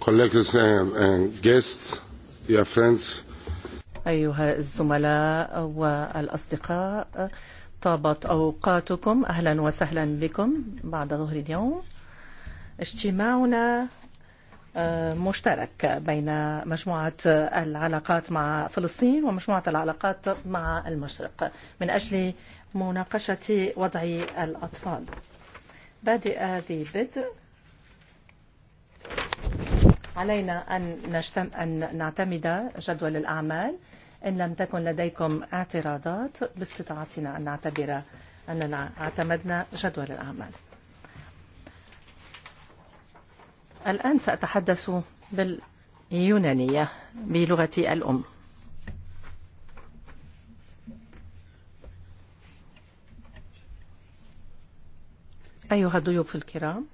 Collectors and, and guests, dear friends. أيها الزملاء والأصدقاء طابت أوقاتكم أهلا وسهلا بكم بعد ظهر اليوم اجتماعنا مشترك بين مجموعة العلاقات مع فلسطين ومجموعة العلاقات مع المشرق من أجل مناقشة وضع الأطفال بادئ ذي بدء علينا أن, نجتم... أن نعتمد جدول الأعمال إن لم تكن لديكم اعتراضات باستطاعتنا أن نعتبر أننا اعتمدنا جدول الأعمال الآن سأتحدث باليونانية بلغتي الأم أيها الضيوف الكرام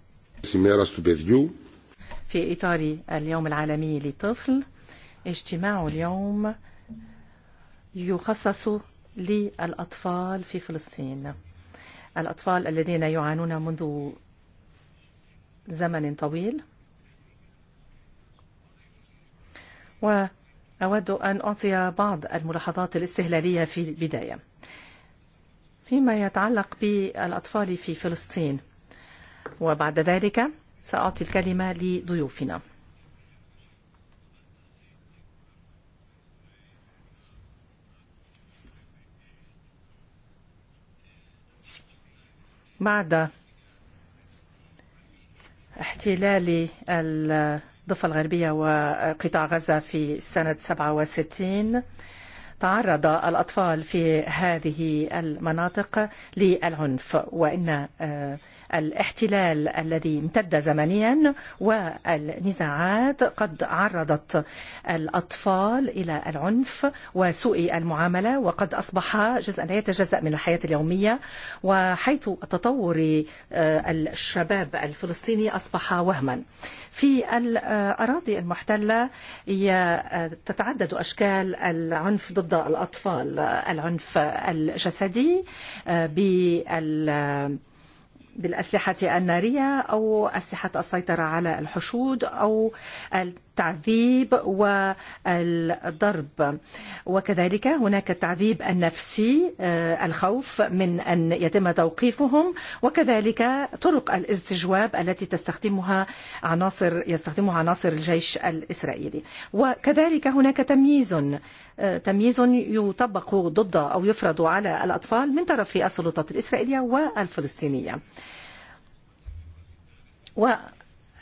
في إطار اليوم العالمي للطفل اجتماع اليوم يخصص للأطفال في فلسطين الأطفال الذين يعانون منذ زمن طويل وأود أن أعطي بعض الملاحظات الاستهلالية في البداية فيما يتعلق بالأطفال في فلسطين وبعد ذلك سأعطي الكلمة لضيوفنا بعد احتلال الضفة الغربية وقطاع غزة في سنة 67 تعرض الأطفال في هذه المناطق للعنف وإن الاحتلال الذي امتد زمنيا والنزاعات قد عرضت الأطفال إلى العنف وسوء المعاملة وقد أصبح جزءا لا يتجزأ من الحياة اليومية وحيث تطور الشباب الفلسطيني أصبح وهما في الأراضي المحتلة تتعدد أشكال العنف ضد الأطفال العنف الجسدي بال بالأسلحة النارية أو أسلحة السيطرة على الحشود أو التعذيب والضرب وكذلك هناك التعذيب النفسي الخوف من أن يتم توقيفهم وكذلك طرق الاستجواب التي تستخدمها عناصر يستخدمها عناصر الجيش الإسرائيلي وكذلك هناك تمييز تمييز يطبق ضد أو يفرض على الأطفال من طرف السلطات الإسرائيلية والفلسطينية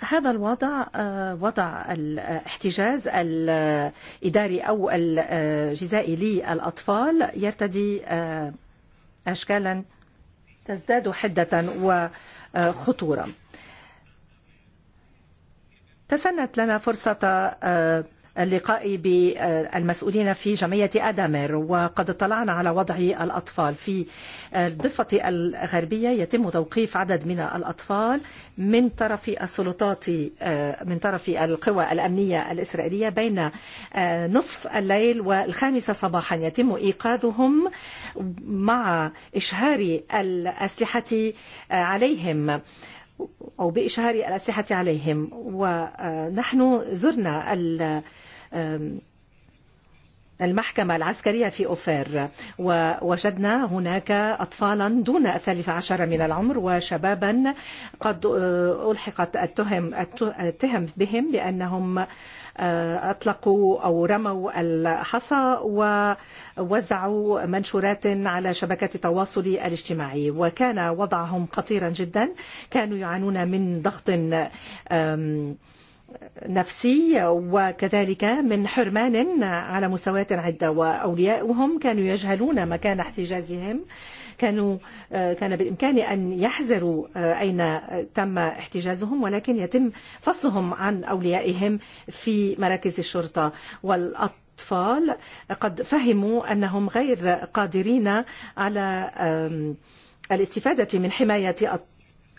هذا الوضع وضع الاحتجاز الإداري أو الجزائي للأطفال يرتدي أشكالا تزداد حدة وخطورة تسنت لنا فرصة لقائي بالمسؤولين في جمعية أدمر وقد اطلعنا على وضع الأطفال في الضفة الغربية يتم توقيف عدد من الأطفال من طرف السلطات من طرف القوى الأمنية الإسرائيلية بين نصف الليل والخامسة صباحا يتم إيقاظهم مع إشهار الأسلحة عليهم أو بإشهار الأسلحة عليهم ونحن زرنا المحكمة العسكرية في أوفير ووجدنا هناك أطفالا دون الثالث عشر من العمر وشبابا قد ألحقت التهم, التهم بهم بأنهم أطلقوا أو رموا الحصى ووزعوا منشورات على شبكة التواصل الاجتماعي وكان وضعهم خطيرا جدا كانوا يعانون من ضغط نفسي وكذلك من حرمان على مستويات عدة وأولياؤهم كانوا يجهلون مكان احتجازهم كانوا كان بالإمكان أن يحذروا أين تم احتجازهم ولكن يتم فصلهم عن أوليائهم في مراكز الشرطة والأط الأطفال قد فهموا أنهم غير قادرين على الاستفادة من حماية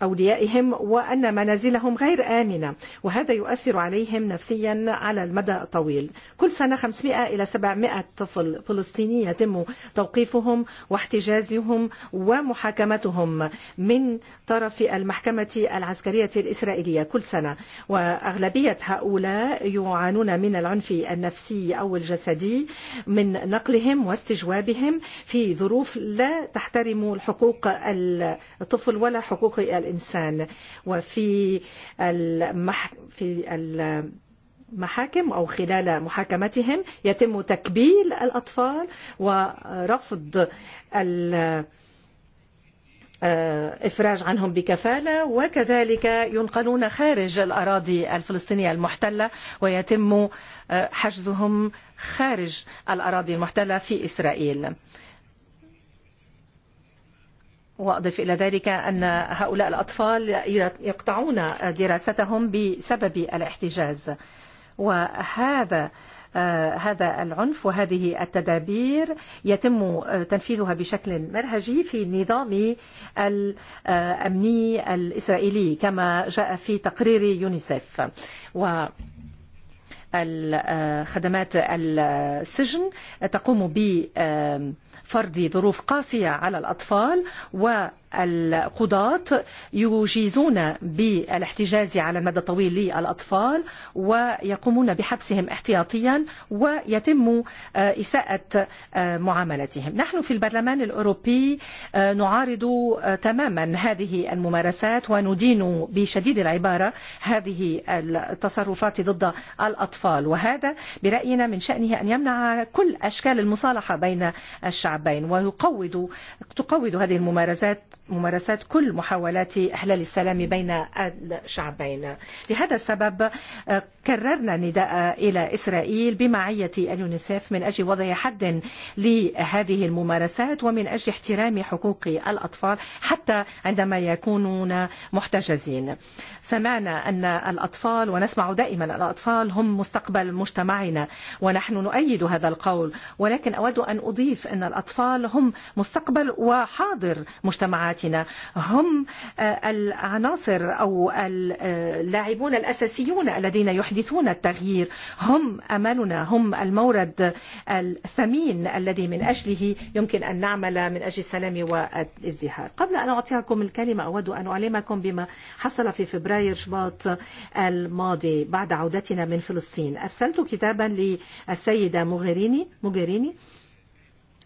أوليائهم وأن منازلهم غير آمنة وهذا يؤثر عليهم نفسيا على المدى الطويل كل سنة 500 إلى 700 طفل فلسطيني يتم توقيفهم واحتجازهم ومحاكمتهم من طرف المحكمة العسكرية الإسرائيلية كل سنة وأغلبية هؤلاء يعانون من العنف النفسي أو الجسدي من نقلهم واستجوابهم في ظروف لا تحترم حقوق الطفل ولا حقوق الإنسان الإنسان وفي المح... في ال... محاكم أو خلال محاكمتهم يتم تكبيل الأطفال ورفض الإفراج عنهم بكفالة وكذلك ينقلون خارج الأراضي الفلسطينية المحتلة ويتم حجزهم خارج الأراضي المحتلة في إسرائيل. وأضف إلى ذلك أن هؤلاء الأطفال يقطعون دراستهم بسبب الاحتجاز وهذا هذا العنف وهذه التدابير يتم تنفيذها بشكل مرهجي في النظام الأمني الإسرائيلي كما جاء في تقرير يونيسف و الخدمات السجن تقوم ب فرض ظروف قاسية على الأطفال و القضاة يجيزون بالاحتجاز على المدى الطويل للأطفال ويقومون بحبسهم احتياطيا ويتم إساءة معاملتهم نحن في البرلمان الأوروبي نعارض تماما هذه الممارسات وندين بشديد العبارة هذه التصرفات ضد الأطفال وهذا برأينا من شأنه أن يمنع كل أشكال المصالحة بين الشعبين ويقود تقود هذه الممارسات ممارسة كل محاولات إحلال السلام بين الشعبين لهذا السبب كررنا نداء إلى إسرائيل بمعية اليونيسف من أجل وضع حد لهذه الممارسات ومن أجل احترام حقوق الأطفال حتى عندما يكونون محتجزين سمعنا أن الأطفال ونسمع دائما الأطفال هم مستقبل مجتمعنا ونحن نؤيد هذا القول ولكن أود أن أضيف أن الأطفال هم مستقبل وحاضر مجتمعات مجتمعاتنا هم العناصر أو اللاعبون الأساسيون الذين يحدثون التغيير هم أملنا هم المورد الثمين الذي من أجله يمكن أن نعمل من أجل السلام والازدهار قبل أن أعطيكم الكلمة أود أن أعلمكم بما حصل في فبراير شباط الماضي بعد عودتنا من فلسطين أرسلت كتابا للسيدة موغيريني موغيريني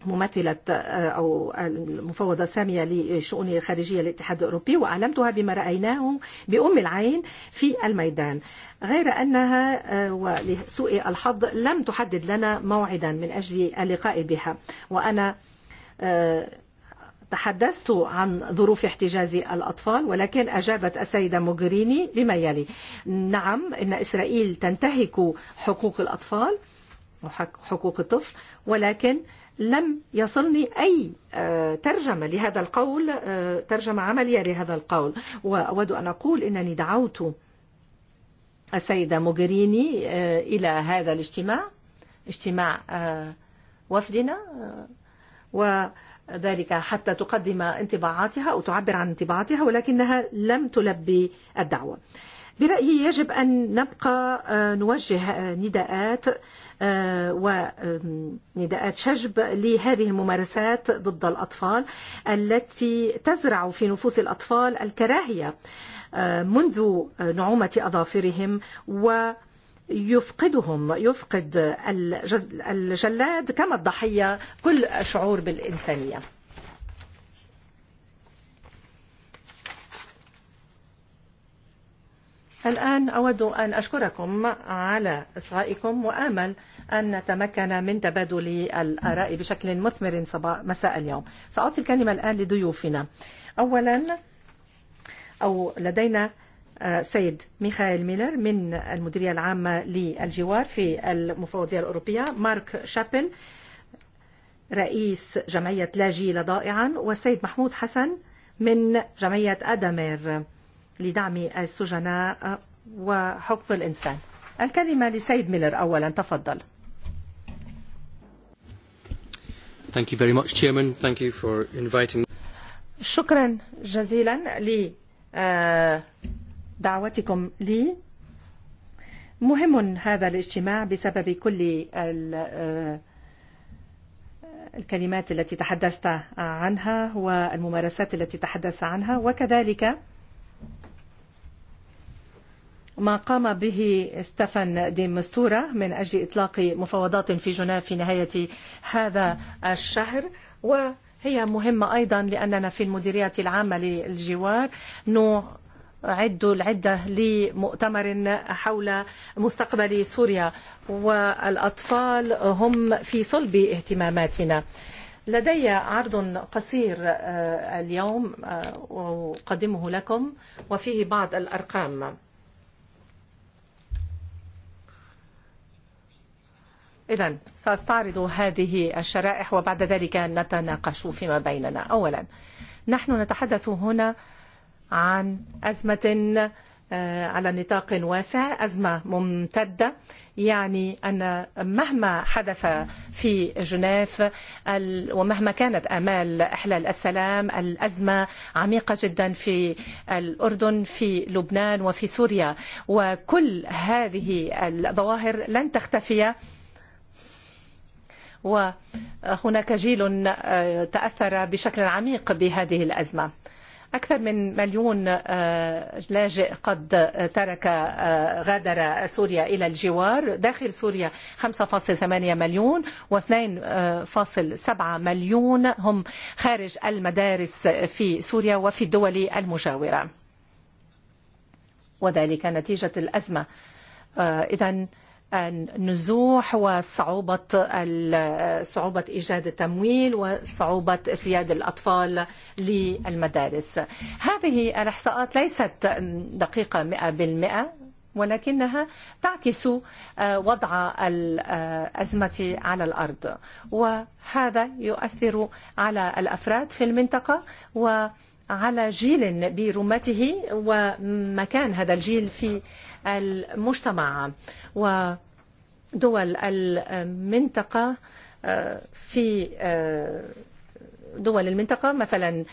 ممثلة أو المفوضة سامية لشؤون الخارجية الاتحاد الأوروبي وأعلمتها بما رأيناه بأم العين في الميدان غير أنها ولسوء الحظ لم تحدد لنا موعدا من أجل اللقاء بها وأنا تحدثت عن ظروف احتجاز الأطفال ولكن أجابت السيدة موغريني بما يلي نعم إن إسرائيل تنتهك حقوق الأطفال وحقوق الطفل ولكن لم يصلني أي ترجمة لهذا القول ترجمة عملية لهذا القول وأود أن أقول أنني دعوت السيدة موغريني إلى هذا الاجتماع اجتماع وفدنا وذلك حتى تقدم انطباعاتها وتعبر عن انطباعاتها ولكنها لم تلبي الدعوة برأيي يجب أن نبقى نوجه نداءات ونداءات شجب لهذه الممارسات ضد الأطفال التي تزرع في نفوس الأطفال الكراهية منذ نعومة أظافرهم و يفقدهم يفقد الجلاد كما الضحية كل شعور بالإنسانية الآن أود أن أشكركم على إصغائكم وآمل أن نتمكن من تبادل الآراء بشكل مثمر مساء اليوم سأعطي الكلمة الآن لضيوفنا أولا أو لدينا سيد ميخائيل ميلر من المديرية العامة للجوار في المفوضية الأوروبية مارك شابل رئيس جمعية لا جيل ضائعا والسيد محمود حسن من جمعية أدمير لدعم السجناء وحقوق الإنسان الكلمة لسيد ميلر أولا تفضل Thank you very much, Chairman. Thank you for inviting me. شكرا جزيلا لدعوتكم لي مهم هذا الاجتماع بسبب كل الكلمات التي تحدثت عنها والممارسات التي تحدثت عنها وكذلك ما قام به ستفن دي مستورة من أجل إطلاق مفاوضات في جنيف في نهاية هذا الشهر وهي مهمة أيضا لأننا في المديرية العامة للجوار عد العدة لمؤتمر حول مستقبل سوريا والأطفال هم في صلب اهتماماتنا لدي عرض قصير اليوم أقدمه لكم وفيه بعض الأرقام إذا سأستعرض هذه الشرائح وبعد ذلك نتناقش فيما بيننا أولا نحن نتحدث هنا عن أزمة على نطاق واسع أزمة ممتدة يعني أن مهما حدث في جنيف ومهما كانت أمال إحلال السلام الأزمة عميقة جدا في الأردن في لبنان وفي سوريا وكل هذه الظواهر لن تختفي وهناك جيل تأثر بشكل عميق بهذه الأزمة أكثر من مليون لاجئ قد ترك غادر سوريا إلى الجوار داخل سوريا 5.8 مليون و2.7 مليون هم خارج المدارس في سوريا وفي الدول المجاورة وذلك نتيجة الأزمة إذن النزوح وصعوبة صعوبة إيجاد التمويل وصعوبة إرشاد الأطفال للمدارس هذه الإحصاءات ليست دقيقة مئة بالمئة ولكنها تعكس وضع الأزمة على الأرض وهذا يؤثر على الأفراد في المنطقة و على جيل برمته ومكان هذا الجيل في المجتمع ودول المنطقة في دول المنطقة مثلا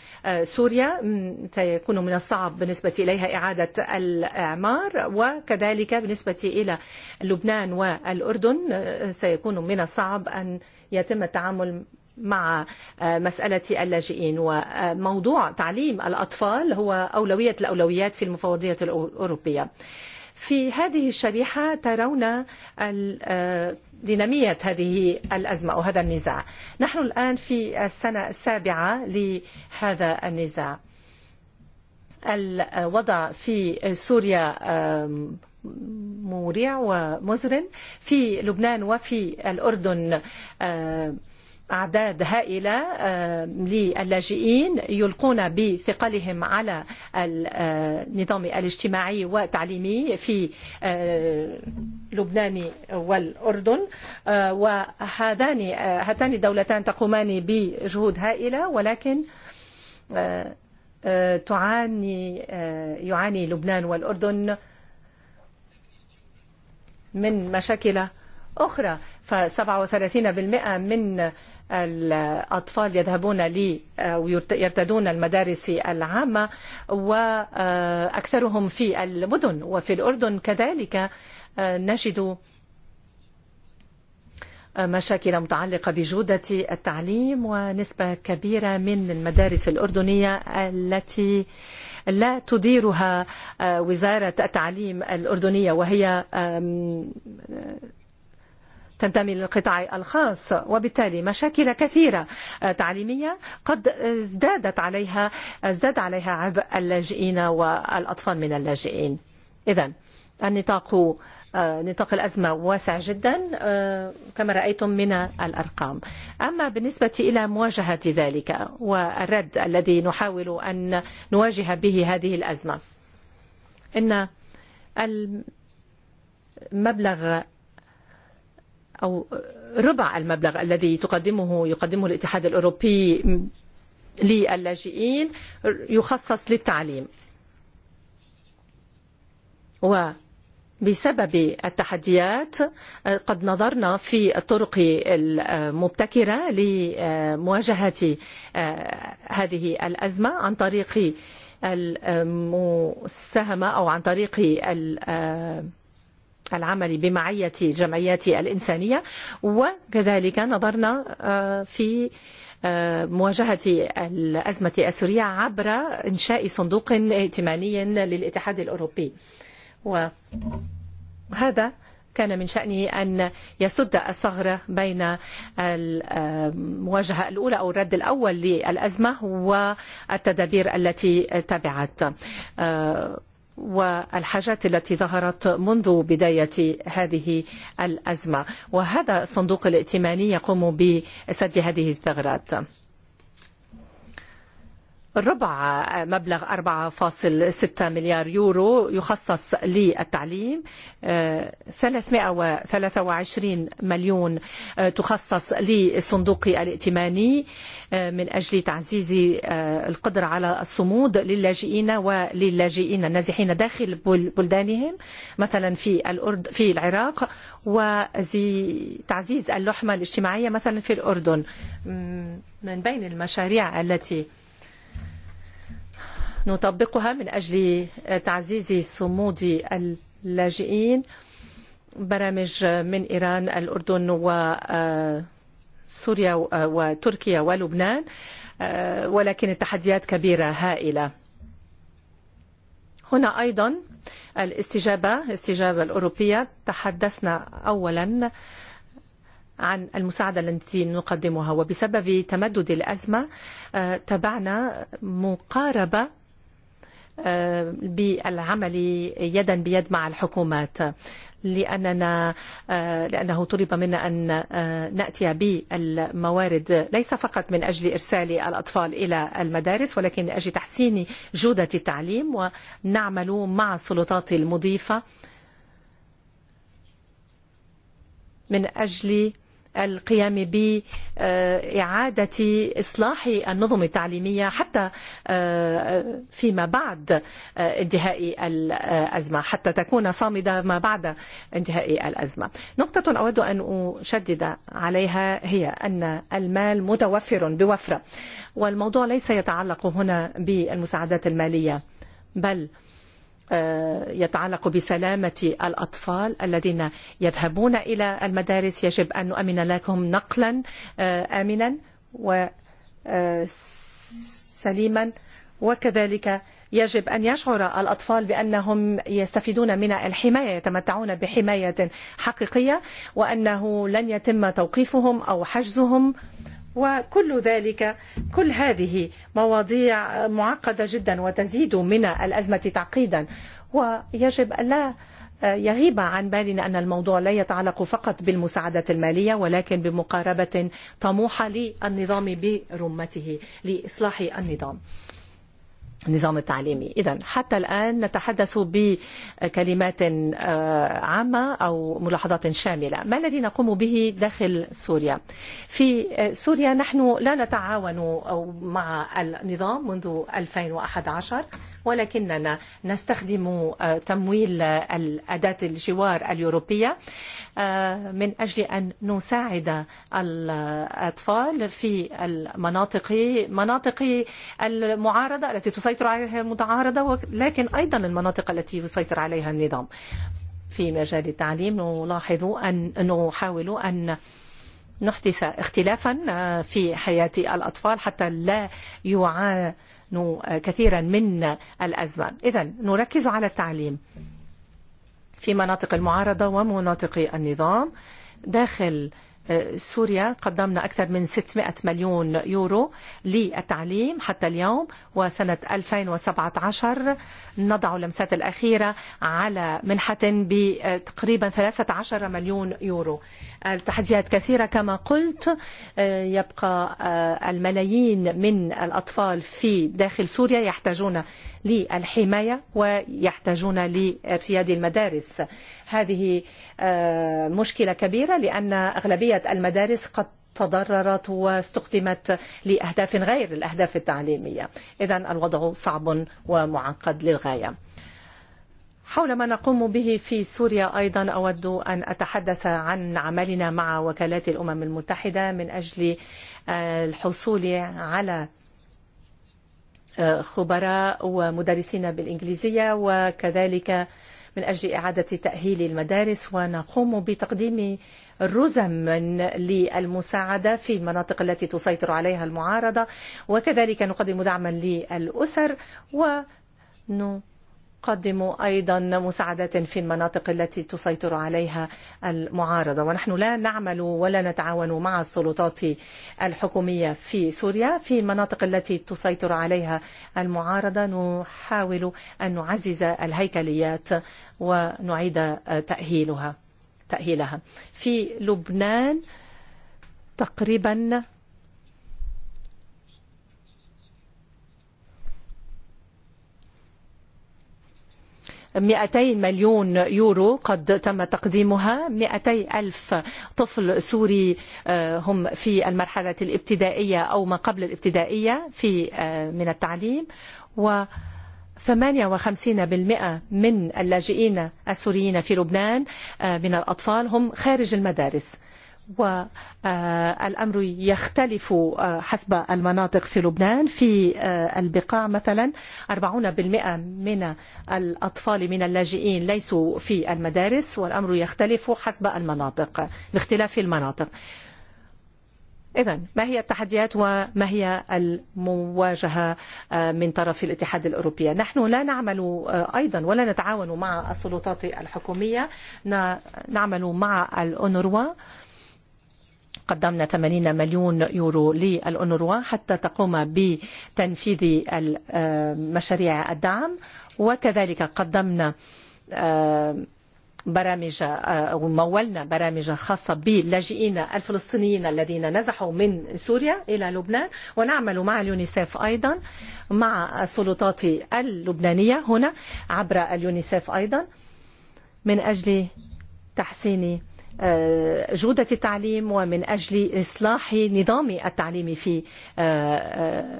سوريا سيكون من الصعب بالنسبة إليها إعادة الإعمار وكذلك بالنسبة إلى لبنان والأردن سيكون من الصعب أن يتم التعامل مع مسألة اللاجئين وموضوع تعليم الأطفال هو أولوية الأولويات في المفوضية الأوروبية في هذه الشريحة ترون دينامية هذه الأزمة وهذا النزاع نحن الآن في السنة السابعة لهذا النزاع الوضع في سوريا مريع ومزرن في لبنان وفي الأردن آه أعداد هائلة للاجئين يلقون بثقلهم على النظام الاجتماعي والتعليمي في لبنان والأردن وهذان هاتان الدولتان تقومان بجهود هائلة ولكن تعاني يعاني لبنان والأردن من مشاكل أخرى ف 37% من الأطفال يذهبون لي ويرتدون المدارس العامة وأكثرهم في المدن وفي الأردن كذلك نجد مشاكل متعلقة بجودة التعليم ونسبة كبيرة من المدارس الأردنية التي لا تديرها وزارة التعليم الأردنية وهي تنتمي للقطاع الخاص وبالتالي مشاكل كثيرة تعليمية قد ازدادت عليها ازداد عليها عبء اللاجئين والأطفال من اللاجئين إذا النطاق نطاق الأزمة واسع جدا كما رأيتم من الأرقام أما بالنسبة إلى مواجهة ذلك والرد الذي نحاول أن نواجه به هذه الأزمة إن المبلغ أو ربع المبلغ الذي تقدمه يقدمه الاتحاد الأوروبي للاجئين يخصص للتعليم وبسبب التحديات قد نظرنا في الطرق المبتكرة لمواجهة هذه الأزمة عن طريق المساهمة أو عن طريق المساهمة العمل بمعية جمعيات الإنسانية وكذلك نظرنا في مواجهة الأزمة السورية عبر إنشاء صندوق ائتماني للاتحاد الأوروبي وهذا كان من شأنه أن يسد الثغرة بين المواجهة الأولى أو الرد الأول للأزمة والتدابير التي تبعت والحاجات التي ظهرت منذ بداية هذه الأزمة وهذا الصندوق الائتماني يقوم بسد هذه الثغرات ربع مبلغ 4.6 مليار يورو يخصص للتعليم 323 مليون تخصص للصندوق الائتماني من أجل تعزيز القدرة على الصمود للاجئين وللاجئين النازحين داخل بلدانهم مثلا في الأرض في العراق وتعزيز اللحمة الاجتماعية مثلا في الأردن من بين المشاريع التي نطبقها من أجل تعزيز صمود اللاجئين برامج من إيران الأردن وسوريا وتركيا ولبنان ولكن التحديات كبيرة هائلة هنا أيضا الاستجابة الاستجابة الأوروبية تحدثنا أولا عن المساعدة التي نقدمها وبسبب تمدد الأزمة تبعنا مقاربة بالعمل يدا بيد مع الحكومات لأننا لأنه طلب منا أن نأتي بالموارد ليس فقط من أجل إرسال الأطفال إلى المدارس ولكن أجل تحسين جودة التعليم ونعمل مع السلطات المضيفة من أجل القيام بإعادة إصلاح النظم التعليمية حتى فيما بعد انتهاء الأزمة حتى تكون صامدة ما بعد انتهاء الأزمة نقطة أود أن أشدد عليها هي أن المال متوفر بوفرة والموضوع ليس يتعلق هنا بالمساعدات المالية بل يتعلق بسلامة الأطفال الذين يذهبون إلى المدارس يجب أن نؤمن لكم نقلا آمنا وسليما وكذلك يجب أن يشعر الأطفال بأنهم يستفيدون من الحماية يتمتعون بحماية حقيقية وأنه لن يتم توقيفهم أو حجزهم وكل ذلك كل هذه مواضيع معقدة جدا وتزيد من الأزمة تعقيدا ويجب لا يغيب عن بالنا أن الموضوع لا يتعلق فقط بالمساعدة المالية ولكن بمقاربة طموحة للنظام برمته لإصلاح النظام النظام التعليمي إذا حتى الآن نتحدث بكلمات عامة أو ملاحظات شاملة ما الذي نقوم به داخل سوريا في سوريا نحن لا نتعاون مع النظام منذ 2011 ولكننا نستخدم تمويل أداة الجوار الأوروبية من أجل أن نساعد الأطفال في المناطق مناطق المعارضة التي تسيطر عليها المتعارضة ولكن أيضا المناطق التي يسيطر عليها النظام في مجال التعليم نلاحظ أن نحاول أن نحدث اختلافا في حياة الأطفال حتى لا يعانوا كثيرا من الأزمة إذا نركز على التعليم في مناطق المعارضة ومناطق النظام داخل سوريا قدمنا أكثر من 600 مليون يورو للتعليم حتى اليوم وسنة 2017 نضع لمسات الأخيرة على منحة بتقريبا 13 مليون يورو التحديات كثيرة كما قلت يبقى الملايين من الأطفال في داخل سوريا يحتاجون للحماية ويحتاجون لابتياد المدارس هذه مشكلة كبيرة لأن أغلبية المدارس قد تضررت واستخدمت لأهداف غير الأهداف التعليمية إذا الوضع صعب ومعقد للغاية حول ما نقوم به في سوريا أيضا أود أن أتحدث عن عملنا مع وكالات الأمم المتحدة من أجل الحصول على خبراء ومدرسين بالإنجليزية وكذلك من أجل إعادة تأهيل المدارس ونقوم بتقديم رزم للمساعدة في المناطق التي تسيطر عليها المعارضة وكذلك نقدم دعما للأسر ونقوم قدموا أيضا مساعدة في المناطق التي تسيطر عليها المعارضة ونحن لا نعمل ولا نتعاون مع السلطات الحكومية في سوريا في المناطق التي تسيطر عليها المعارضة نحاول أن نعزز الهيكليات ونعيد تأهيلها تأهيلها في لبنان تقريبا 200 مليون يورو قد تم تقديمها 200 ألف طفل سوري هم في المرحلة الابتدائية أو ما قبل الابتدائية في من التعليم و 58% من اللاجئين السوريين في لبنان من الأطفال هم خارج المدارس والأمر يختلف حسب المناطق في لبنان في البقاع مثلا 40% من الأطفال من اللاجئين ليسوا في المدارس والأمر يختلف حسب المناطق باختلاف المناطق إذا ما هي التحديات وما هي المواجهة من طرف الاتحاد الأوروبي؟ نحن لا نعمل أيضا ولا نتعاون مع السلطات الحكومية نعمل مع الأونروا قدمنا 80 مليون يورو للأونروا حتى تقوم بتنفيذ مشاريع الدعم وكذلك قدمنا برامج ومولنا برامج خاصة باللاجئين الفلسطينيين الذين نزحوا من سوريا إلى لبنان ونعمل مع اليونيسف أيضا مع السلطات اللبنانية هنا عبر اليونيسف أيضا من أجل تحسين جودة التعليم ومن أجل إصلاح نظام التعليم في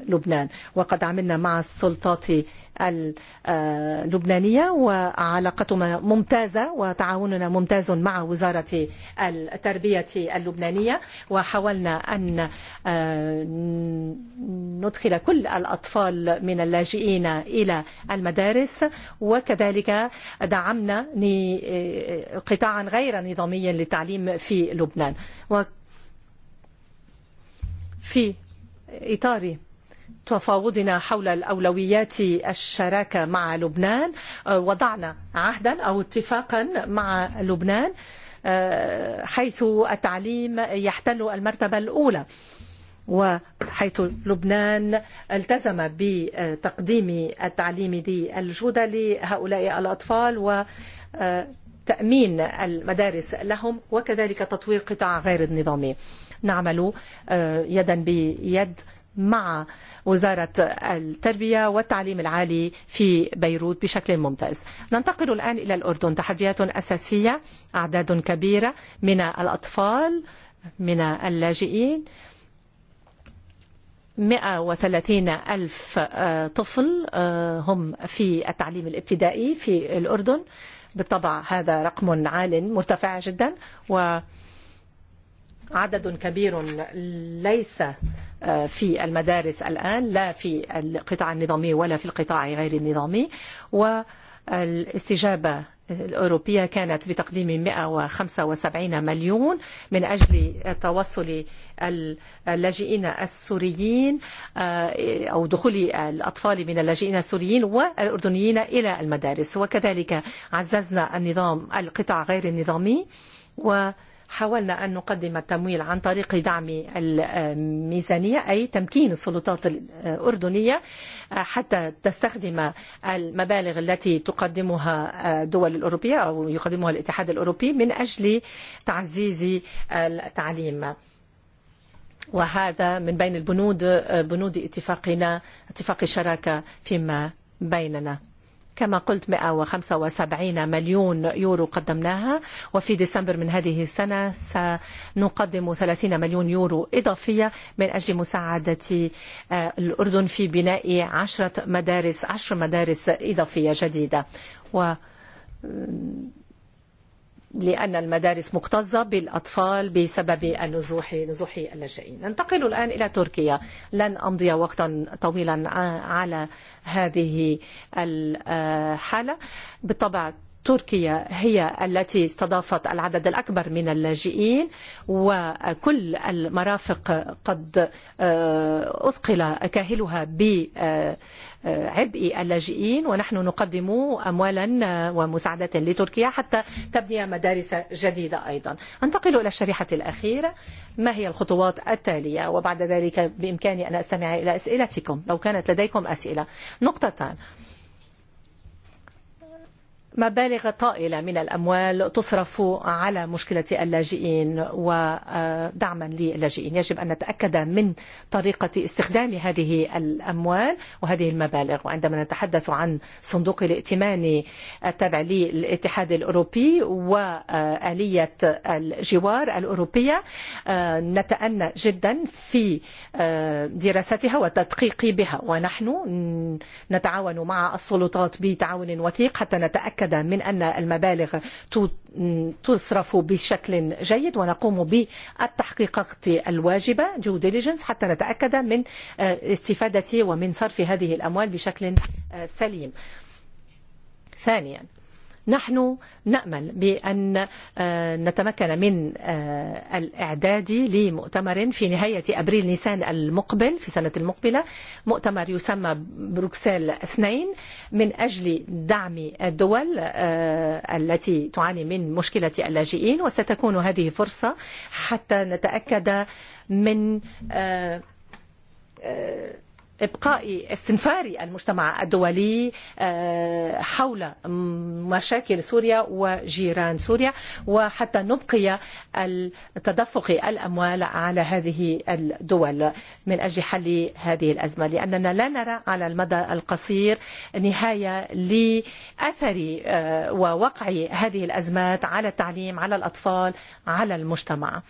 لبنان وقد عملنا مع السلطات اللبنانية وعلاقتنا ممتازة وتعاوننا ممتاز مع وزارة التربية اللبنانية وحاولنا أن ندخل كل الأطفال من اللاجئين إلى المدارس وكذلك دعمنا قطاعا غير نظاميا للتعليم في لبنان وفي إطاري تفاوضنا حول الأولويات الشراكة مع لبنان وضعنا عهدا أو اتفاقا مع لبنان حيث التعليم يحتل المرتبة الأولى وحيث لبنان التزم بتقديم التعليم دي الجودة لهؤلاء الأطفال وتأمين المدارس لهم وكذلك تطوير قطاع غير النظامي نعمل يدا بيد مع وزارة التربية والتعليم العالي في بيروت بشكل ممتاز ننتقل الآن إلى الأردن تحديات أساسية أعداد كبيرة من الأطفال من اللاجئين 130 ألف طفل هم في التعليم الابتدائي في الأردن بالطبع هذا رقم عال مرتفع جدا وعدد كبير ليس في المدارس الآن لا في القطاع النظامي ولا في القطاع غير النظامي والاستجابة الأوروبية كانت بتقديم 175 مليون من أجل توصل اللاجئين السوريين أو دخول الأطفال من اللاجئين السوريين والأردنيين إلى المدارس وكذلك عززنا النظام القطاع غير النظامي وكذلك حاولنا أن نقدم التمويل عن طريق دعم الميزانية أي تمكين السلطات الأردنية حتى تستخدم المبالغ التي تقدمها الدول الأوروبية أو يقدمها الاتحاد الأوروبي من أجل تعزيز التعليم وهذا من بين البنود بنود اتفاقنا اتفاق الشراكة فيما بيننا كما قلت 175 مليون يورو قدمناها وفي ديسمبر من هذه السنة سنقدم 30 مليون يورو إضافية من أجل مساعدة الأردن في بناء عشرة مدارس عشر مدارس إضافية جديدة و لأن المدارس مكتظة بالأطفال بسبب النزوح نزوح اللاجئين ننتقل الآن إلى تركيا لن أمضي وقتا طويلا على هذه الحالة بالطبع تركيا هي التي استضافت العدد الأكبر من اللاجئين وكل المرافق قد أثقل كاهلها ب عبء اللاجئين ونحن نقدم أموالا ومساعدة لتركيا حتى تبني مدارس جديدة أيضا أنتقل إلى الشريحة الأخيرة ما هي الخطوات التالية وبعد ذلك بإمكاني أن أستمع إلى أسئلتكم لو كانت لديكم أسئلة نقطتان مبالغ طائلة من الأموال تصرف على مشكلة اللاجئين ودعما للاجئين يجب أن نتأكد من طريقة استخدام هذه الأموال وهذه المبالغ وعندما نتحدث عن صندوق الائتمان التابع للاتحاد الأوروبي وآلية الجوار الأوروبية نتأنى جدا في دراستها وتدقيق بها ونحن نتعاون مع السلطات بتعاون وثيق حتى نتأكد مؤكدا من أن المبالغ تصرف بشكل جيد ونقوم بالتحقيقات الواجبة due diligence حتى نتأكد من استفادة ومن صرف هذه الأموال بشكل سليم ثانيا نحن نأمل بأن نتمكن من الإعداد لمؤتمر في نهاية أبريل نيسان المقبل في سنة المقبلة مؤتمر يسمى بروكسل 2 من أجل دعم الدول التي تعاني من مشكلة اللاجئين وستكون هذه فرصة حتى نتأكد من آه آه إبقاء استنفار المجتمع الدولي حول مشاكل سوريا وجيران سوريا وحتى نبقي تدفق الأموال على هذه الدول من أجل حل هذه الأزمة لأننا لا نرى على المدى القصير نهاية لأثر ووقع هذه الأزمات على التعليم على الأطفال على المجتمع.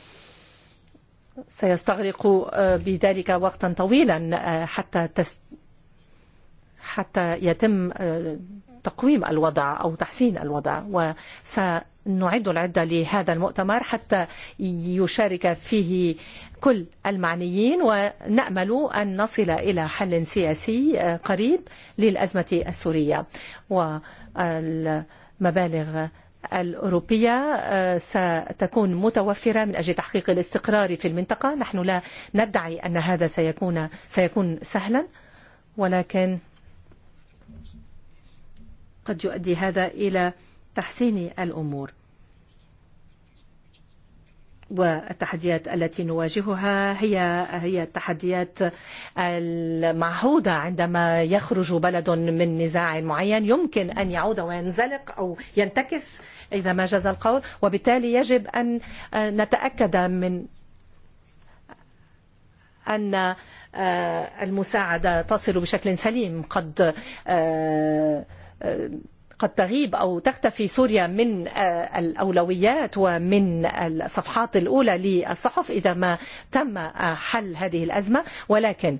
سيستغرق بذلك وقتا طويلا حتى تست حتى يتم تقويم الوضع أو تحسين الوضع وسنعد العدة لهذا المؤتمر حتى يشارك فيه كل المعنيين ونأمل أن نصل إلى حل سياسي قريب للأزمة السورية والمبالغ الأوروبية ستكون متوفرة من أجل تحقيق الاستقرار في المنطقة نحن لا ندعي أن هذا سيكون سيكون سهلا ولكن قد يؤدي هذا إلى تحسين الأمور والتحديات التي نواجهها هي هي التحديات المعهودة عندما يخرج بلد من نزاع معين يمكن أن يعود وينزلق أو ينتكس إذا ما جاز القول وبالتالي يجب أن نتأكد من أن المساعدة تصل بشكل سليم قد قد تغيب أو تختفي سوريا من الأولويات ومن الصفحات الأولى للصحف إذا ما تم حل هذه الأزمة ولكن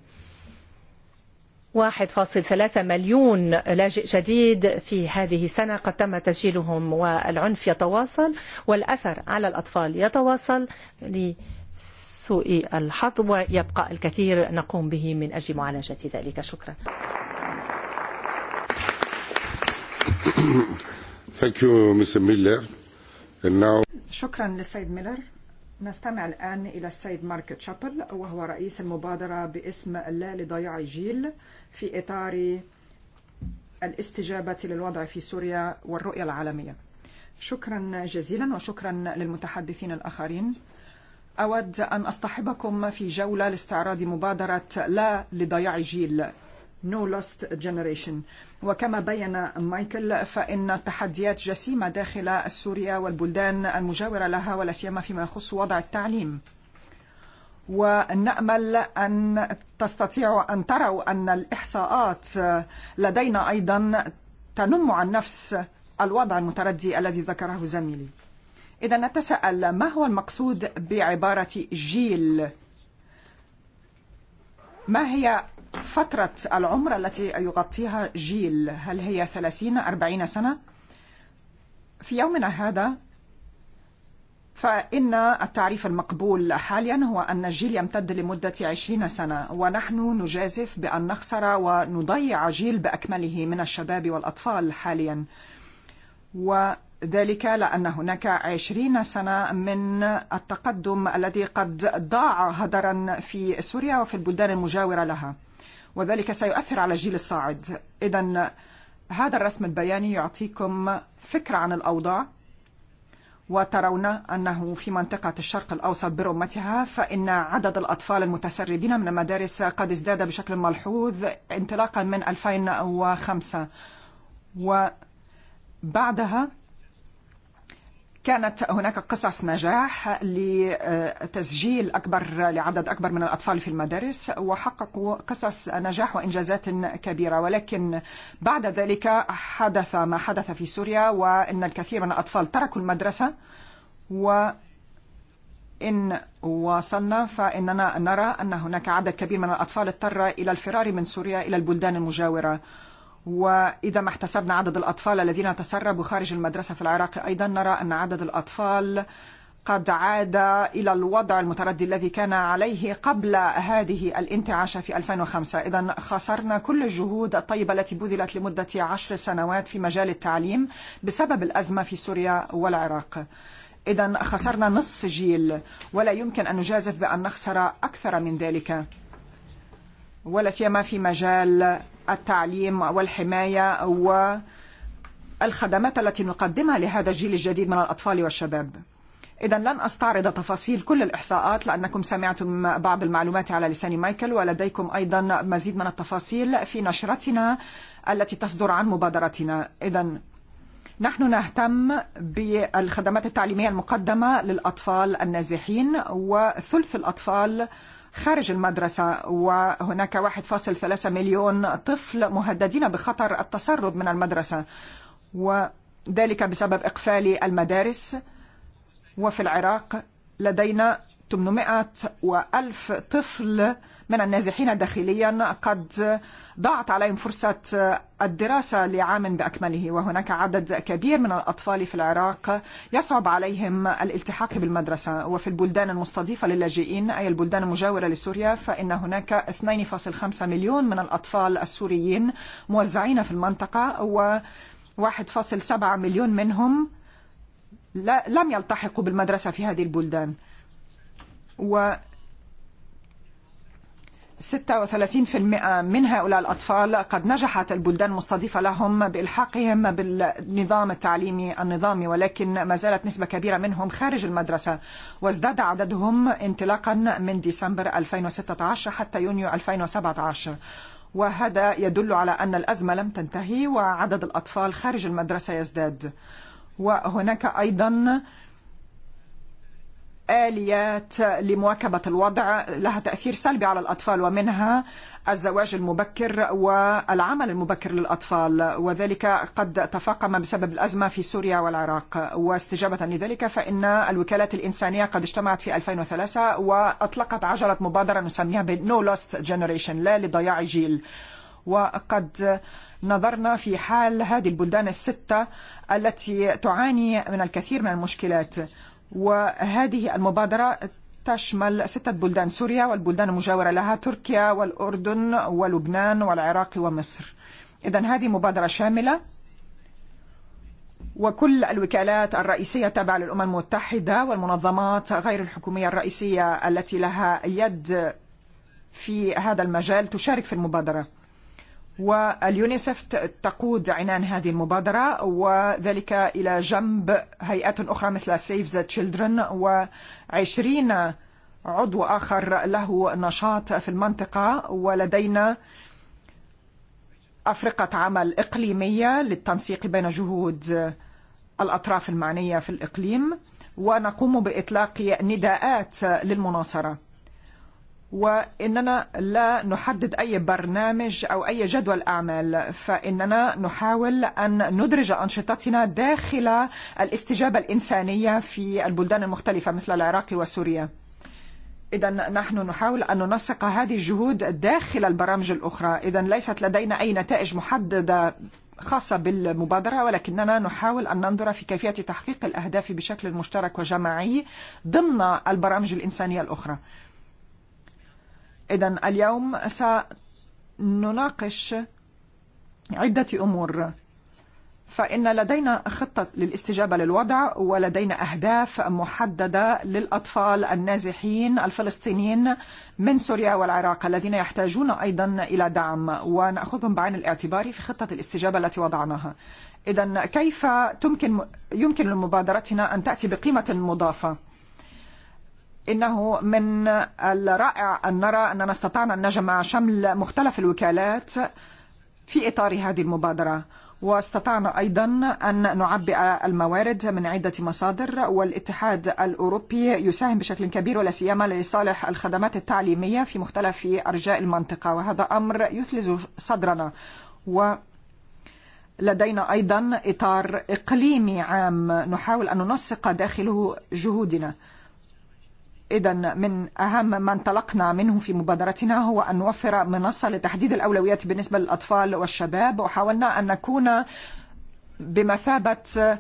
1.3 مليون لاجئ جديد في هذه السنة قد تم تسجيلهم والعنف يتواصل والأثر على الأطفال يتواصل لسوء الحظ ويبقى الكثير نقوم به من أجل معالجة ذلك شكرا Thank you, Mr. Miller. And now... شكرا للسيد ميلر نستمع الآن إلى السيد مارك تشابل وهو رئيس المبادرة باسم لا لضياع جيل في إطار الاستجابة للوضع في سوريا والرؤية العالمية شكرا جزيلا وشكرا للمتحدثين الآخرين أود أن أصطحبكم في جولة لاستعراض مبادرة لا لضياع جيل No Lost Generation وكما بين مايكل فإن التحديات جسيمة داخل سوريا والبلدان المجاورة لها ولا سيما فيما يخص وضع التعليم ونأمل أن تستطيعوا أن تروا أن الإحصاءات لدينا أيضا تنم عن نفس الوضع المتردي الذي ذكره زميلي إذا نتساءل ما هو المقصود بعبارة جيل ما هي فترة العمر التي يغطيها جيل هل هي ثلاثين أربعين سنة؟ في يومنا هذا فإن التعريف المقبول حاليا هو أن الجيل يمتد لمدة عشرين سنة ونحن نجازف بأن نخسر ونضيع جيل بأكمله من الشباب والأطفال حاليا وذلك لأن هناك عشرين سنة من التقدم الذي قد ضاع هدرا في سوريا وفي البلدان المجاورة لها وذلك سيؤثر على الجيل الصاعد إذا هذا الرسم البياني يعطيكم فكرة عن الأوضاع وترون أنه في منطقة الشرق الأوسط برمتها فإن عدد الأطفال المتسربين من المدارس قد ازداد بشكل ملحوظ انطلاقا من 2005 وبعدها كانت هناك قصص نجاح لتسجيل أكبر لعدد أكبر من الأطفال في المدارس وحققوا قصص نجاح وإنجازات كبيرة ولكن بعد ذلك حدث ما حدث في سوريا وإن الكثير من الأطفال تركوا المدرسة وإن وصلنا فإننا نرى أن هناك عدد كبير من الأطفال اضطر إلى الفرار من سوريا إلى البلدان المجاورة وإذا ما احتسبنا عدد الأطفال الذين تسربوا خارج المدرسة في العراق أيضا نرى أن عدد الأطفال قد عاد إلى الوضع المتردي الذي كان عليه قبل هذه الانتعاشة في 2005 إذا خسرنا كل الجهود الطيبة التي بذلت لمدة عشر سنوات في مجال التعليم بسبب الأزمة في سوريا والعراق إذا خسرنا نصف جيل ولا يمكن أن نجازف بأن نخسر أكثر من ذلك ولا سيما في مجال التعليم والحماية والخدمات التي نقدمها لهذا الجيل الجديد من الأطفال والشباب إذا لن أستعرض تفاصيل كل الإحصاءات لأنكم سمعتم بعض المعلومات على لسان مايكل ولديكم أيضا مزيد من التفاصيل في نشرتنا التي تصدر عن مبادرتنا إذا نحن نهتم بالخدمات التعليمية المقدمة للأطفال النازحين وثلث الأطفال خارج المدرسة وهناك 1.3 مليون طفل مهددين بخطر التسرب من المدرسة وذلك بسبب إقفال المدارس وفي العراق لدينا 800 وألف طفل من النازحين داخليا قد ضاعت عليهم فرصة الدراسة لعام بأكمله وهناك عدد كبير من الأطفال في العراق يصعب عليهم الالتحاق بالمدرسة وفي البلدان المستضيفة للاجئين أي البلدان المجاورة لسوريا فإن هناك 2.5 مليون من الأطفال السوريين موزعين في المنطقة و 1.7 مليون منهم لا لم يلتحقوا بالمدرسة في هذه البلدان و 36% من هؤلاء الأطفال قد نجحت البلدان مستضيفة لهم بإلحاقهم بالنظام التعليمي النظامي ولكن ما زالت نسبة كبيرة منهم خارج المدرسة وازداد عددهم انطلاقا من ديسمبر 2016 حتى يونيو 2017 وهذا يدل على أن الأزمة لم تنتهي وعدد الأطفال خارج المدرسة يزداد وهناك أيضا آليات لمواكبة الوضع لها تأثير سلبي على الأطفال ومنها الزواج المبكر والعمل المبكر للأطفال وذلك قد تفاقم بسبب الأزمة في سوريا والعراق واستجابة لذلك فإن الوكالات الإنسانية قد اجتمعت في 2003 وأطلقت عجلة مبادرة نسميها بـ No Lost Generation لا لضياع جيل وقد نظرنا في حال هذه البلدان الستة التي تعاني من الكثير من المشكلات وهذه المبادرة تشمل ستة بلدان سوريا والبلدان المجاورة لها تركيا والأردن ولبنان والعراق ومصر إذا هذه مبادرة شاملة وكل الوكالات الرئيسية التابعة للأمم المتحدة والمنظمات غير الحكومية الرئيسية التي لها يد في هذا المجال تشارك في المبادرة واليونيسف تقود عنان هذه المبادرة وذلك إلى جنب هيئات أخرى مثل Save the Children وعشرين عضو آخر له نشاط في المنطقة ولدينا أفرقة عمل إقليمية للتنسيق بين جهود الأطراف المعنية في الإقليم ونقوم بإطلاق نداءات للمناصرة وإننا لا نحدد أي برنامج أو أي جدول أعمال فإننا نحاول أن ندرج أنشطتنا داخل الاستجابة الإنسانية في البلدان المختلفة مثل العراق وسوريا إذا نحن نحاول أن ننسق هذه الجهود داخل البرامج الأخرى إذا ليست لدينا أي نتائج محددة خاصة بالمبادرة ولكننا نحاول أن ننظر في كيفية تحقيق الأهداف بشكل مشترك وجماعي ضمن البرامج الإنسانية الأخرى إذا اليوم سنناقش عدة أمور فإن لدينا خطة للاستجابة للوضع ولدينا أهداف محددة للأطفال النازحين الفلسطينيين من سوريا والعراق الذين يحتاجون أيضا إلى دعم ونأخذهم بعين الاعتبار في خطة الاستجابة التي وضعناها إذا كيف تمكن يمكن لمبادرتنا أن تأتي بقيمة مضافة إنه من الرائع أن نرى أننا استطعنا أن نجمع شمل مختلف الوكالات في إطار هذه المبادرة واستطعنا أيضا أن نعبئ الموارد من عدة مصادر والاتحاد الأوروبي يساهم بشكل كبير ولا سيما لصالح الخدمات التعليمية في مختلف أرجاء المنطقة وهذا أمر يثلز صدرنا و لدينا أيضا إطار إقليمي عام نحاول أن ننسق داخله جهودنا إذا من أهم ما انطلقنا منه في مبادرتنا هو أن نوفر منصة لتحديد الأولويات بالنسبة للأطفال والشباب وحاولنا أن نكون بمثابة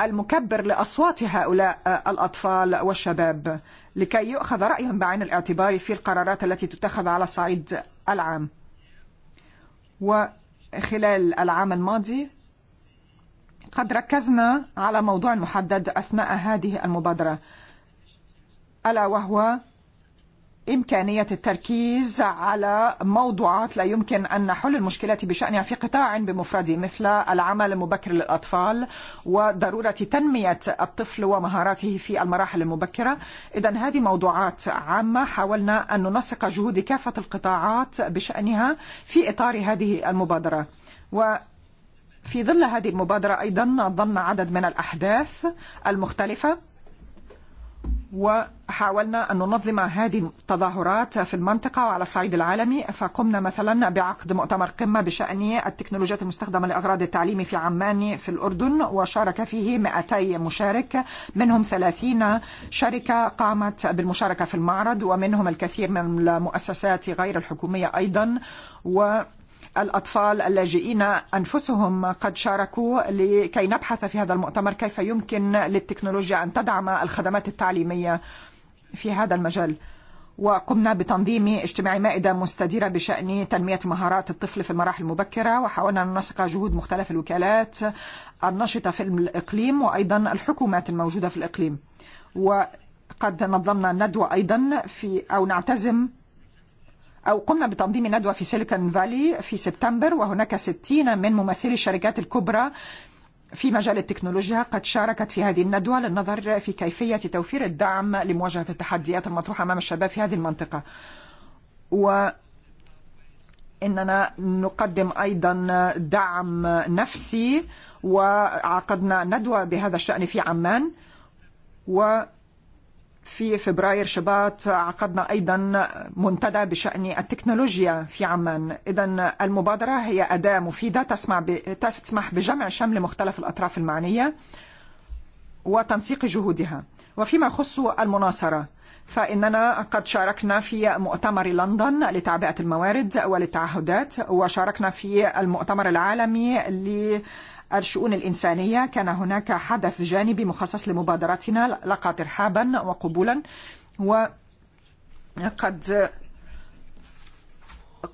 المكبر لأصوات هؤلاء الأطفال والشباب لكي يؤخذ رأيهم بعين الاعتبار في القرارات التي تتخذ على صعيد العام وخلال العام الماضي قد ركزنا على موضوع محدد أثناء هذه المبادرة ألا وهو إمكانية التركيز على موضوعات لا يمكن أن نحل المشكلات بشأنها في قطاع بمفرده مثل العمل المبكر للأطفال وضرورة تنمية الطفل ومهاراته في المراحل المبكرة إذا هذه موضوعات عامة حاولنا أن ننسق جهود كافة القطاعات بشأنها في إطار هذه المبادرة و في ظل هذه المبادرة أيضا ضمن عدد من الأحداث المختلفة وحاولنا أن ننظم هذه التظاهرات في المنطقة وعلى الصعيد العالمي فقمنا مثلا بعقد مؤتمر قمة بشأن التكنولوجيات المستخدمة لأغراض التعليم في عمان في الأردن وشارك فيه 200 مشارك منهم 30 شركة قامت بالمشاركة في المعرض ومنهم الكثير من المؤسسات غير الحكومية أيضا و الأطفال اللاجئين أنفسهم قد شاركوا لكي نبحث في هذا المؤتمر كيف يمكن للتكنولوجيا أن تدعم الخدمات التعليمية في هذا المجال وقمنا بتنظيم اجتماع مائدة مستديرة بشأن تنمية مهارات الطفل في المراحل المبكرة وحاولنا أن نسق جهود مختلف الوكالات النشطة في الإقليم وأيضا الحكومات الموجودة في الإقليم وقد نظمنا ندوة أيضا في أو نعتزم أو قمنا بتنظيم ندوة في سيليكون فالي في سبتمبر وهناك ستين من ممثلي الشركات الكبرى في مجال التكنولوجيا قد شاركت في هذه الندوة للنظر في كيفية توفير الدعم لمواجهة التحديات المطروحة أمام الشباب في هذه المنطقة و إننا نقدم أيضا دعم نفسي وعقدنا ندوة بهذا الشأن في عمان و في فبراير شباط عقدنا أيضا منتدى بشأن التكنولوجيا في عمان إذا المبادرة هي أداة مفيدة تسمع ب... تسمح بجمع شمل مختلف الأطراف المعنية وتنسيق جهودها وفيما يخص المناصرة فإننا قد شاركنا في مؤتمر لندن لتعبئة الموارد والتعهدات وشاركنا في المؤتمر العالمي ل الشؤون الإنسانية كان هناك حدث جانبي مخصص لمبادرتنا لقى ترحابا وقبولا وقد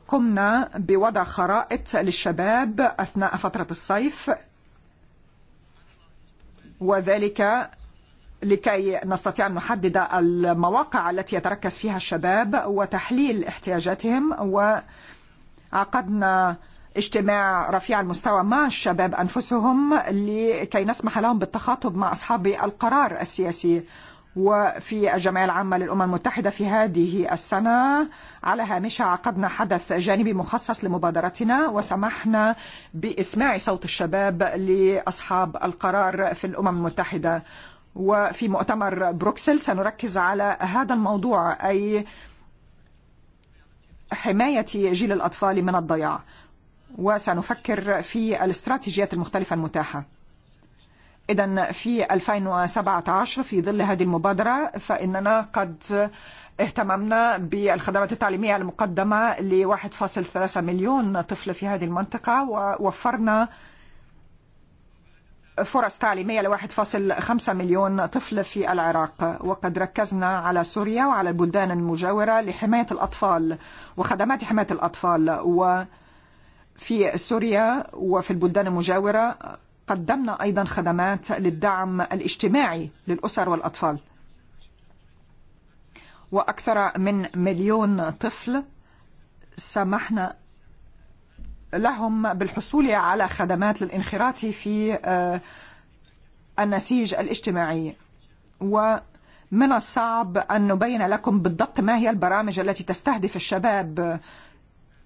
قمنا بوضع خرائط للشباب أثناء فترة الصيف وذلك لكي نستطيع أن نحدد المواقع التي يتركز فيها الشباب وتحليل احتياجاتهم وعقدنا اجتماع رفيع المستوى مع الشباب أنفسهم لكي نسمح لهم بالتخاطب مع أصحاب القرار السياسي وفي الجمعية العامة للأمم المتحدة في هذه السنة على هامشها عقدنا حدث جانبي مخصص لمبادرتنا وسمحنا بإسماع صوت الشباب لأصحاب القرار في الأمم المتحدة وفي مؤتمر بروكسل سنركز على هذا الموضوع أي حماية جيل الأطفال من الضياع وسنفكر في الاستراتيجيات المختلفة المتاحة إذا في 2017 في ظل هذه المبادرة فإننا قد اهتممنا بالخدمات التعليمية المقدمة ل 1.3 مليون طفل في هذه المنطقة ووفرنا فرص تعليمية ل 1.5 مليون طفل في العراق وقد ركزنا على سوريا وعلى البلدان المجاورة لحماية الأطفال وخدمات حماية الأطفال و في سوريا وفي البلدان المجاورة قدمنا أيضا خدمات للدعم الاجتماعي للأسر والأطفال وأكثر من مليون طفل سمحنا لهم بالحصول على خدمات للانخراط في النسيج الاجتماعي ومن الصعب أن نبين لكم بالضبط ما هي البرامج التي تستهدف الشباب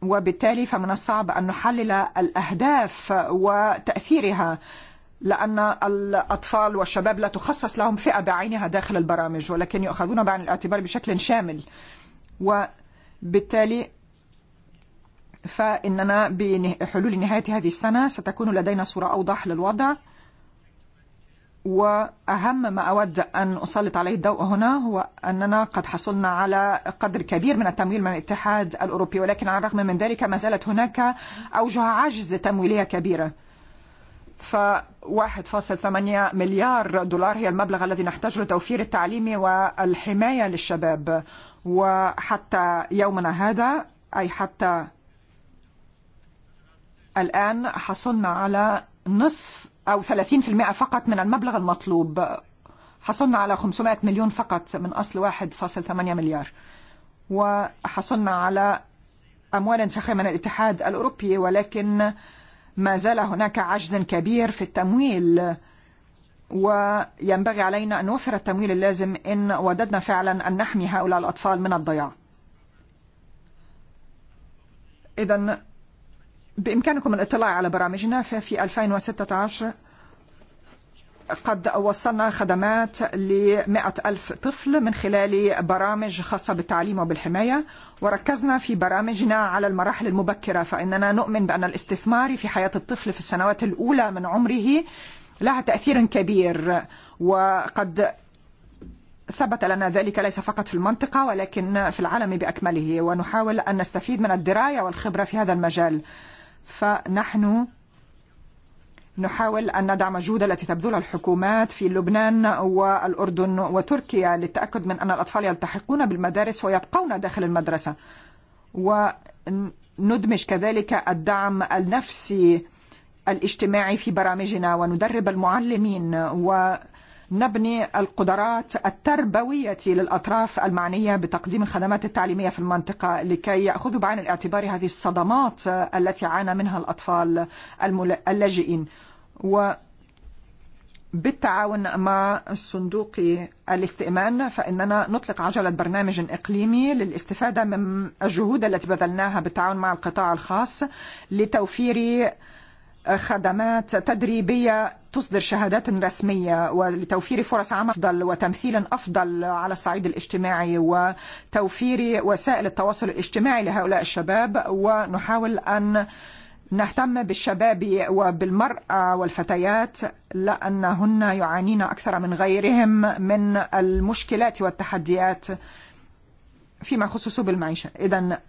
وبالتالي فمن الصعب أن نحلل الأهداف وتأثيرها لأن الأطفال والشباب لا تخصص لهم فئة بعينها داخل البرامج ولكن يؤخذون بعين الاعتبار بشكل شامل وبالتالي فإننا بحلول نهاية هذه السنة ستكون لدينا صورة أوضح للوضع وأهم ما أود أن أسلط عليه الضوء هنا هو أننا قد حصلنا على قدر كبير من التمويل من الاتحاد الأوروبي ولكن على الرغم من ذلك ما زالت هناك أوجه عجز تمويلية كبيرة ف 1.8 مليار دولار هي المبلغ الذي نحتاجه لتوفير التعليم والحماية للشباب وحتى يومنا هذا أي حتى الآن حصلنا على نصف أو 30% فقط من المبلغ المطلوب حصلنا على 500 مليون فقط من أصل 1.8 مليار وحصلنا على أموال شخية من الاتحاد الأوروبي ولكن ما زال هناك عجز كبير في التمويل وينبغي علينا أن نوفر التمويل اللازم إن وددنا فعلا أن نحمي هؤلاء الأطفال من الضياع إذا بإمكانكم الاطلاع على برامجنا ففي 2016 قد وصلنا خدمات لمئة ألف طفل من خلال برامج خاصة بالتعليم وبالحماية وركزنا في برامجنا على المراحل المبكرة فإننا نؤمن بأن الاستثمار في حياة الطفل في السنوات الأولى من عمره لها تأثير كبير وقد ثبت لنا ذلك ليس فقط في المنطقة ولكن في العالم بأكمله ونحاول أن نستفيد من الدراية والخبرة في هذا المجال فنحن نحاول أن ندعم جهود التي تبذلها الحكومات في لبنان والأردن وتركيا للتأكد من أن الأطفال يلتحقون بالمدارس ويبقون داخل المدرسة وندمج كذلك الدعم النفسي الاجتماعي في برامجنا وندرب المعلمين و نبني القدرات التربوية للأطراف المعنية بتقديم الخدمات التعليمية في المنطقة لكي يأخذوا بعين الاعتبار هذه الصدمات التي عانى منها الأطفال اللاجئين و بالتعاون مع صندوق الاستئمان فإننا نطلق عجلة برنامج إقليمي للاستفادة من الجهود التي بذلناها بالتعاون مع القطاع الخاص لتوفير خدمات تدريبية تصدر شهادات رسمية لتوفير فرص عمل أفضل وتمثيل أفضل على الصعيد الاجتماعي وتوفير وسائل التواصل الاجتماعي لهؤلاء الشباب ونحاول أن نهتم بالشباب وبالمرأة والفتيات لأنهن يعانين أكثر من غيرهم من المشكلات والتحديات فيما يخص بالمعيشة المعيشة إذا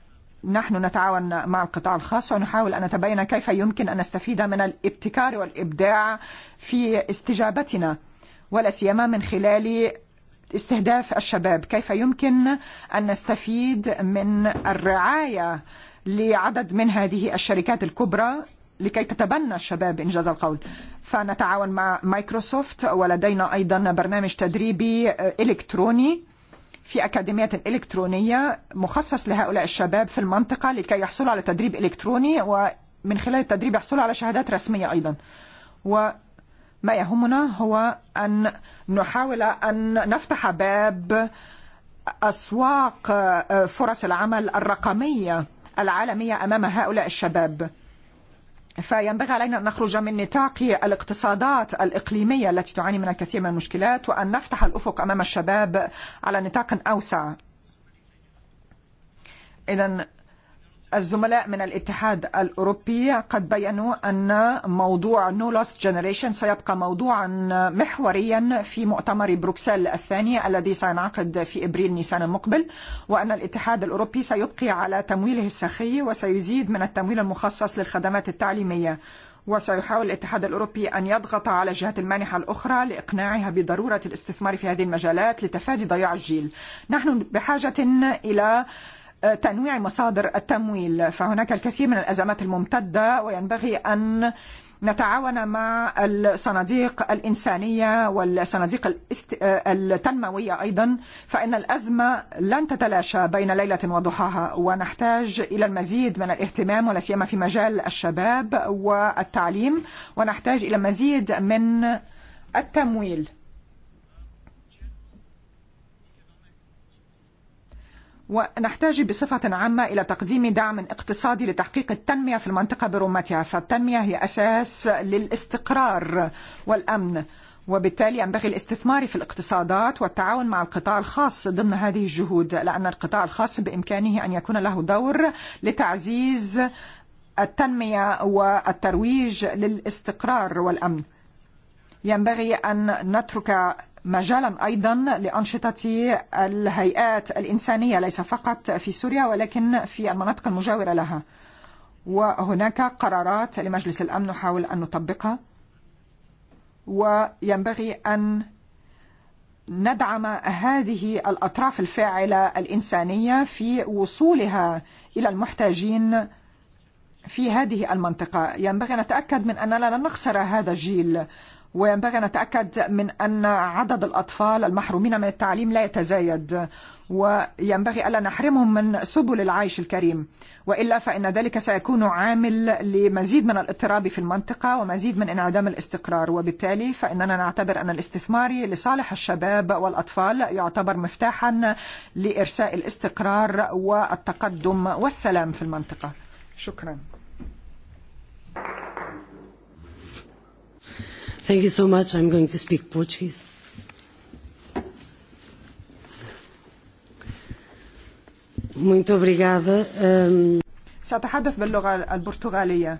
نحن نتعاون مع القطاع الخاص ونحاول أن نتبين كيف يمكن أن نستفيد من الابتكار والإبداع في استجابتنا ولا سيما من خلال استهداف الشباب كيف يمكن أن نستفيد من الرعاية لعدد من هذه الشركات الكبرى لكي تتبنى الشباب إنجاز القول فنتعاون مع مايكروسوفت ولدينا أيضا برنامج تدريبي إلكتروني في أكاديميات إلكترونية مخصص لهؤلاء الشباب في المنطقة لكي يحصلوا على تدريب إلكتروني ومن خلال التدريب يحصلوا على شهادات رسمية أيضا وما يهمنا هو أن نحاول أن نفتح باب أسواق فرص العمل الرقمية العالمية أمام هؤلاء الشباب فينبغي علينا أن نخرج من نطاق الاقتصادات الإقليمية التي تعاني من الكثير من المشكلات وأن نفتح الأفق أمام الشباب على نطاق أوسع إذا الزملاء من الاتحاد الأوروبي قد بيّنوا أن موضوع No Lost Generation سيبقى موضوعا محوريا في مؤتمر بروكسل الثاني الذي سينعقد في إبريل نيسان المقبل وأن الاتحاد الأوروبي سيبقي على تمويله السخي وسيزيد من التمويل المخصص للخدمات التعليمية وسيحاول الاتحاد الأوروبي أن يضغط على الجهات المانحة الأخرى لإقناعها بضرورة الاستثمار في هذه المجالات لتفادي ضياع الجيل نحن بحاجة إلى تنويع مصادر التمويل فهناك الكثير من الأزمات الممتدة وينبغي أن نتعاون مع الصناديق الإنسانية والصناديق التنموية أيضا فإن الأزمة لن تتلاشى بين ليلة وضحاها ونحتاج إلى المزيد من الاهتمام ولا سيما في مجال الشباب والتعليم ونحتاج إلى مزيد من التمويل ونحتاج بصفة عامة إلى تقديم دعم اقتصادي لتحقيق التنمية في المنطقة برمتها فالتنمية هي أساس للاستقرار والأمن وبالتالي ينبغي الاستثمار في الاقتصادات والتعاون مع القطاع الخاص ضمن هذه الجهود لأن القطاع الخاص بإمكانه أن يكون له دور لتعزيز التنمية والترويج للاستقرار والأمن ينبغي أن نترك مجالا أيضا لأنشطة الهيئات الإنسانية ليس فقط في سوريا ولكن في المناطق المجاورة لها وهناك قرارات لمجلس الأمن نحاول أن نطبقها وينبغي أن ندعم هذه الأطراف الفاعلة الإنسانية في وصولها إلى المحتاجين في هذه المنطقة ينبغي أن نتأكد من أننا لا نخسر هذا الجيل وينبغي أن نتأكد من أن عدد الأطفال المحرومين من التعليم لا يتزايد وينبغي ألا نحرمهم من سبل العيش الكريم وإلا فإن ذلك سيكون عامل لمزيد من الاضطراب في المنطقة ومزيد من انعدام الاستقرار وبالتالي فإننا نعتبر أن الاستثمار لصالح الشباب والأطفال يعتبر مفتاحا لإرساء الاستقرار والتقدم والسلام في المنطقة شكرا Thank you so much. I'm going to speak Portuguese. Muito obrigada. Um... سأتحدث باللغة البرتغالية.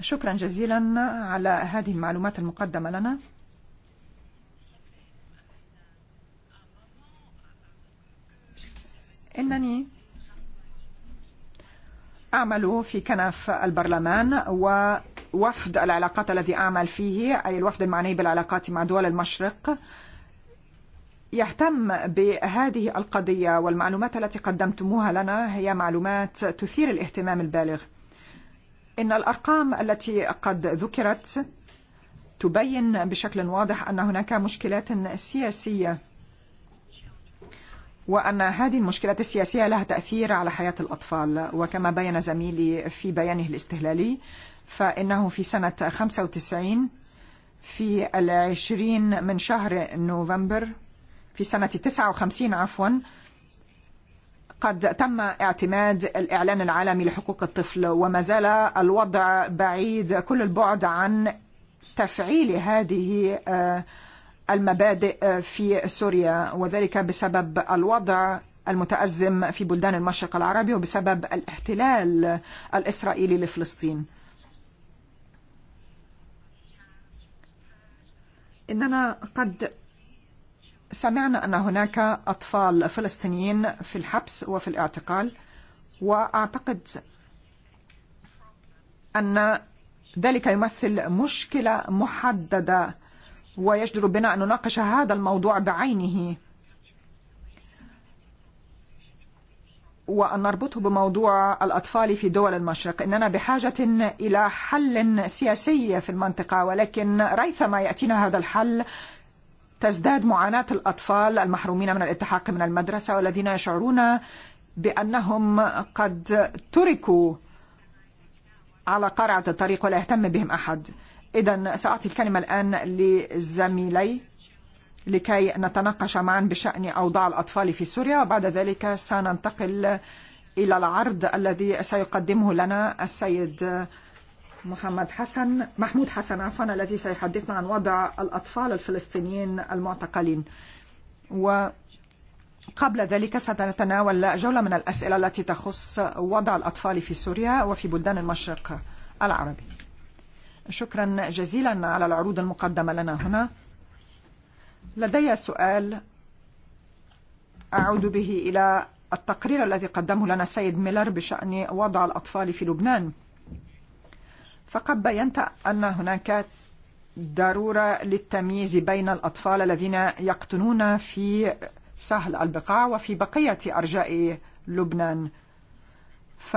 شكرا جزيلا على هذه المعلومات المقدمة لنا. إنني أعمل في كنف البرلمان و وفد العلاقات الذي أعمل فيه أي الوفد المعني بالعلاقات مع دول المشرق يهتم بهذه القضية والمعلومات التي قدمتموها لنا هي معلومات تثير الاهتمام البالغ إن الأرقام التي قد ذكرت تبين بشكل واضح أن هناك مشكلات سياسية وأن هذه المشكلات السياسية لها تأثير على حياة الأطفال وكما بين زميلي في بيانه الاستهلالي فإنه في سنة 95 في العشرين من شهر نوفمبر في سنة 59 عفوا قد تم اعتماد الإعلان العالمي لحقوق الطفل وما زال الوضع بعيد كل البعد عن تفعيل هذه المبادئ في سوريا وذلك بسبب الوضع المتأزم في بلدان المشرق العربي وبسبب الاحتلال الإسرائيلي لفلسطين إننا قد سمعنا أن هناك أطفال فلسطينيين في الحبس وفي الاعتقال وأعتقد أن ذلك يمثل مشكلة محددة ويجدر بنا أن نناقش هذا الموضوع بعينه وأن نربطه بموضوع الأطفال في دول المشرق إننا بحاجة إلى حل سياسي في المنطقة ولكن ريثما يأتينا هذا الحل تزداد معاناة الأطفال المحرومين من الالتحاق من المدرسة والذين يشعرون بأنهم قد تركوا على قرعة الطريق ولا يهتم بهم أحد إذا سأعطي الكلمة الآن لزميلي لكي نتناقش معا بشأن أوضاع الأطفال في سوريا وبعد ذلك سننتقل إلى العرض الذي سيقدمه لنا السيد محمد حسن محمود حسن عفوا الذي سيحدثنا عن وضع الأطفال الفلسطينيين المعتقلين وقبل ذلك سنتناول جولة من الأسئلة التي تخص وضع الأطفال في سوريا وفي بلدان المشرق العربي شكرا جزيلا على العروض المقدمة لنا هنا لدي سؤال أعود به إلى التقرير الذي قدمه لنا سيد ميلر بشأن وضع الأطفال في لبنان فقد بينت أن هناك ضرورة للتمييز بين الأطفال الذين يقطنون في سهل البقاع وفي بقية أرجاء لبنان ف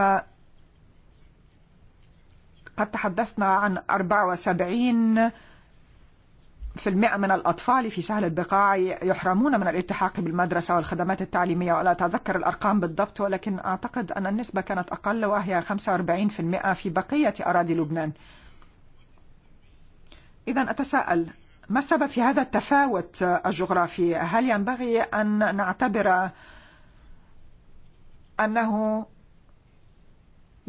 قد تحدثنا عن 74 في المئة من الأطفال في سهل البقاع يحرمون من الالتحاق بالمدرسة والخدمات التعليمية ولا أتذكر الأرقام بالضبط ولكن أعتقد أن النسبة كانت أقل وهي 45% في بقية أراضي لبنان إذا أتساءل ما السبب في هذا التفاوت الجغرافي؟ هل ينبغي أن نعتبر أنه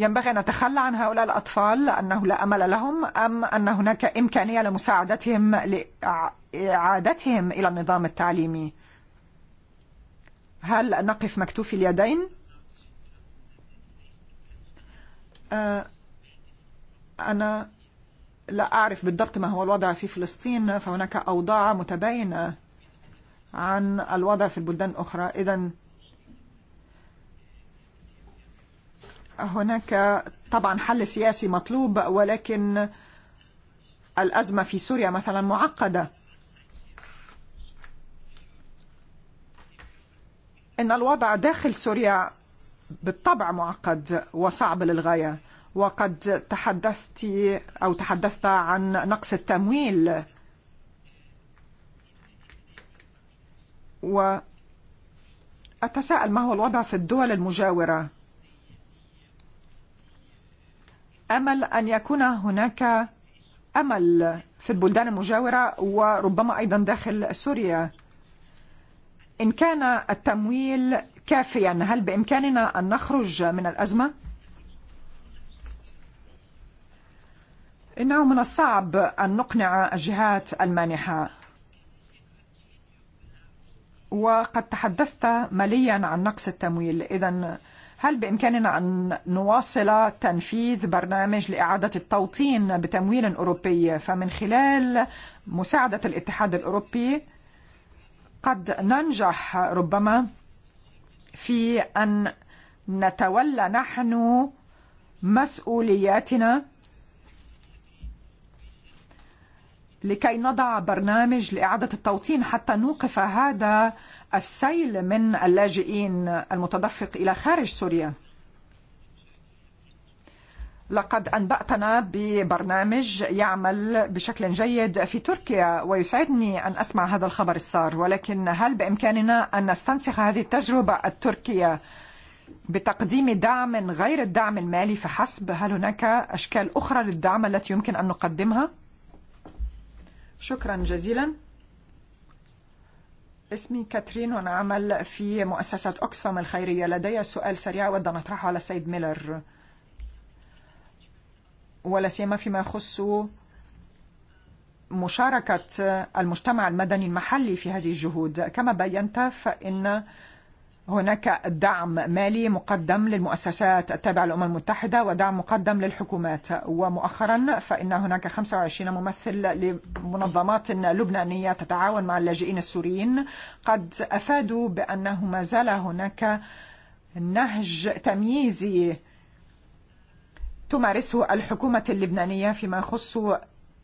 ينبغي أن نتخلى عن هؤلاء الأطفال لأنه لا أمل لهم أم أن هناك إمكانية لمساعدتهم لإعادتهم إلى النظام التعليمي هل نقف مكتوف اليدين؟ أنا لا أعرف بالضبط ما هو الوضع في فلسطين فهناك أوضاع متباينة عن الوضع في البلدان الأخرى إذن هناك طبعا حل سياسي مطلوب ولكن الأزمة في سوريا مثلا معقدة إن الوضع داخل سوريا بالطبع معقد وصعب للغاية وقد تحدثت أو تحدثت عن نقص التمويل وأتساءل ما هو الوضع في الدول المجاورة أمل أن يكون هناك أمل في البلدان المجاورة وربما أيضا داخل سوريا إن كان التمويل كافيا هل بإمكاننا أن نخرج من الأزمة؟ إنه من الصعب أن نقنع الجهات المانحة وقد تحدثت مليا عن نقص التمويل إذا هل بإمكاننا أن نواصل تنفيذ برنامج لإعادة التوطين بتمويل أوروبي فمن خلال مساعدة الاتحاد الأوروبي قد ننجح ربما في أن نتولى نحن مسؤولياتنا لكي نضع برنامج لإعادة التوطين حتى نوقف هذا السيل من اللاجئين المتدفق إلى خارج سوريا لقد أنبأتنا ببرنامج يعمل بشكل جيد في تركيا ويسعدني أن أسمع هذا الخبر السار ولكن هل بإمكاننا أن نستنسخ هذه التجربة التركية بتقديم دعم غير الدعم المالي فحسب هل هناك أشكال أخرى للدعم التي يمكن أن نقدمها؟ شكرا جزيلا اسمي كاترين وأنا أعمل في مؤسسة أكسفام الخيرية لدي سؤال سريع أود أن أطرحه على السيد ميلر ولا سيما فيما يخص مشاركة المجتمع المدني المحلي في هذه الجهود كما بينت فإن هناك دعم مالي مقدم للمؤسسات التابعة للأمم المتحدة ودعم مقدم للحكومات ومؤخرا فإن هناك 25 ممثل لمنظمات لبنانية تتعاون مع اللاجئين السوريين قد أفادوا بأنه ما زال هناك نهج تمييزي تمارسه الحكومة اللبنانية فيما يخص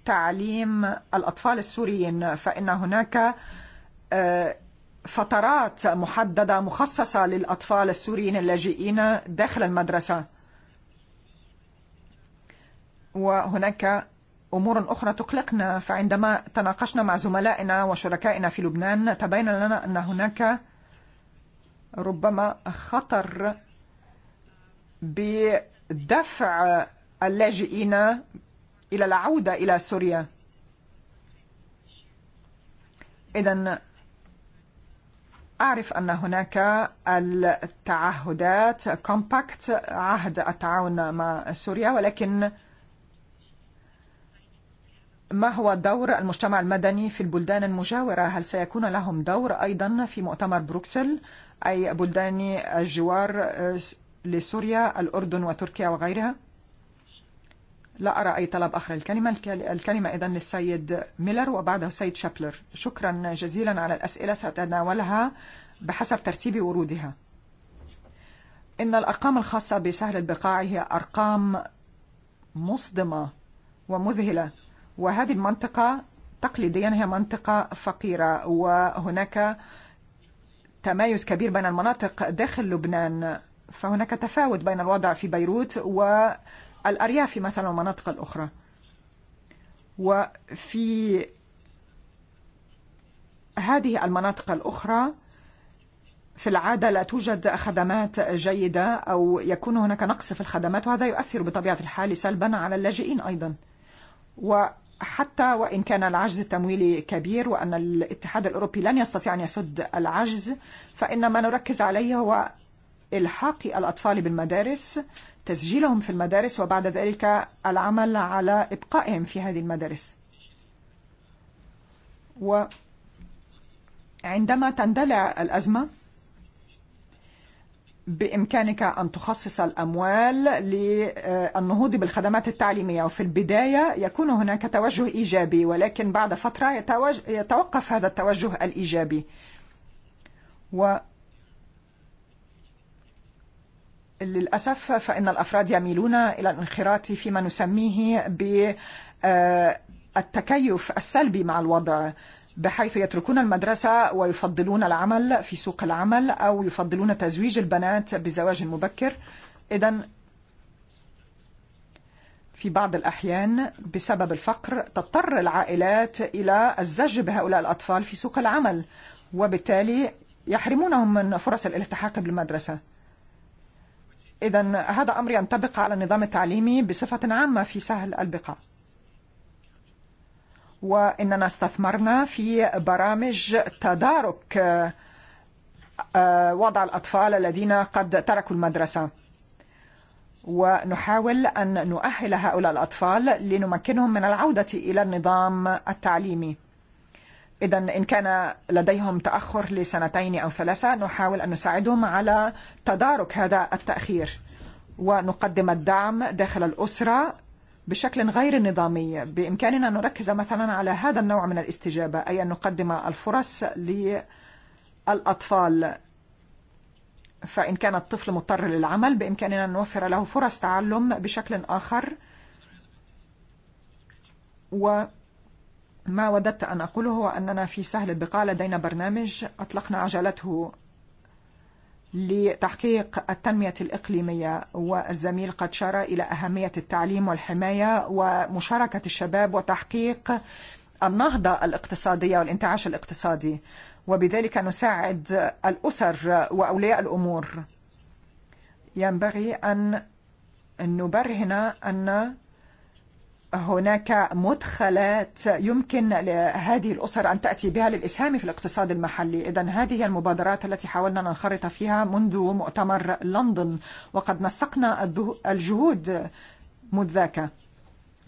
تعليم الأطفال السوريين فإن هناك فترات محددة مخصصة للأطفال السوريين اللاجئين داخل المدرسة وهناك أمور أخرى تقلقنا فعندما تناقشنا مع زملائنا وشركائنا في لبنان تبين لنا أن هناك ربما خطر بدفع اللاجئين إلى العودة إلى سوريا إذا أعرف أن هناك التعهدات كومباكت عهد التعاون مع سوريا ولكن ما هو دور المجتمع المدني في البلدان المجاورة؟ هل سيكون لهم دور أيضا في مؤتمر بروكسل أي بلدان الجوار لسوريا الأردن وتركيا وغيرها؟ لا أرى أي طلب آخر الكلمة الكلمة إذن للسيد ميلر وبعده السيد شابلر شكرا جزيلا على الأسئلة سأتناولها بحسب ترتيب ورودها إن الأرقام الخاصة بسهل البقاع هي أرقام مصدمة ومذهلة وهذه المنطقة تقليديا هي منطقة فقيرة وهناك تمايز كبير بين المناطق داخل لبنان فهناك تفاوت بين الوضع في بيروت الأرياف مثلا والمناطق الأخرى وفي هذه المناطق الأخرى في العادة لا توجد خدمات جيدة أو يكون هناك نقص في الخدمات وهذا يؤثر بطبيعة الحال سلبا على اللاجئين أيضا وحتى وإن كان العجز التمويلي كبير وأن الاتحاد الأوروبي لن يستطيع أن يسد العجز فإن ما نركز عليه هو إلحاق الأطفال بالمدارس تسجيلهم في المدارس وبعد ذلك العمل على إبقائهم في هذه المدارس وعندما تندلع الأزمة بإمكانك أن تخصص الأموال للنهوض بالخدمات التعليمية وفي البداية يكون هناك توجه إيجابي ولكن بعد فترة يتوقف هذا التوجه الإيجابي وعندما للأسف فإن الأفراد يميلون إلى الانخراط فيما نسميه بالتكيف السلبي مع الوضع بحيث يتركون المدرسة ويفضلون العمل في سوق العمل أو يفضلون تزويج البنات بزواج مبكر إذا في بعض الأحيان بسبب الفقر تضطر العائلات إلى الزج بهؤلاء الأطفال في سوق العمل وبالتالي يحرمونهم من فرص الالتحاق بالمدرسة إذا هذا أمر ينطبق على النظام التعليمي بصفة عامة في سهل البقاع وإننا استثمرنا في برامج تدارك وضع الأطفال الذين قد تركوا المدرسة ونحاول أن نؤهل هؤلاء الأطفال لنمكنهم من العودة إلى النظام التعليمي إذا إن كان لديهم تأخر لسنتين أو ثلاثة نحاول أن نساعدهم على تدارك هذا التأخير ونقدم الدعم داخل الأسرة بشكل غير نظامي بإمكاننا أن نركز مثلا على هذا النوع من الاستجابة أي أن نقدم الفرص للأطفال فإن كان الطفل مضطر للعمل بإمكاننا أن نوفر له فرص تعلم بشكل آخر و ما وددت أن أقوله هو أننا في سهل البقاع لدينا برنامج أطلقنا عجلته لتحقيق التنمية الإقليمية والزميل قد شار إلى أهمية التعليم والحماية ومشاركة الشباب وتحقيق النهضة الاقتصادية والانتعاش الاقتصادي وبذلك نساعد الأسر وأولياء الأمور ينبغي أن نبرهن أن هناك مدخلات يمكن لهذه الأسر أن تأتي بها للإسهام في الاقتصاد المحلي إذا هذه المبادرات التي حاولنا ننخرط فيها منذ مؤتمر لندن وقد نسقنا الجهود مذاكة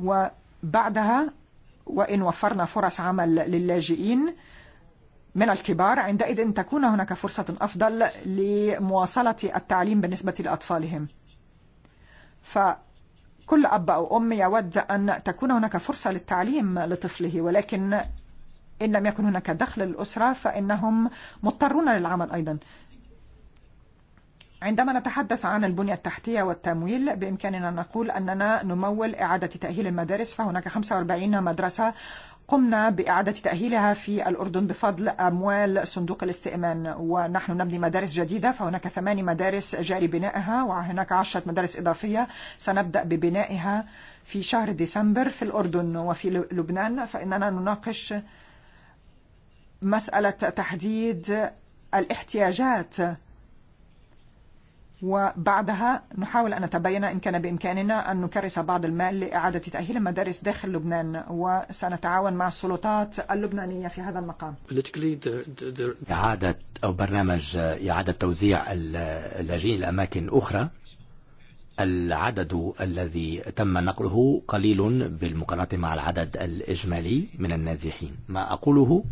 وبعدها وإن وفرنا فرص عمل للاجئين من الكبار عندئذ تكون هناك فرصة أفضل لمواصلة التعليم بالنسبة لأطفالهم. ف كل أب أو أم يود أن تكون هناك فرصة للتعليم لطفله ولكن إن لم يكن هناك دخل للأسرة فإنهم مضطرون للعمل أيضا عندما نتحدث عن البنية التحتية والتمويل بإمكاننا نقول أننا نمول إعادة تأهيل المدارس فهناك 45 مدرسة قمنا بإعادة تأهيلها في الأردن بفضل أموال صندوق الاستئمان ونحن نبني مدارس جديدة فهناك ثماني مدارس جاري بنائها وهناك عشرة مدارس إضافية سنبدأ ببنائها في شهر ديسمبر في الأردن وفي لبنان فإننا نناقش مسألة تحديد الاحتياجات وبعدها نحاول أن نتبين إن كان بإمكاننا أن نكرس بعض المال لإعادة تأهيل المدارس داخل لبنان وسنتعاون مع السلطات اللبنانية في هذا المقام إعادة أو برنامج إعادة توزيع اللاجئين لأماكن أخرى العدد الذي تم نقله قليل بالمقارنة مع العدد الإجمالي من النازحين ما أقوله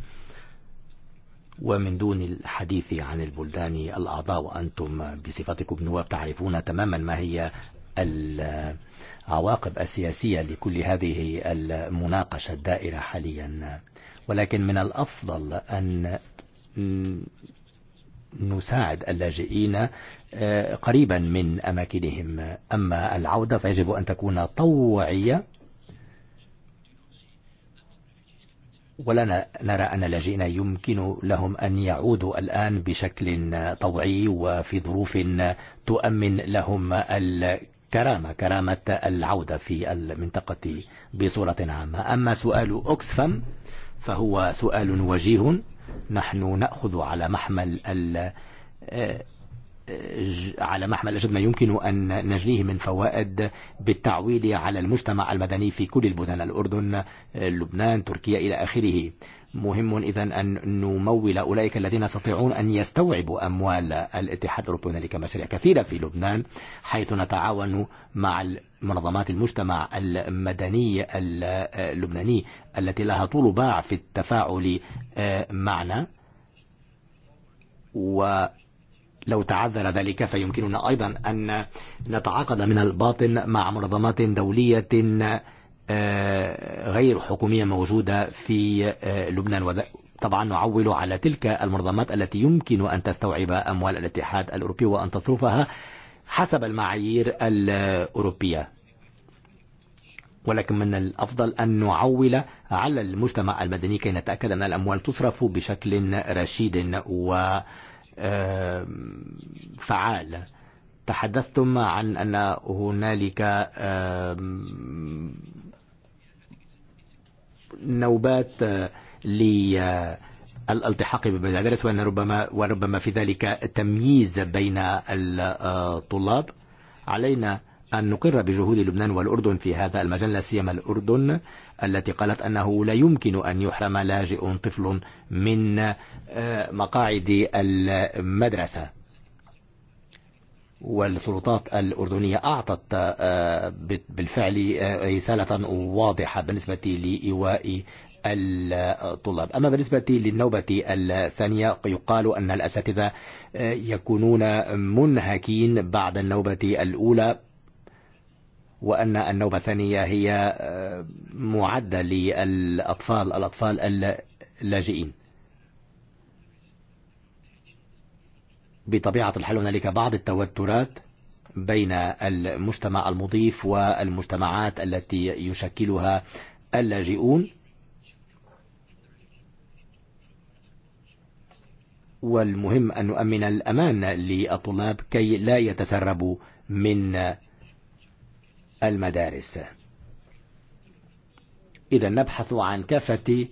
ومن دون الحديث عن البلدان الأعضاء وأنتم بصفتكم نواب تعرفون تماما ما هي العواقب السياسية لكل هذه المناقشة الدائرة حاليا ولكن من الأفضل أن نساعد اللاجئين قريبا من أماكنهم أما العودة فيجب أن تكون طوعية ولا نرى أن اللاجئين يمكن لهم أن يعودوا الآن بشكل طوعي وفي ظروف تؤمن لهم الكرامة كرامة العودة في المنطقة بصورة عامة أما سؤال أكسفم فهو سؤال وجيه نحن نأخذ على محمل على محمل الجد ما يمكن أن نجليه من فوائد بالتعويل على المجتمع المدني في كل البلدان الأردن لبنان تركيا إلى آخره مهم إذا أن نمول أولئك الذين يستطيعون أن يستوعبوا أموال الاتحاد الأوروبي هنالك مشاريع كثيرة في لبنان حيث نتعاون مع منظمات المجتمع المدني اللبناني التي لها طول باع في التفاعل معنا و لو تعذر ذلك فيمكننا أيضا أن نتعاقد من الباطن مع منظمات دولية غير حكومية موجودة في لبنان طبعا نعول على تلك المنظمات التي يمكن أن تستوعب أموال الاتحاد الأوروبي وأن تصرفها حسب المعايير الأوروبية ولكن من الأفضل أن نعول على المجتمع المدني كي نتأكد أن الأموال تصرف بشكل رشيد ومجتمع فعال تحدثتم عن أن هنالك نوبات للالتحاق بالمدارس وأن ربما وربما في ذلك تمييز بين الطلاب علينا أن نقر بجهود لبنان والأردن في هذا المجال لا سيما الأردن التي قالت أنه لا يمكن أن يحرم لاجئ طفل من مقاعد المدرسة والسلطات الأردنية أعطت بالفعل رسالة واضحة بالنسبة لإيواء الطلاب أما بالنسبة للنوبة الثانية يقال أن الأساتذة يكونون منهكين بعد النوبة الأولى وأن النوبة الثانية هي معدة للأطفال الأطفال اللاجئين بطبيعة الحال هنالك بعض التوترات بين المجتمع المضيف والمجتمعات التي يشكلها اللاجئون والمهم أن نؤمن الأمان للطلاب كي لا يتسربوا من المدارس إذا نبحث عن كافة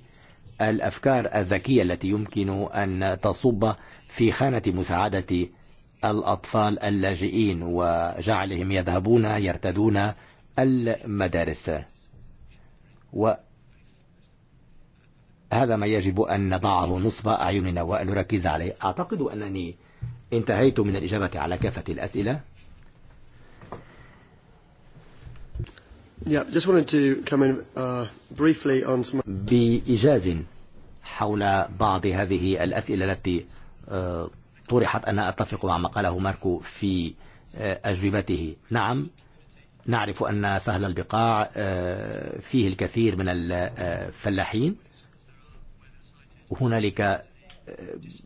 الأفكار الذكية التي يمكن أن تصب في خانة مساعدة الأطفال اللاجئين وجعلهم يذهبون يرتدون المدارس وهذا ما يجب أن نضعه نصب أعيننا ونركز عليه أعتقد أنني انتهيت من الإجابة على كافة الأسئلة Yeah, just wanted to comment uh, briefly on some... بإيجاز حول بعض هذه الأسئلة التي طرحت أنا أتفق مع ما قاله ماركو في أجوبته نعم نعرف أن سهل البقاع فيه الكثير من الفلاحين هنالك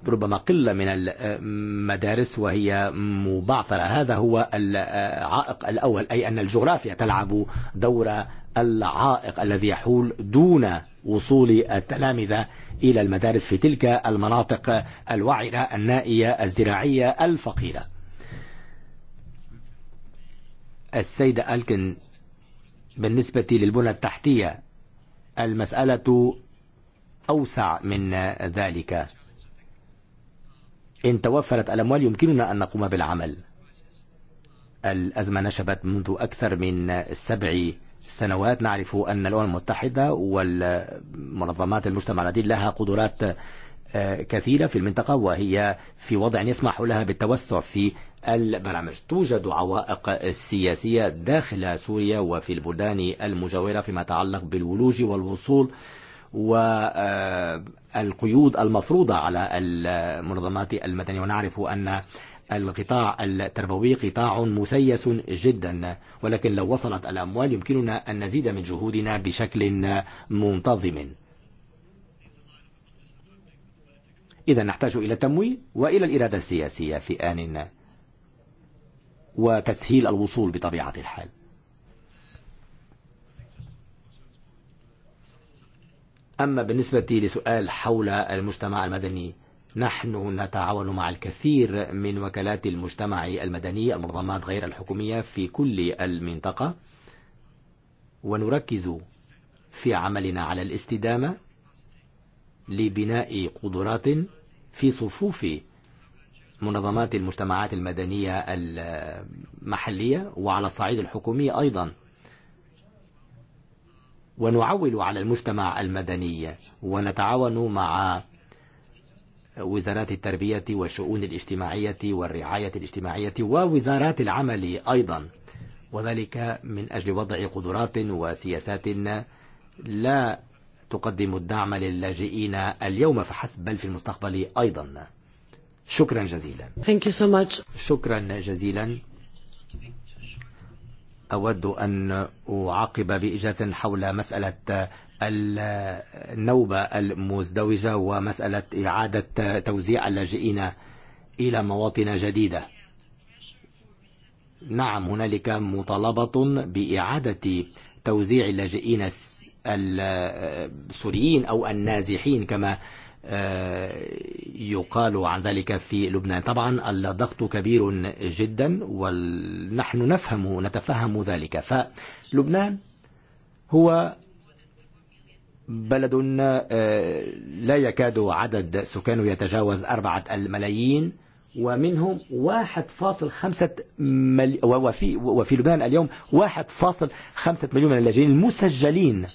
ربما قلة من المدارس وهي مبعثرة هذا هو العائق الأول أي أن الجغرافيا تلعب دور العائق الذي يحول دون وصول التلامذة إلى المدارس في تلك المناطق الوعرة النائية الزراعية الفقيرة السيدة ألكن بالنسبة للبنى التحتية المسألة أوسع من ذلك إن توفرت الأموال يمكننا أن نقوم بالعمل الأزمة نشبت منذ أكثر من سبع سنوات نعرف أن الأمم المتحدة والمنظمات المجتمع المدني لها قدرات كثيرة في المنطقة وهي في وضع يسمح لها بالتوسع في البرامج توجد عوائق سياسية داخل سوريا وفي البلدان المجاورة فيما تعلق بالولوج والوصول والقيود المفروضة على المنظمات المدنية ونعرف أن القطاع التربوي قطاع مسيس جدا ولكن لو وصلت الأموال يمكننا أن نزيد من جهودنا بشكل منتظم إذا نحتاج إلى التمويل وإلى الإرادة السياسية في آن وتسهيل الوصول بطبيعة الحال أما بالنسبة لسؤال حول المجتمع المدني نحن نتعاون مع الكثير من وكالات المجتمع المدني المنظمات غير الحكومية في كل المنطقة ونركز في عملنا على الاستدامة لبناء قدرات في صفوف منظمات المجتمعات المدنية المحلية وعلى الصعيد الحكومي أيضا ونعول على المجتمع المدني ونتعاون مع وزارات التربية والشؤون الاجتماعية والرعاية الاجتماعية ووزارات العمل أيضا وذلك من أجل وضع قدرات وسياسات لا تقدم الدعم للاجئين اليوم فحسب بل في المستقبل أيضا شكرا جزيلا Thank you so much. شكرا جزيلا أود أن أعقب بإجازة حول مسألة النوبة المزدوجة ومسألة إعادة توزيع اللاجئين إلى مواطن جديدة نعم هنالك مطالبة بإعادة توزيع اللاجئين السوريين أو النازحين كما يقال عن ذلك في لبنان طبعا الضغط كبير جدا ونحن نفهم نتفهم ذلك فلبنان هو بلد لا يكاد عدد سكانه يتجاوز أربعة الملايين ومنهم واحد فاصل خمسة ملي... وفي وفي لبنان اليوم واحد فاصل خمسة مليون من اللاجئين المسجلين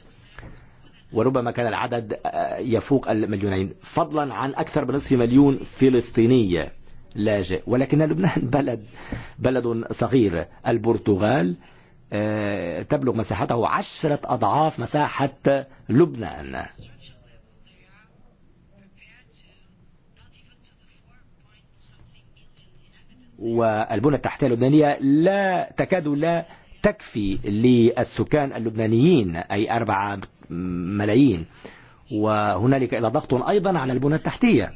وربما كان العدد يفوق المليونين فضلا عن أكثر من نصف مليون فلسطينية لاجئ ولكن لبنان بلد بلد صغير البرتغال تبلغ مساحته عشرة أضعاف مساحة لبنان والبنى التحتية اللبنانية لا تكاد لا تكفي للسكان اللبنانيين أي أربعة ملايين وهنالك إلى ضغط أيضا على البنى التحتية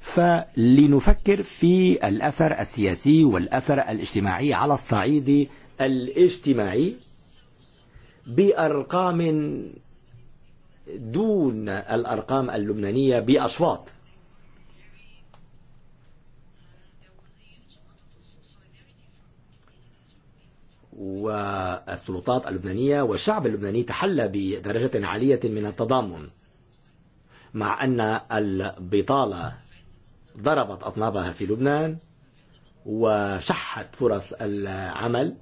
فلنفكر في الأثر السياسي والأثر الاجتماعي على الصعيد الاجتماعي بأرقام دون الأرقام اللبنانية بأشواط والسلطات اللبنانية والشعب اللبناني تحلى بدرجة عالية من التضامن مع أن البطالة ضربت أطنابها في لبنان وشحت فرص العمل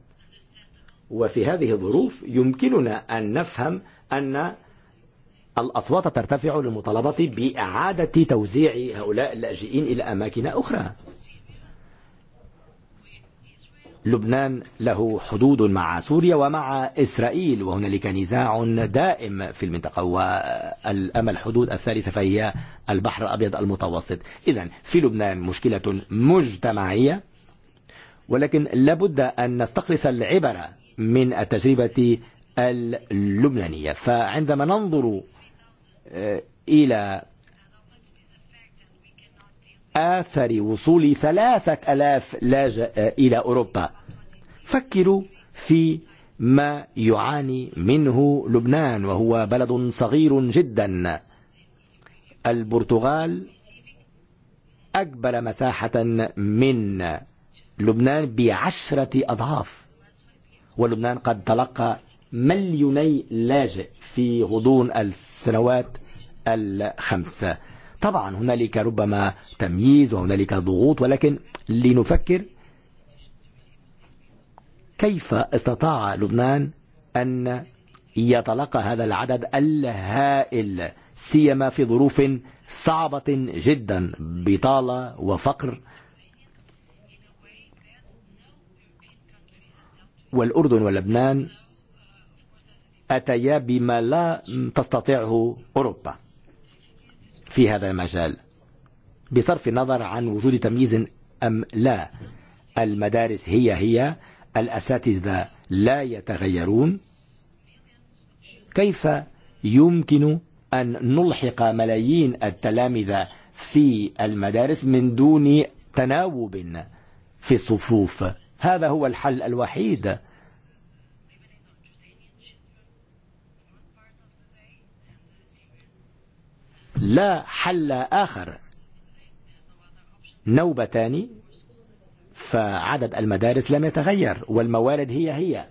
وفي هذه الظروف يمكننا أن نفهم أن الأصوات ترتفع للمطالبة بإعادة توزيع هؤلاء اللاجئين إلى أماكن أخرى لبنان له حدود مع سوريا ومع إسرائيل وهنالك نزاع دائم في المنطقة وأما الحدود الثالثة فهي البحر الأبيض المتوسط إذا في لبنان مشكلة مجتمعية ولكن لابد أن نستخلص العبرة من التجربة اللبنانية فعندما ننظر إلى آثر وصول ثلاثة ألاف لاجئ إلى أوروبا فكروا في ما يعاني منه لبنان وهو بلد صغير جدا البرتغال أكبر مساحة من لبنان بعشرة أضعاف ولبنان قد تلقى مليوني لاجئ في غضون السنوات الخمسة طبعا هنالك ربما تمييز وهنالك ضغوط ولكن لنفكر كيف استطاع لبنان أن يتلقى هذا العدد الهائل سيما في ظروف صعبة جدا بطالة وفقر والأردن ولبنان أتيا بما لا تستطيعه أوروبا في هذا المجال بصرف النظر عن وجود تمييز أم لا المدارس هي هي الأساتذة لا يتغيرون كيف يمكن أن نلحق ملايين التلامذة في المدارس من دون تناوب في الصفوف هذا هو الحل الوحيد لا حل آخر نوبة تاني فعدد المدارس لم يتغير والموارد هي هي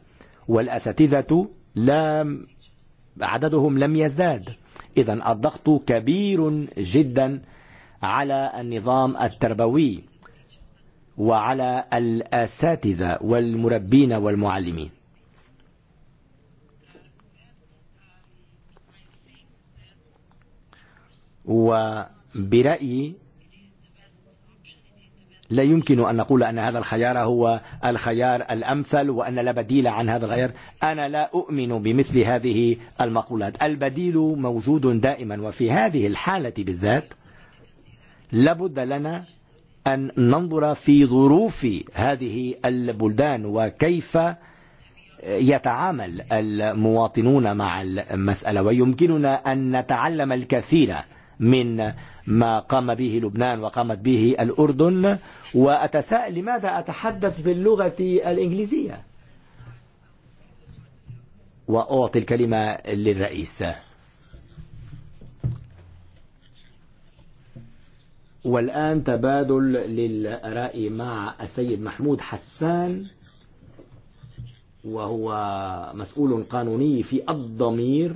والأساتذة لم عددهم لم يزداد إذن الضغط كبير جدا على النظام التربوي وعلى الأساتذة والمربين والمعلمين وبرأيي لا يمكن أن نقول أن هذا الخيار هو الخيار الأمثل وأن لا بديل عن هذا الخيار أنا لا أؤمن بمثل هذه المقولات البديل موجود دائما وفي هذه الحالة بالذات لابد لنا أن ننظر في ظروف هذه البلدان وكيف يتعامل المواطنون مع المسألة ويمكننا أن نتعلم الكثير من ما قام به لبنان وقامت به الأردن وأتساءل لماذا أتحدث باللغة الإنجليزية وأعطي الكلمة للرئيس والآن تبادل للأراء مع السيد محمود حسان وهو مسؤول قانوني في الضمير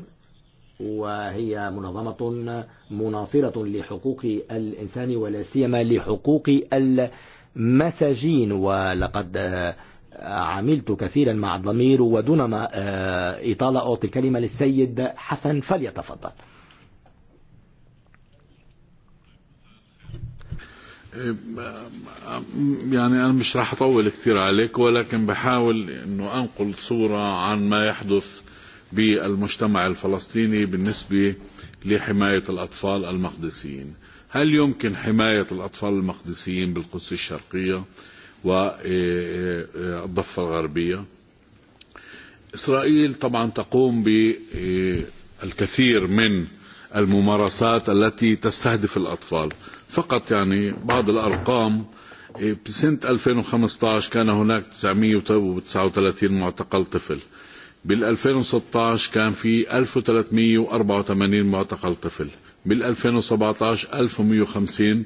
وهي منظمة مناصرة لحقوق الإنسان ولا سيما لحقوق المساجين ولقد عملت كثيرا مع الضمير ودون ما إطالة أعطي الكلمة للسيد حسن فليتفضل يعني أنا مش راح أطول كثير عليك ولكن بحاول أنه أنقل صورة عن ما يحدث بالمجتمع الفلسطيني بالنسبة لحماية الأطفال المقدسيين هل يمكن حماية الأطفال المقدسيين بالقدس الشرقية والضفة الغربية إسرائيل طبعا تقوم بالكثير من الممارسات التي تستهدف الأطفال فقط يعني بعض الأرقام بسنة 2015 كان هناك 939 معتقل طفل بال 2016 كان في 1384 معتقل طفل بال 2017 1150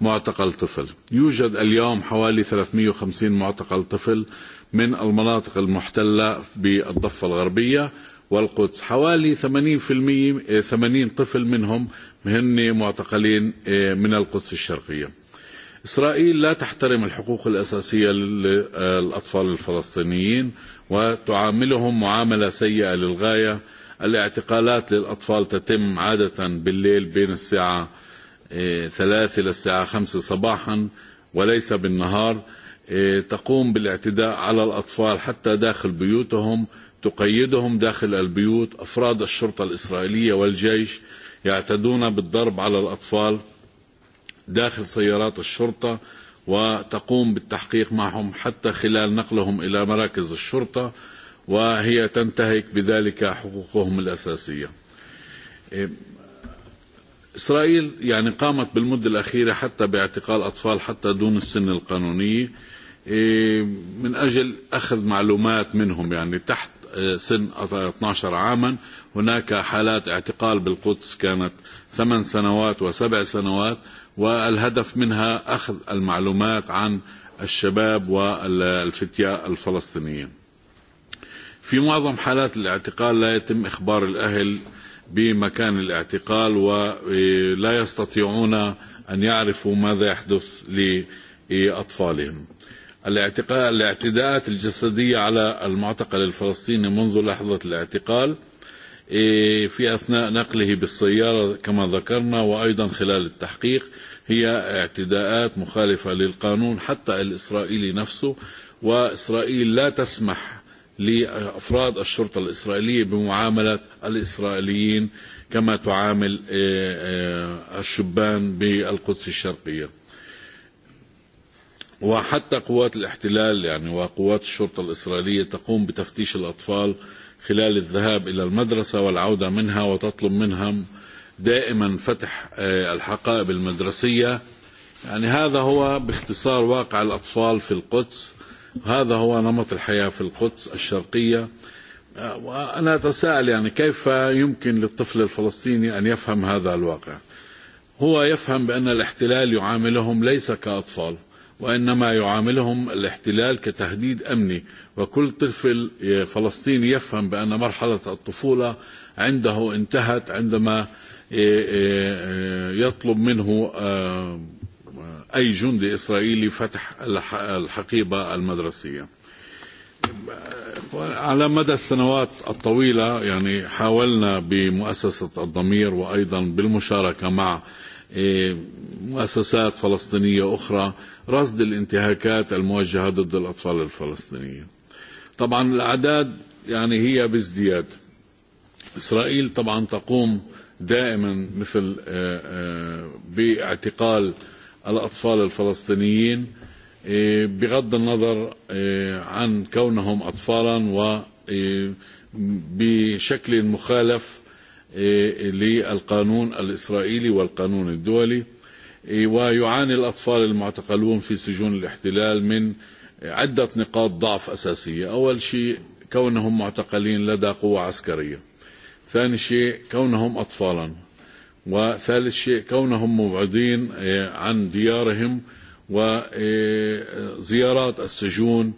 معتقل طفل يوجد اليوم حوالي 350 معتقل طفل من المناطق المحتلة بالضفة الغربية والقدس حوالي 80% 80 طفل منهم هن معتقلين من القدس الشرقية إسرائيل لا تحترم الحقوق الأساسية للأطفال الفلسطينيين وتعاملهم معاملة سيئة للغاية الاعتقالات للأطفال تتم عادة بالليل بين الساعة ثلاث إلى الساعة خمسة صباحا وليس بالنهار تقوم بالاعتداء على الأطفال حتى داخل بيوتهم تقيدهم داخل البيوت أفراد الشرطة الإسرائيلية والجيش يعتدون بالضرب على الأطفال داخل سيارات الشرطة وتقوم بالتحقيق معهم حتى خلال نقلهم إلى مراكز الشرطة وهي تنتهك بذلك حقوقهم الأساسية إسرائيل يعني قامت بالمدة الأخيرة حتى باعتقال أطفال حتى دون السن القانونية من أجل أخذ معلومات منهم يعني تحت سن 12 عاما هناك حالات اعتقال بالقدس كانت ثمان سنوات وسبع سنوات والهدف منها أخذ المعلومات عن الشباب والفتية الفلسطينية في معظم حالات الاعتقال لا يتم إخبار الأهل بمكان الاعتقال ولا يستطيعون أن يعرفوا ماذا يحدث لأطفالهم الاعتقال الاعتداءات الجسدية على المعتقل الفلسطيني منذ لحظة الاعتقال في أثناء نقله بالسيارة كما ذكرنا وأيضا خلال التحقيق هي اعتداءات مخالفة للقانون حتى الإسرائيلي نفسه وإسرائيل لا تسمح لأفراد الشرطة الإسرائيلية بمعاملة الإسرائيليين كما تعامل الشبان بالقدس الشرقية وحتى قوات الاحتلال يعني وقوات الشرطة الإسرائيلية تقوم بتفتيش الأطفال خلال الذهاب إلى المدرسة والعودة منها وتطلب منهم دائما فتح الحقائب المدرسية يعني هذا هو باختصار واقع الأطفال في القدس هذا هو نمط الحياة في القدس الشرقية وأنا أتساءل يعني كيف يمكن للطفل الفلسطيني أن يفهم هذا الواقع هو يفهم بأن الاحتلال يعاملهم ليس كأطفال وإنما يعاملهم الاحتلال كتهديد أمني وكل طفل فلسطيني يفهم بأن مرحلة الطفولة عنده انتهت عندما يطلب منه أي جندي إسرائيلي فتح الحقيبة المدرسية على مدى السنوات الطويلة يعني حاولنا بمؤسسة الضمير وأيضا بالمشاركة مع مؤسسات فلسطينية أخرى رصد الانتهاكات الموجهة ضد الأطفال الفلسطينيين طبعا الأعداد يعني هي بازدياد إسرائيل طبعا تقوم دائما مثل باعتقال الأطفال الفلسطينيين بغض النظر عن كونهم أطفالا وبشكل مخالف للقانون الإسرائيلي والقانون الدولي ويعاني الأطفال المعتقلون في سجون الاحتلال من عدة نقاط ضعف أساسية أول شيء كونهم معتقلين لدى قوة عسكرية ثاني شيء كونهم أطفالا وثالث شيء كونهم مبعدين عن ديارهم وزيارات السجون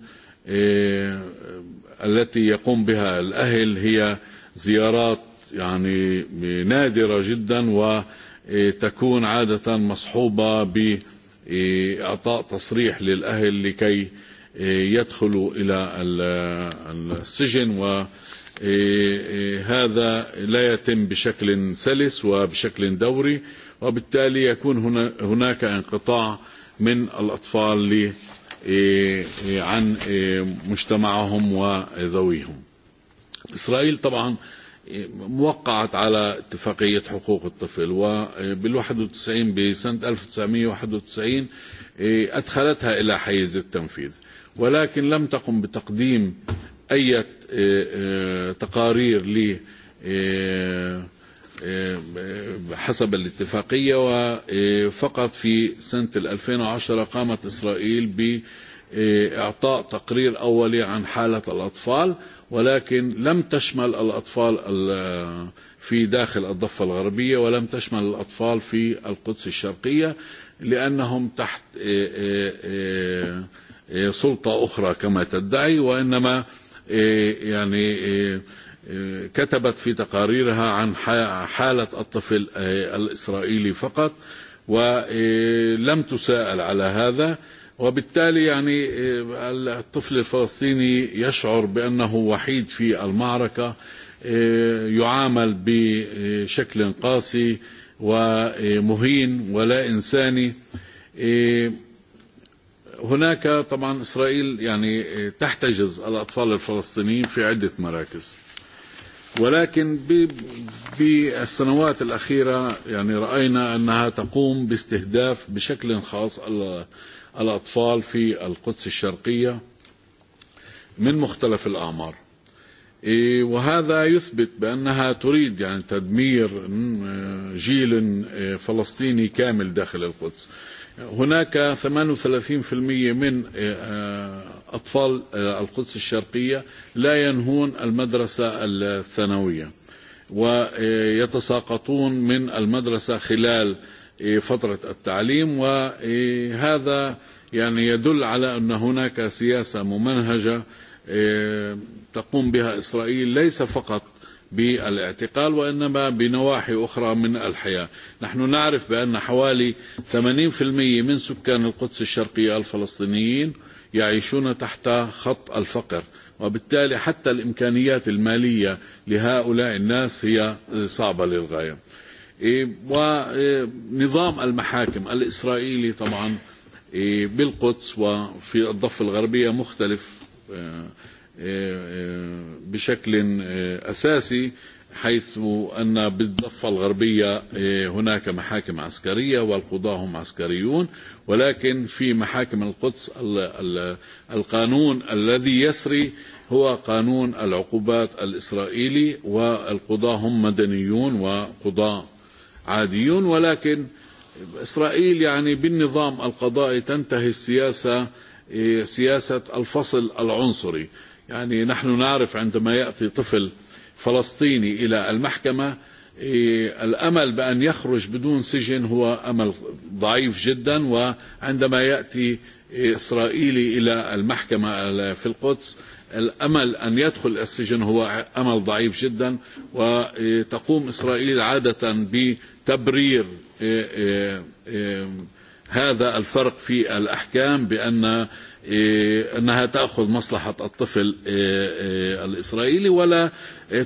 التي يقوم بها الأهل هي زيارات يعني نادرة جدا وزيارات تكون عادة مصحوبة بإعطاء تصريح للأهل لكي يدخلوا إلى السجن وهذا لا يتم بشكل سلس وبشكل دوري وبالتالي يكون هناك انقطاع من الأطفال عن مجتمعهم وذويهم إسرائيل طبعا موقعة على اتفاقية حقوق الطفل وبال 91 بسنة 1991 أدخلتها إلى حيز التنفيذ ولكن لم تقم بتقديم أي تقارير ل حسب الاتفاقية وفقط في سنة 2010 قامت إسرائيل بإعطاء تقرير أولي عن حالة الأطفال ولكن لم تشمل الأطفال في داخل الضفة الغربية ولم تشمل الأطفال في القدس الشرقية لأنهم تحت سلطة أخرى كما تدعي وإنما يعني كتبت في تقاريرها عن حالة الطفل الإسرائيلي فقط ولم تساءل على هذا وبالتالي يعني الطفل الفلسطيني يشعر بأنه وحيد في المعركة يعامل بشكل قاسي ومهين ولا إنساني هناك طبعا إسرائيل يعني تحتجز الأطفال الفلسطينيين في عدة مراكز ولكن بالسنوات الأخيرة يعني رأينا أنها تقوم باستهداف بشكل خاص الأطفال في القدس الشرقية من مختلف الأعمار وهذا يثبت بأنها تريد يعني تدمير جيل فلسطيني كامل داخل القدس هناك 38% من أطفال القدس الشرقية لا ينهون المدرسة الثانوية ويتساقطون من المدرسة خلال فترة التعليم وهذا يعني يدل على أن هناك سياسة ممنهجة تقوم بها إسرائيل ليس فقط بالاعتقال وإنما بنواحي أخرى من الحياة نحن نعرف بأن حوالي 80% من سكان القدس الشرقية الفلسطينيين يعيشون تحت خط الفقر وبالتالي حتى الإمكانيات المالية لهؤلاء الناس هي صعبة للغاية ونظام المحاكم الإسرائيلي طبعا بالقدس وفي الضفة الغربية مختلف بشكل أساسي حيث أن بالضفة الغربية هناك محاكم عسكرية والقضاة هم عسكريون ولكن في محاكم القدس القانون الذي يسري هو قانون العقوبات الإسرائيلي والقضاة هم مدنيون وقضاة عاديون ولكن إسرائيل يعني بالنظام القضائي تنتهي السياسة سياسة الفصل العنصري يعني نحن نعرف عندما يأتي طفل فلسطيني إلى المحكمة الأمل بأن يخرج بدون سجن هو أمل ضعيف جدا وعندما يأتي إسرائيلي إلى المحكمة في القدس الأمل أن يدخل السجن هو أمل ضعيف جدا وتقوم إسرائيل عادة تبرير هذا الفرق في الأحكام بأن أنها تأخذ مصلحة الطفل الإسرائيلي ولا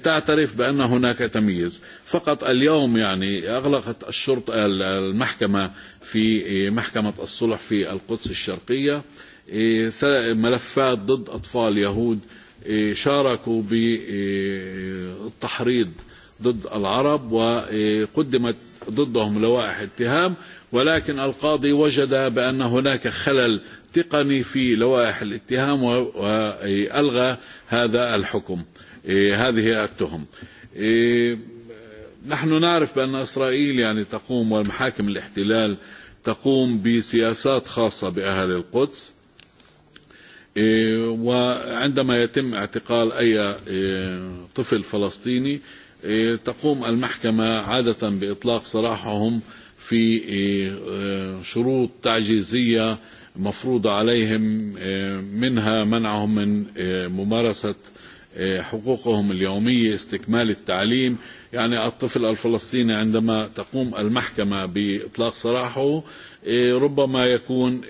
تعترف بأن هناك تمييز فقط اليوم يعني أغلقت الشرطة المحكمة في محكمة الصلح في القدس الشرقية ملفات ضد أطفال يهود شاركوا بالتحريض ضد العرب وقدمت ضدهم لوائح اتهام ولكن القاضي وجد بأن هناك خلل تقني في لوائح الاتهام وألغى هذا الحكم هذه التهم نحن نعرف بأن إسرائيل يعني تقوم والمحاكم الاحتلال تقوم بسياسات خاصة بأهل القدس وعندما يتم اعتقال أي طفل فلسطيني تقوم المحكمة عادة بإطلاق سراحهم في شروط تعجيزية مفروضة عليهم منها منعهم من ممارسة حقوقهم اليومية استكمال التعليم يعني الطفل الفلسطيني عندما تقوم المحكمة بإطلاق سراحه ربما يكون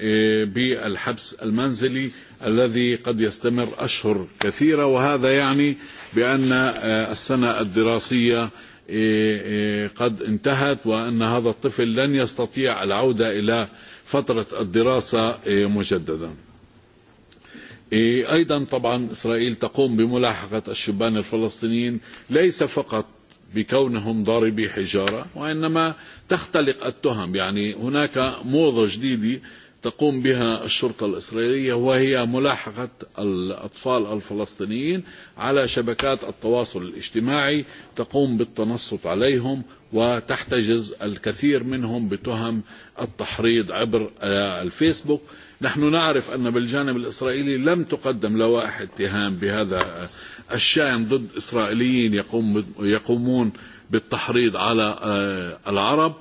بالحبس المنزلي الذي قد يستمر أشهر كثيرة وهذا يعني بأن السنة الدراسية قد انتهت وأن هذا الطفل لن يستطيع العودة إلى فترة الدراسة مجددا أيضا طبعا إسرائيل تقوم بملاحقة الشبان الفلسطينيين ليس فقط بكونهم ضاربي حجارة وإنما تختلق التهم يعني هناك موضة جديدة تقوم بها الشرطة الإسرائيلية وهي ملاحقة الأطفال الفلسطينيين على شبكات التواصل الاجتماعي تقوم بالتنصت عليهم وتحتجز الكثير منهم بتهم التحريض عبر الفيسبوك نحن نعرف أن بالجانب الإسرائيلي لم تقدم لوائح اتهام بهذا الشان ضد إسرائيليين يقوم يقومون بالتحريض على العرب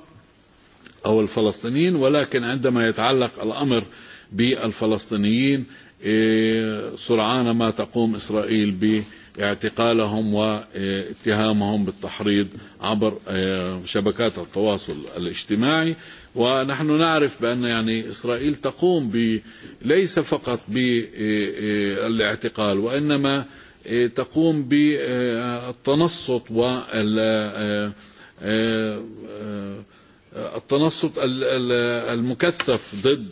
أو الفلسطينيين ولكن عندما يتعلق الأمر بالفلسطينيين سرعان ما تقوم إسرائيل باعتقالهم واتهامهم بالتحريض عبر شبكات التواصل الاجتماعي ونحن نعرف بأن يعني إسرائيل تقوم ليس فقط بالاعتقال وإنما تقوم بالتنصت وال التنصت المكثف ضد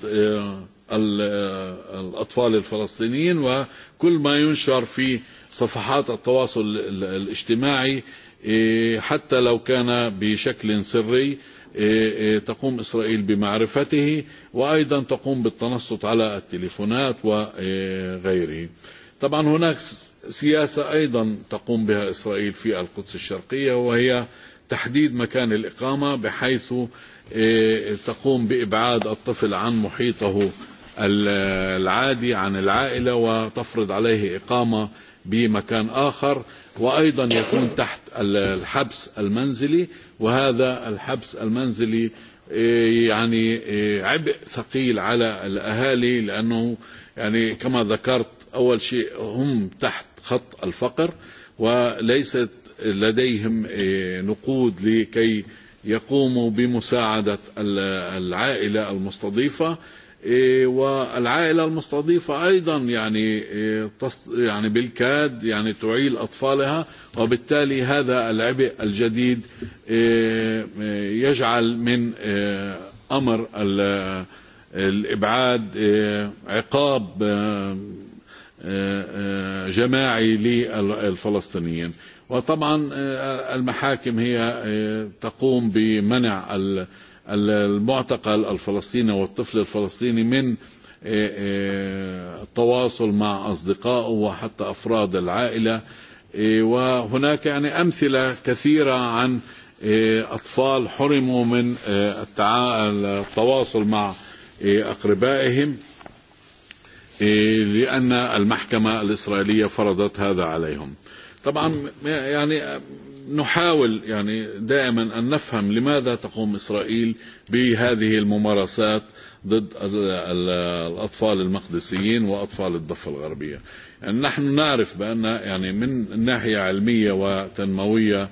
الأطفال الفلسطينيين وكل ما ينشر في صفحات التواصل الاجتماعي حتى لو كان بشكل سري تقوم إسرائيل بمعرفته وأيضا تقوم بالتنصت على التليفونات وغيره طبعا هناك سياسة أيضا تقوم بها إسرائيل في القدس الشرقية وهي تحديد مكان الإقامة بحيث تقوم بإبعاد الطفل عن محيطه العادي عن العائلة وتفرض عليه إقامة بمكان آخر وأيضا يكون تحت الحبس المنزلي وهذا الحبس المنزلي يعني عبء ثقيل على الأهالي لأنه يعني كما ذكرت أول شيء هم تحت خط الفقر وليست لديهم نقود لكي يقوموا بمساعدة العائلة المستضيفة والعائلة المستضيفة أيضا يعني يعني بالكاد يعني تعيل أطفالها وبالتالي هذا العبء الجديد يجعل من أمر الإبعاد عقاب جماعي للفلسطينيين وطبعا المحاكم هي تقوم بمنع المعتقل الفلسطيني والطفل الفلسطيني من التواصل مع أصدقائه وحتى أفراد العائلة وهناك يعني أمثلة كثيرة عن أطفال حرموا من التواصل مع أقربائهم لأن المحكمة الإسرائيلية فرضت هذا عليهم طبعا يعني نحاول يعني دائما أن نفهم لماذا تقوم إسرائيل بهذه الممارسات ضد الأطفال المقدسيين وأطفال الضفة الغربية يعني نحن نعرف بأن يعني من ناحية علمية وتنموية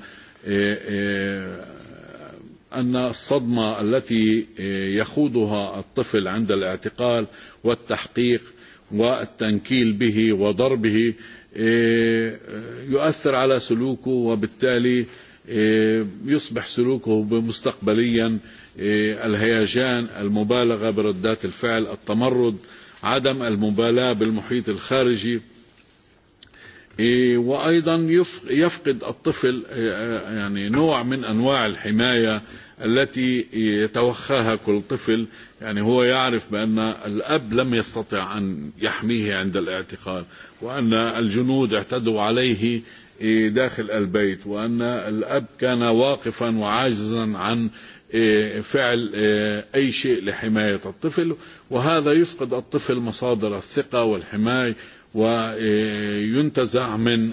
أن الصدمة التي يخوضها الطفل عند الاعتقال والتحقيق والتنكيل به وضربه يؤثر على سلوكه وبالتالي يصبح سلوكه مستقبليا الهيجان المبالغة بردات الفعل التمرد عدم المبالاة بالمحيط الخارجي وأيضا يفقد الطفل يعني نوع من أنواع الحماية التي يتوخاها كل طفل يعني هو يعرف بأن الأب لم يستطع أن يحميه عند الاعتقال وأن الجنود اعتدوا عليه داخل البيت وأن الأب كان واقفا وعاجزا عن فعل أي شيء لحماية الطفل وهذا يفقد الطفل مصادر الثقة والحماية وينتزع من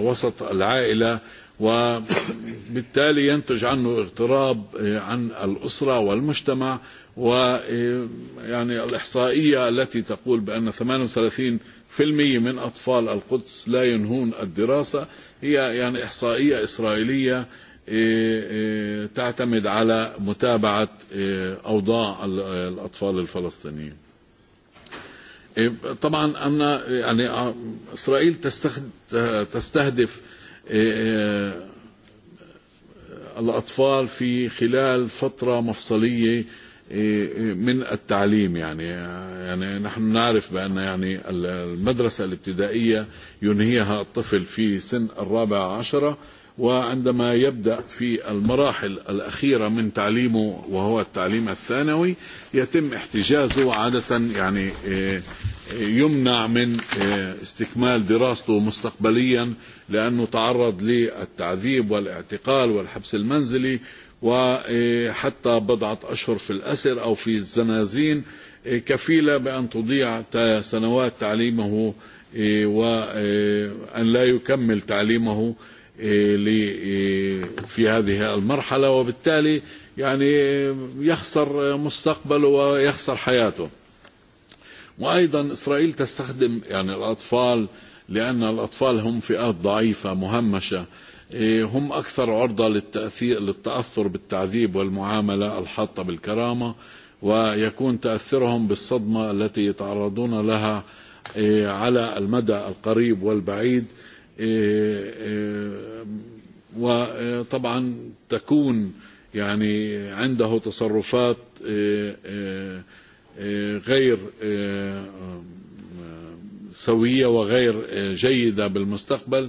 وسط العائلة وبالتالي ينتج عنه اغتراب عن الأسرة والمجتمع ويعني الإحصائية التي تقول بأن 38% من أطفال القدس لا ينهون الدراسة هي يعني إحصائية إسرائيلية تعتمد على متابعة أوضاع الأطفال الفلسطينيين طبعا أن يعني إسرائيل تستهدف الأطفال في خلال فترة مفصلية من التعليم يعني يعني نحن نعرف بأن يعني المدرسة الابتدائية ينهيها الطفل في سن الرابع عشرة وعندما يبدأ في المراحل الأخيرة من تعليمه وهو التعليم الثانوي يتم احتجازه عادة يعني يمنع من استكمال دراسته مستقبليا لأنه تعرض للتعذيب والاعتقال والحبس المنزلي وحتى بضعة أشهر في الأسر أو في الزنازين كفيلة بأن تضيع سنوات تعليمه وأن لا يكمل تعليمه في هذه المرحلة وبالتالي يعني يخسر مستقبله ويخسر حياته وأيضا إسرائيل تستخدم يعني الأطفال لأن الأطفال هم فئات ضعيفة مهمشة هم أكثر عرضة للتأثير للتأثر بالتعذيب والمعاملة الحاطة بالكرامة ويكون تأثرهم بالصدمة التي يتعرضون لها على المدى القريب والبعيد وطبعا تكون يعني عنده تصرفات غير سوية وغير جيدة بالمستقبل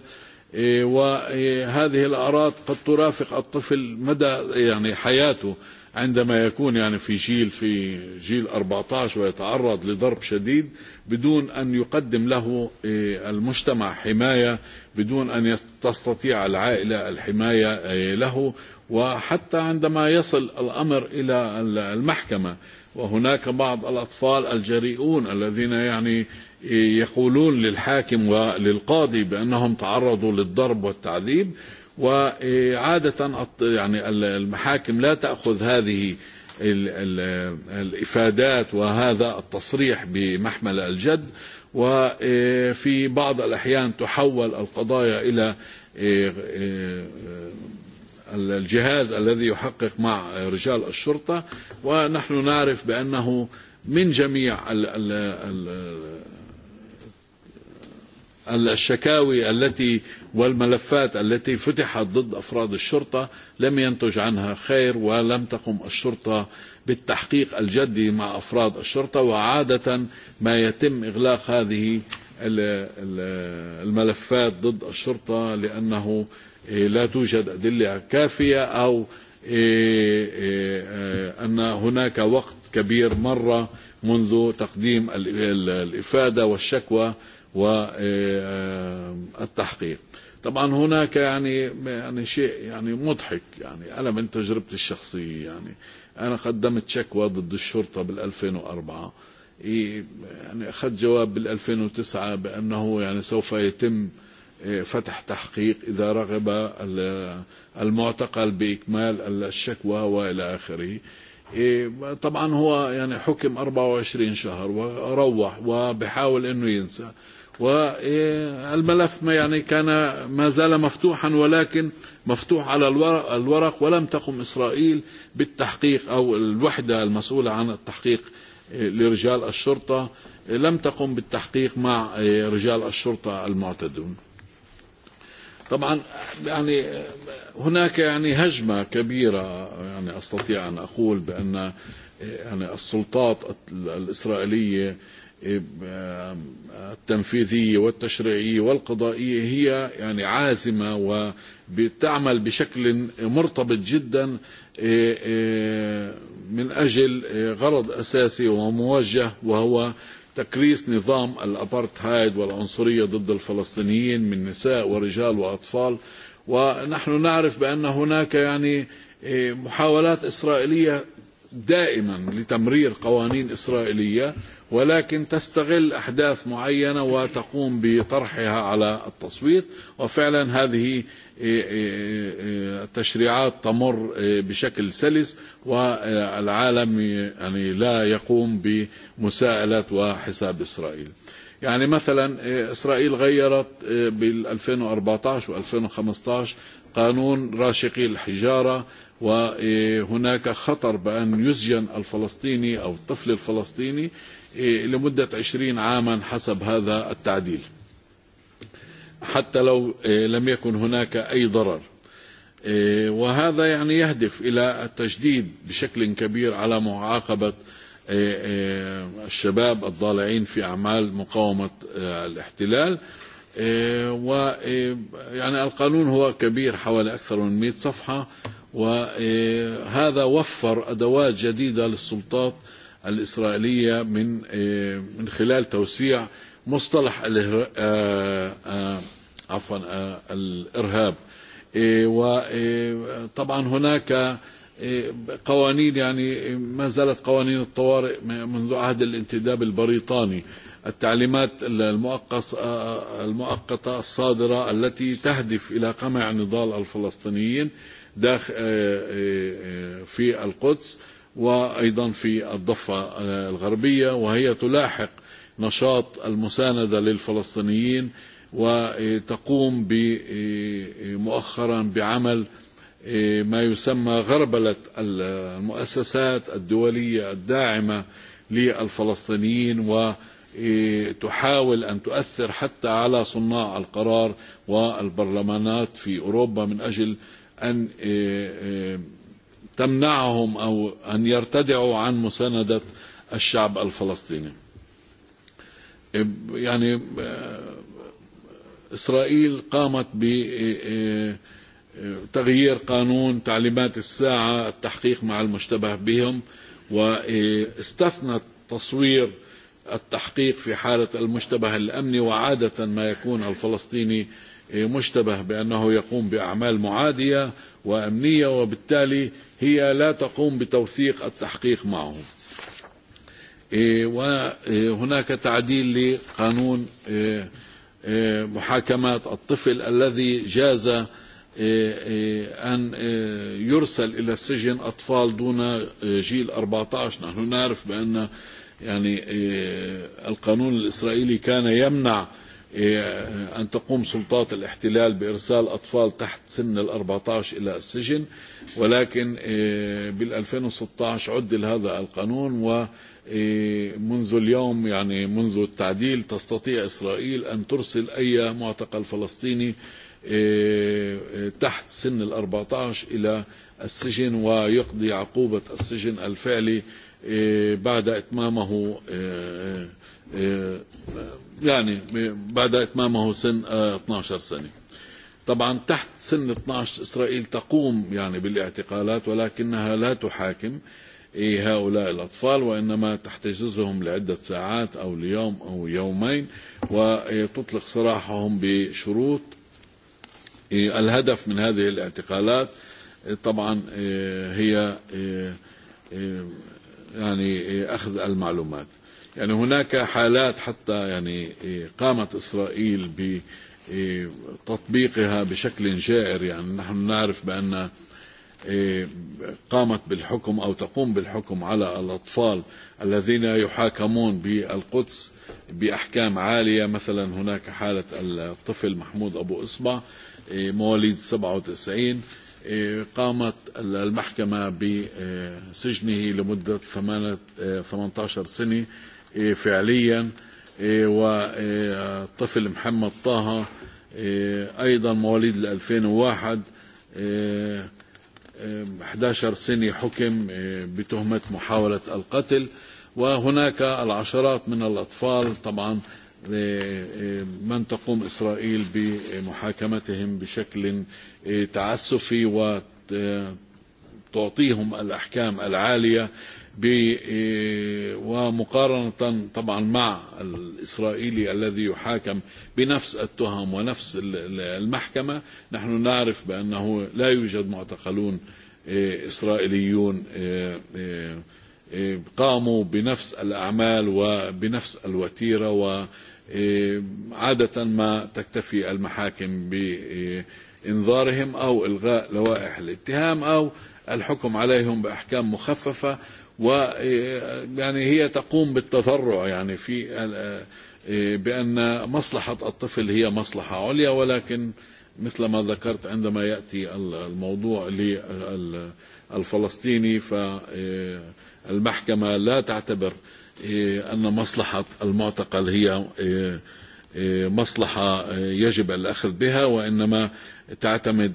وهذه الآراء قد ترافق الطفل مدى يعني حياته عندما يكون يعني في جيل في جيل 14 ويتعرض لضرب شديد بدون أن يقدم له المجتمع حماية بدون أن تستطيع العائلة الحماية له وحتى عندما يصل الأمر إلى المحكمة وهناك بعض الأطفال الجريئون الذين يعني يقولون للحاكم وللقاضي بأنهم تعرضوا للضرب والتعذيب وعادة يعني المحاكم لا تأخذ هذه الإفادات وهذا التصريح بمحمل الجد وفي بعض الأحيان تحول القضايا إلى الجهاز الذي يحقق مع رجال الشرطة ونحن نعرف بأنه من جميع الشكاوي التي والملفات التي فتحت ضد أفراد الشرطة لم ينتج عنها خير ولم تقم الشرطة بالتحقيق الجدي مع أفراد الشرطة وعادة ما يتم إغلاق هذه الملفات ضد الشرطة لأنه لا توجد أدلة كافية أو أن هناك وقت كبير مرة منذ تقديم الإفادة والشكوى والتحقيق طبعا هناك يعني يعني شيء يعني مضحك يعني انا من تجربتي الشخصيه يعني انا قدمت شكوى ضد الشرطه بال 2004 يعني اخذت جواب بال 2009 بانه يعني سوف يتم فتح تحقيق اذا رغب المعتقل باكمال الشكوى والى اخره طبعا هو يعني حكم 24 شهر وروح وبحاول انه ينسى والملف ما يعني كان ما زال مفتوحا ولكن مفتوح على الورق ولم تقم إسرائيل بالتحقيق أو الوحدة المسؤولة عن التحقيق لرجال الشرطة لم تقم بالتحقيق مع رجال الشرطة المعتدون طبعا يعني هناك يعني هجمة كبيرة يعني أستطيع أن أقول بأن يعني السلطات الإسرائيلية التنفيذية والتشريعية والقضائية هي يعني عازمة وبتعمل بشكل مرتبط جدا من أجل غرض أساسي وموجه وهو تكريس نظام الأبارتهايد والعنصرية ضد الفلسطينيين من نساء ورجال وأطفال ونحن نعرف بأن هناك يعني محاولات إسرائيلية دائما لتمرير قوانين إسرائيلية ولكن تستغل أحداث معينة وتقوم بطرحها على التصويت وفعلا هذه التشريعات تمر بشكل سلس والعالم يعني لا يقوم بمساءلة وحساب إسرائيل يعني مثلا إسرائيل غيرت بال 2014 و 2015 قانون راشقي الحجارة وهناك خطر بأن يزجن الفلسطيني أو الطفل الفلسطيني لمدة عشرين عاما حسب هذا التعديل حتى لو لم يكن هناك أي ضرر وهذا يعني يهدف إلى التجديد بشكل كبير على معاقبة الشباب الضالعين في أعمال مقاومة الاحتلال ويعني القانون هو كبير حوالي أكثر من 100 صفحة وهذا وفر أدوات جديدة للسلطات الإسرائيلية من من خلال توسيع مصطلح عفوا الإرهاب وطبعا هناك قوانين يعني ما زالت قوانين الطوارئ منذ عهد الانتداب البريطاني التعليمات المؤقتة الصادرة التي تهدف إلى قمع نضال الفلسطينيين داخل في القدس وأيضا في الضفة الغربية وهي تلاحق نشاط المساندة للفلسطينيين وتقوم مؤخرا بعمل ما يسمى غربلة المؤسسات الدولية الداعمة للفلسطينيين وتحاول أن تؤثر حتى على صناع القرار والبرلمانات في أوروبا من أجل أن تمنعهم أو أن يرتدعوا عن مساندة الشعب الفلسطيني يعني إسرائيل قامت بتغيير قانون تعليمات الساعة التحقيق مع المشتبه بهم واستثنت تصوير التحقيق في حالة المشتبه الأمني وعادة ما يكون الفلسطيني مشتبه بأنه يقوم بأعمال معادية وأمنية وبالتالي هي لا تقوم بتوثيق التحقيق معه وهناك تعديل لقانون محاكمات الطفل الذي جاز أن يرسل إلى السجن أطفال دون جيل 14 نحن نعرف بأن يعني القانون الإسرائيلي كان يمنع أن تقوم سلطات الاحتلال بإرسال أطفال تحت سن ال 14 إلى السجن ولكن بال 2016 عدل هذا القانون و منذ اليوم يعني منذ التعديل تستطيع إسرائيل أن ترسل أي معتقل فلسطيني تحت سن ال 14 إلى السجن ويقضي عقوبة السجن الفعلي بعد إتمامه يعني بعد اتمامه سن 12 سنة طبعا تحت سن 12 اسرائيل تقوم يعني بالاعتقالات ولكنها لا تحاكم هؤلاء الاطفال وانما تحتجزهم لعدة ساعات او ليوم او يومين وتطلق سراحهم بشروط الهدف من هذه الاعتقالات طبعا هي يعني اخذ المعلومات يعني هناك حالات حتى يعني قامت إسرائيل بتطبيقها بشكل جائر يعني نحن نعرف بأن قامت بالحكم أو تقوم بالحكم على الأطفال الذين يحاكمون بالقدس بأحكام عالية مثلا هناك حالة الطفل محمود أبو إصبع مواليد 97 قامت المحكمة بسجنه لمدة 18 سنة فعليا والطفل محمد طه أيضا مواليد 2001 11 سنة حكم بتهمة محاولة القتل وهناك العشرات من الأطفال طبعا من تقوم إسرائيل بمحاكمتهم بشكل تعسفي وتعطيهم الأحكام العالية ومقارنة طبعا مع الإسرائيلي الذي يحاكم بنفس التهم ونفس المحكمة نحن نعرف بأنه لا يوجد معتقلون إسرائيليون قاموا بنفس الأعمال وبنفس الوتيرة وعادة ما تكتفي المحاكم بإنذارهم أو إلغاء لوائح الاتهام أو الحكم عليهم بأحكام مخففة و يعني هي تقوم بالتفرع يعني في بأن مصلحة الطفل هي مصلحة عليا ولكن مثل ما ذكرت عندما يأتي الموضوع للفلسطيني فالمحكمة لا تعتبر أن مصلحة المعتقل هي مصلحة يجب الأخذ بها وإنما تعتمد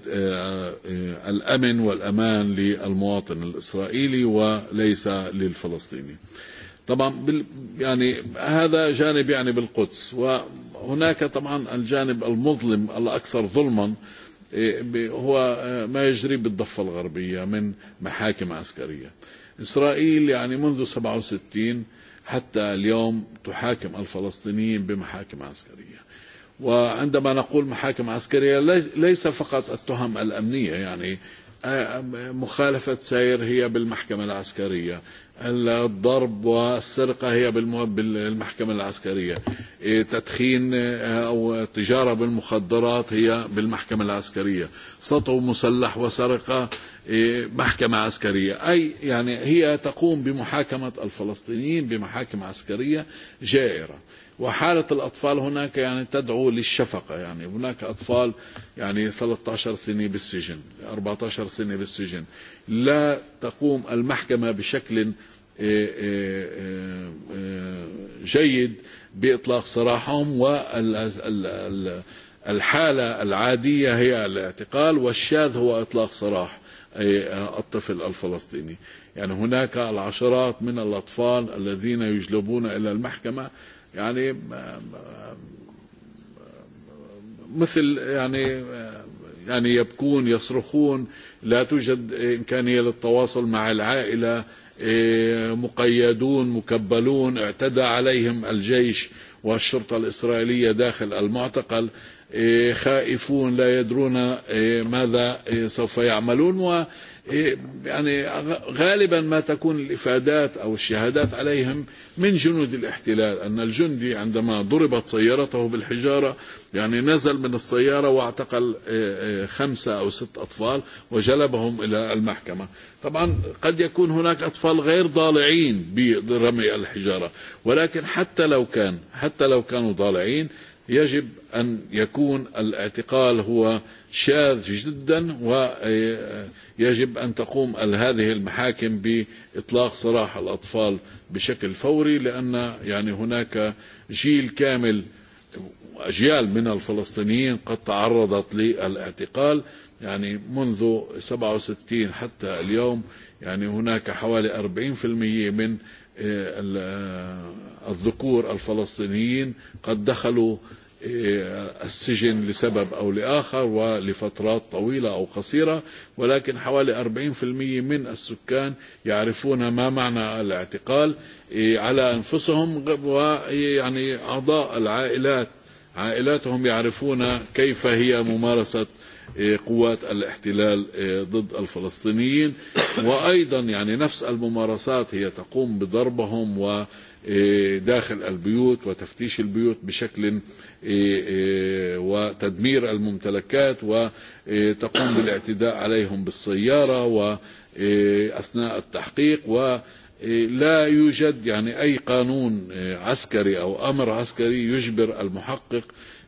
الأمن والأمان للمواطن الإسرائيلي وليس للفلسطيني طبعا يعني هذا جانب يعني بالقدس وهناك طبعا الجانب المظلم الأكثر ظلما هو ما يجري بالضفة الغربية من محاكم عسكرية إسرائيل يعني منذ 67 حتى اليوم تحاكم الفلسطينيين بمحاكم عسكرية وعندما نقول محاكم عسكرية ليس فقط التهم الأمنية يعني مخالفة سير هي بالمحكمة العسكرية الضرب والسرقة هي بالمحكمة العسكرية تدخين أو تجارة بالمخدرات هي بالمحكمة العسكرية سطو مسلح وسرقة محكمة عسكرية أي يعني هي تقوم بمحاكمة الفلسطينيين بمحاكم عسكرية جائرة وحالة الأطفال هناك يعني تدعو للشفقة يعني هناك أطفال يعني 13 سنة بالسجن 14 سنة بالسجن لا تقوم المحكمة بشكل جيد بإطلاق سراحهم والحالة العادية هي الاعتقال والشاذ هو إطلاق سراح الطفل الفلسطيني يعني هناك العشرات من الأطفال الذين يجلبون إلى المحكمة يعني مثل يعني يعني يبكون يصرخون لا توجد إمكانية للتواصل مع العائلة مقيدون مكبلون اعتدى عليهم الجيش والشرطة الإسرائيلية داخل المعتقل خائفون لا يدرون ماذا سوف يعملون و يعني غالبا ما تكون الإفادات أو الشهادات عليهم من جنود الاحتلال أن الجندي عندما ضربت سيارته بالحجارة يعني نزل من السيارة واعتقل e, e, خمسة أو ست أطفال وجلبهم إلى المحكمة طبعا قد يكون هناك أطفال غير ضالعين برمي الحجارة ولكن حتى لو كان حتى لو كانوا ضالعين يجب أن يكون الاعتقال هو شاذ جدا ويجب أن تقوم هذه المحاكم بإطلاق سراح الأطفال بشكل فوري لأن يعني هناك جيل كامل أجيال من الفلسطينيين قد تعرضت للاعتقال يعني منذ 67 حتى اليوم يعني هناك حوالي 40% من الذكور الفلسطينيين قد دخلوا السجن لسبب أو لآخر ولفترات طويلة أو قصيرة ولكن حوالي 40% من السكان يعرفون ما معنى الاعتقال على أنفسهم ويعني أعضاء العائلات عائلاتهم يعرفون كيف هي ممارسة قوات الاحتلال ضد الفلسطينيين وأيضا يعني نفس الممارسات هي تقوم بضربهم وضربهم داخل البيوت وتفتيش البيوت بشكل وتدمير الممتلكات وتقوم بالاعتداء عليهم بالسيارة وأثناء التحقيق ولا يوجد يعني أي قانون عسكري أو أمر عسكري يجبر المحقق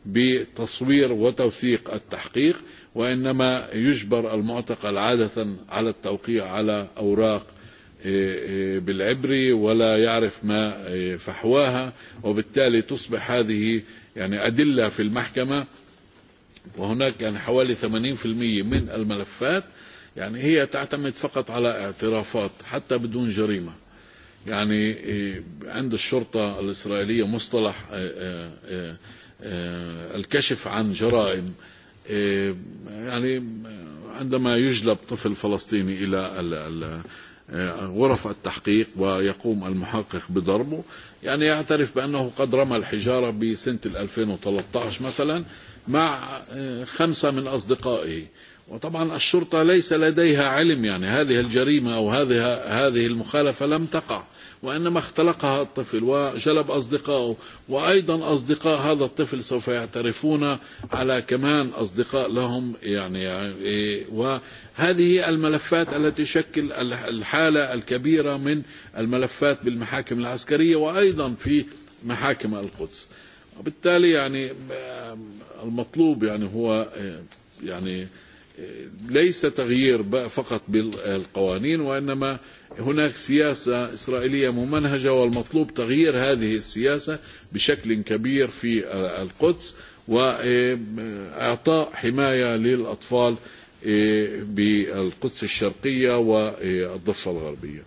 بتصوير وتوثيق التحقيق وإنما يجبر المعتقل عادة على التوقيع على أوراق بالعبري ولا يعرف ما فحواها وبالتالي تصبح هذه يعني أدلة في المحكمة وهناك يعني حوالي 80% من الملفات يعني هي تعتمد فقط على اعترافات حتى بدون جريمة يعني عند الشرطة الإسرائيلية مصطلح الكشف عن جرائم يعني عندما يجلب طفل فلسطيني إلى غرف التحقيق ويقوم المحقق بضربه يعني يعترف بأنه قد رمى الحجارة بسنة 2013 مثلا مع خمسة من أصدقائه وطبعا الشرطة ليس لديها علم يعني هذه الجريمة أو هذه هذه المخالفة لم تقع وإنما اختلقها الطفل وجلب أصدقائه وأيضا أصدقاء هذا الطفل سوف يعترفون على كمان أصدقاء لهم يعني وهذه الملفات التي تشكل الحالة الكبيرة من الملفات بالمحاكم العسكرية وأيضا في محاكم القدس وبالتالي يعني المطلوب يعني هو يعني ليس تغيير فقط بالقوانين وإنما هناك سياسة إسرائيلية ممنهجة والمطلوب تغيير هذه السياسة بشكل كبير في القدس وإعطاء حماية للأطفال بالقدس الشرقية والضفة الغربية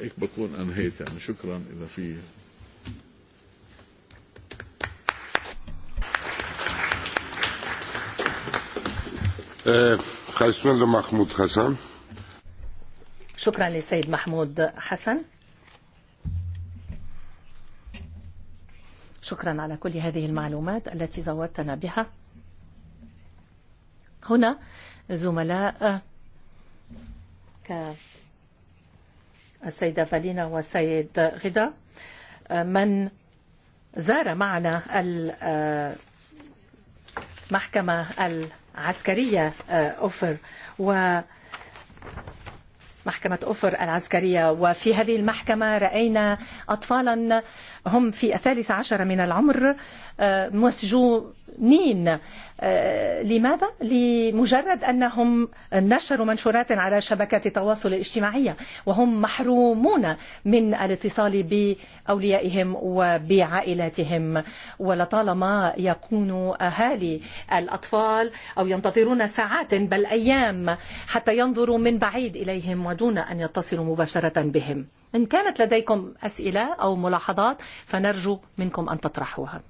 هيك بكون أنهيت يعني شكرا إذا في Ευχαριστούμε τον Μαχμούτ Χασάν. شكرا للسيد محمود حسن شكرا على كل هذه المعلومات التي زودتنا بها هنا زملاء السيدة فالينا والسيد غدا من زار معنا المحكمة المحكمة عسكرية أوفر و محكمة أوفر العسكرية وفي هذه المحكمة رأينا أطفالا هم في الثالث عشر من العمر مسجونين لماذا؟ لمجرد أنهم نشروا منشورات على شبكات التواصل الاجتماعية وهم محرومون من الاتصال بأوليائهم وبعائلاتهم ولطالما يكون أهالي الأطفال أو ينتظرون ساعات بل أيام حتى ينظروا من بعيد إليهم ودون أن يتصلوا مباشرة بهم إن كانت لديكم أسئلة أو ملاحظات فنرجو منكم أن تطرحوها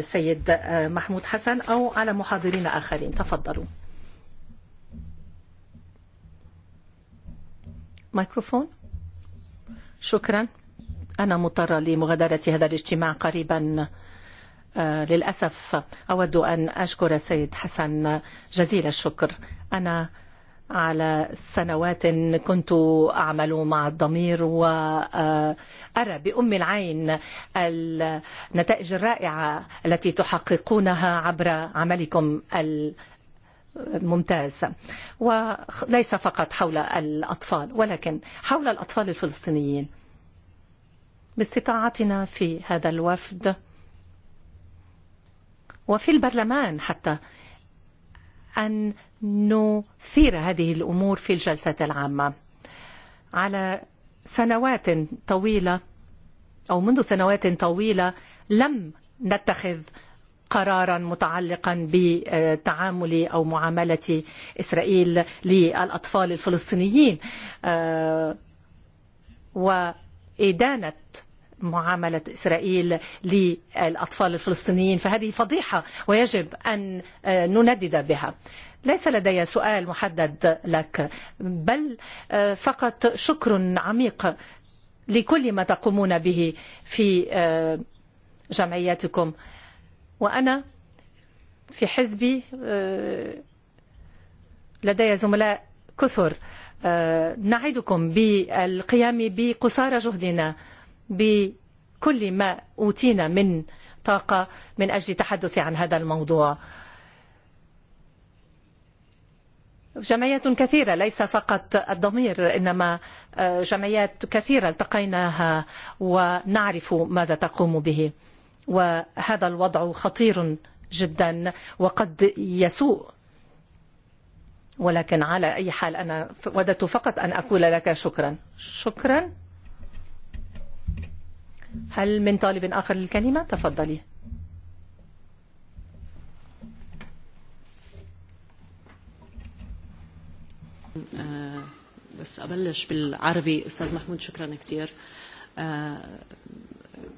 سيد محمود حسن أو على محاضرين آخرين تفضلوا مايكروفون شكرا أنا مضطرة لمغادرة هذا الاجتماع قريبا للأسف أود أن أشكر السيد حسن جزيل الشكر أنا على سنوات كنت أعمل مع الضمير وأرى بأم العين النتائج الرائعة التي تحققونها عبر عملكم ممتاز وليس فقط حول الأطفال ولكن حول الأطفال الفلسطينيين باستطاعتنا في هذا الوفد وفي البرلمان حتى أن نثير هذه الأمور في الجلسة العامة على سنوات طويلة أو منذ سنوات طويلة لم نتخذ قرارا متعلقا بتعامل أو معاملة إسرائيل للأطفال الفلسطينيين وإدانة معاملة إسرائيل للأطفال الفلسطينيين فهذه فضيحة ويجب أن نندد بها ليس لدي سؤال محدد لك بل فقط شكر عميق لكل ما تقومون به في جمعياتكم وأنا في حزبي لدي زملاء كثر نعدكم بالقيام بقصارى جهدنا بكل ما أوتينا من طاقة من أجل التحدث عن هذا الموضوع جمعيات كثيرة ليس فقط الضمير إنما جمعيات كثيرة التقيناها ونعرف ماذا تقوم به وهذا الوضع خطير جدا وقد يسوء ولكن على أي حال أنا وددت فقط أن أقول لك شكرا شكرا هل من طالب آخر للكلمة تفضلي بس أبلش بالعربي أستاذ محمود شكرا كثير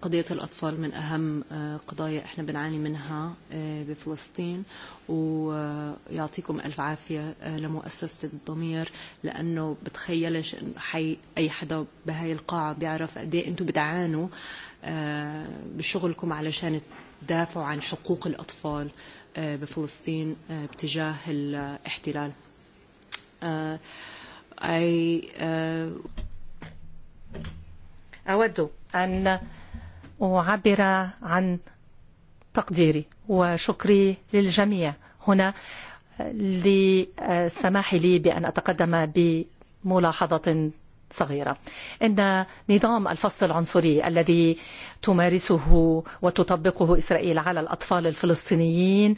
قضية الأطفال من أهم قضايا إحنا بنعاني منها بفلسطين ويعطيكم ألف عافية لمؤسسة الضمير لأنه بتخيلش إن حي أي حدا بهاي القاعة بيعرف قد إيه أنتم بتعانوا بشغلكم علشان تدافعوا عن حقوق الأطفال بفلسطين باتجاه الاحتلال Uh, I uh... أود أن أعبر عن تقديري وشكري للجميع هنا لسماح لي بأن أتقدم بملاحظة صغيرة إن نظام الفصل العنصري الذي تمارسه وتطبقه إسرائيل على الأطفال الفلسطينيين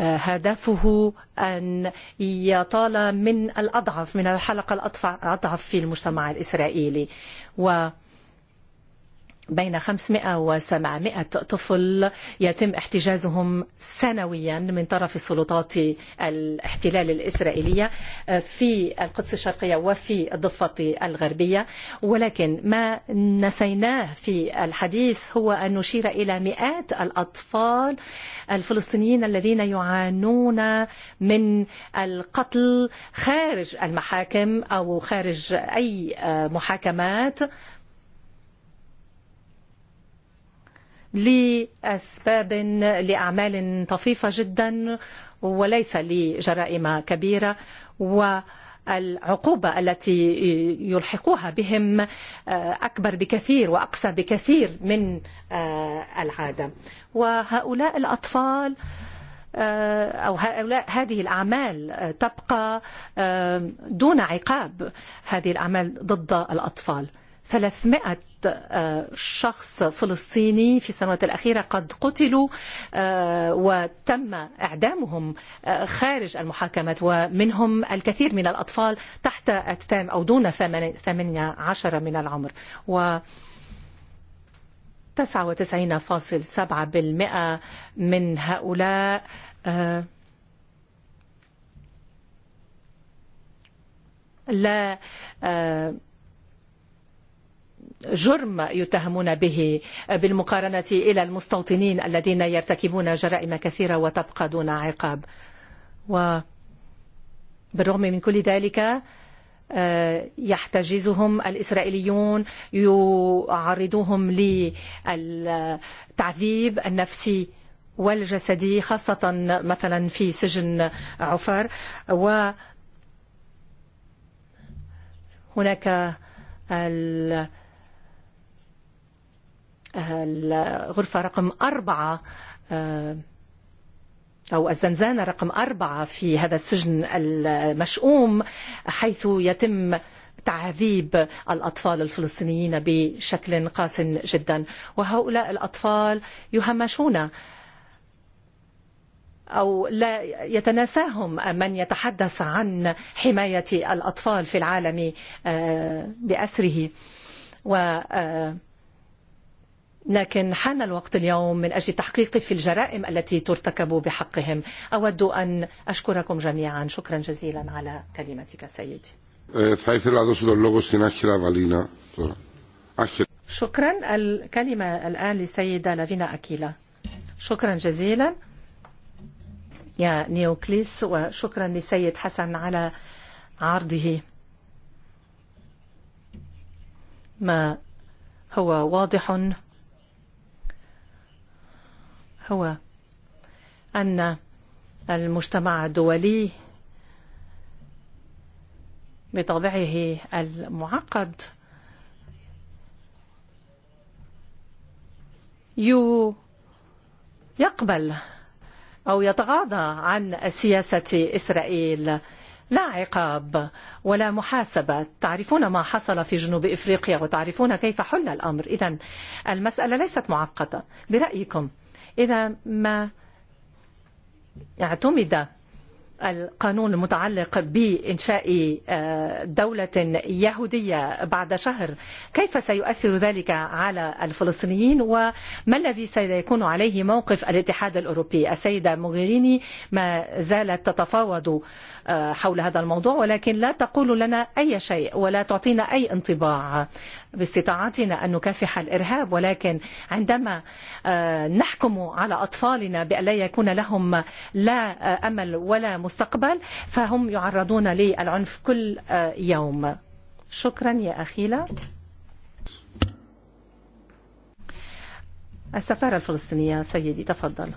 هدفه أن يطال من الأضعف من الحلقة الأضعف في المجتمع الإسرائيلي و بين 500 و 700 طفل يتم احتجازهم سنويا من طرف سلطات الاحتلال الإسرائيلية في القدس الشرقية وفي الضفة الغربية ولكن ما نسيناه في الحديث هو أن نشير إلى مئات الأطفال الفلسطينيين الذين يعانون من القتل خارج المحاكم أو خارج أي محاكمات لأسباب لأعمال طفيفة جدا وليس لجرائم كبيرة و العقوبة التي يلحقوها بهم أكبر بكثير وأقسى بكثير من العادة وهؤلاء الأطفال أو هؤلاء هذه الأعمال تبقى دون عقاب هذه الأعمال ضد الأطفال 300 شخص فلسطيني في السنوات الأخيرة قد قتلوا وتم إعدامهم خارج المحاكمات ومنهم الكثير من الأطفال تحت الثام أو دون ثمانية عشر من العمر و 99.7% من هؤلاء لا جرم يتهمون به بالمقارنة إلى المستوطنين الذين يرتكبون جرائم كثيرة وتبقى دون عقاب وبالرغم من كل ذلك يحتجزهم الإسرائيليون يعرضوهم للتعذيب النفسي والجسدي خاصة مثلا في سجن عفر وهناك ال الغرفة رقم أربعة أو الزنزانة رقم أربعة في هذا السجن المشؤوم حيث يتم تعذيب الأطفال الفلسطينيين بشكل قاس جدا وهؤلاء الأطفال يهمشون أو لا يتناساهم من يتحدث عن حماية الأطفال في العالم بأسره و لكن حان الوقت اليوم من أجل تحقيق في الجرائم التي ترتكب بحقهم أود أن أشكركم جميعا شكرا جزيلا على كلمتك سيدي شكرا الكلمة الآن لسيدة لافينا أكيلا شكرا جزيلا يا نيوكليس وشكرا لسيد حسن على عرضه ما هو واضح هو أن المجتمع الدولي بطبعه المعقد يقبل أو يتغاضى عن سياسة إسرائيل لا عقاب ولا محاسبة تعرفون ما حصل في جنوب إفريقيا وتعرفون كيف حل الأمر إذا المسألة ليست معقدة برأيكم إذا ما اعتمد القانون المتعلق بإنشاء دولة يهودية بعد شهر كيف سيؤثر ذلك على الفلسطينيين وما الذي سيكون عليه موقف الاتحاد الأوروبي السيدة موغيريني ما زالت تتفاوض حول هذا الموضوع ولكن لا تقول لنا أي شيء ولا تعطينا أي انطباع باستطاعتنا أن نكافح الإرهاب ولكن عندما نحكم على أطفالنا بأن لا يكون لهم لا أمل ولا مستقبل فهم يعرضون للعنف كل يوم شكرا يا أخيلة السفارة الفلسطينية سيدي تفضل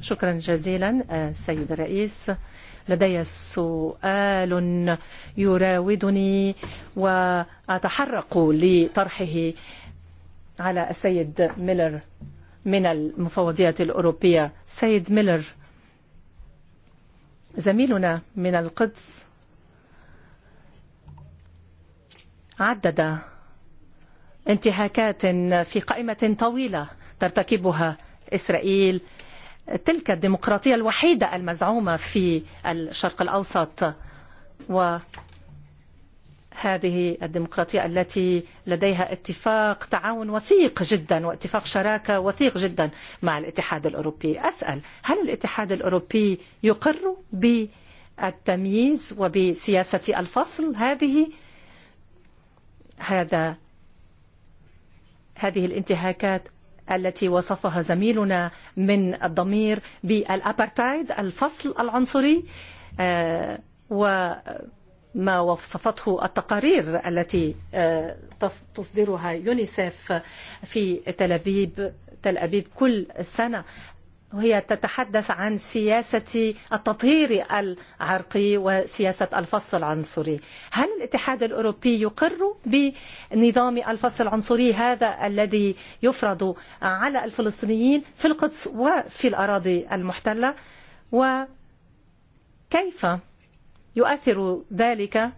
شكرا جزيلا سيد الرئيس لدي سؤال يراودني وأتحرق لطرحه على السيد ميلر من المفوضية الأوروبية سيد ميلر زميلنا من القدس عدد انتهاكات في قائمة طويلة ترتكبها إسرائيل تلك الديمقراطية الوحيدة المزعومة في الشرق الأوسط وهذه الديمقراطية التي لديها اتفاق تعاون وثيق جدا واتفاق شراكة وثيق جدا مع الاتحاد الأوروبي أسأل هل الاتحاد الأوروبي يقر بالتمييز وبسياسة الفصل هذه هذا هذه الانتهاكات التي وصفها زميلنا من الضمير بالأبرتايد الفصل العنصري وما وصفته التقارير التي تصدرها يونيسيف في تل أبيب تل أبيب كل سنة وهي تتحدث عن سياسة التطهير العرقي وسياسة الفصل العنصري هل الاتحاد الأوروبي يقر بنظام الفصل العنصري هذا الذي يفرض على الفلسطينيين في القدس وفي الأراضي المحتلة وكيف يؤثر ذلك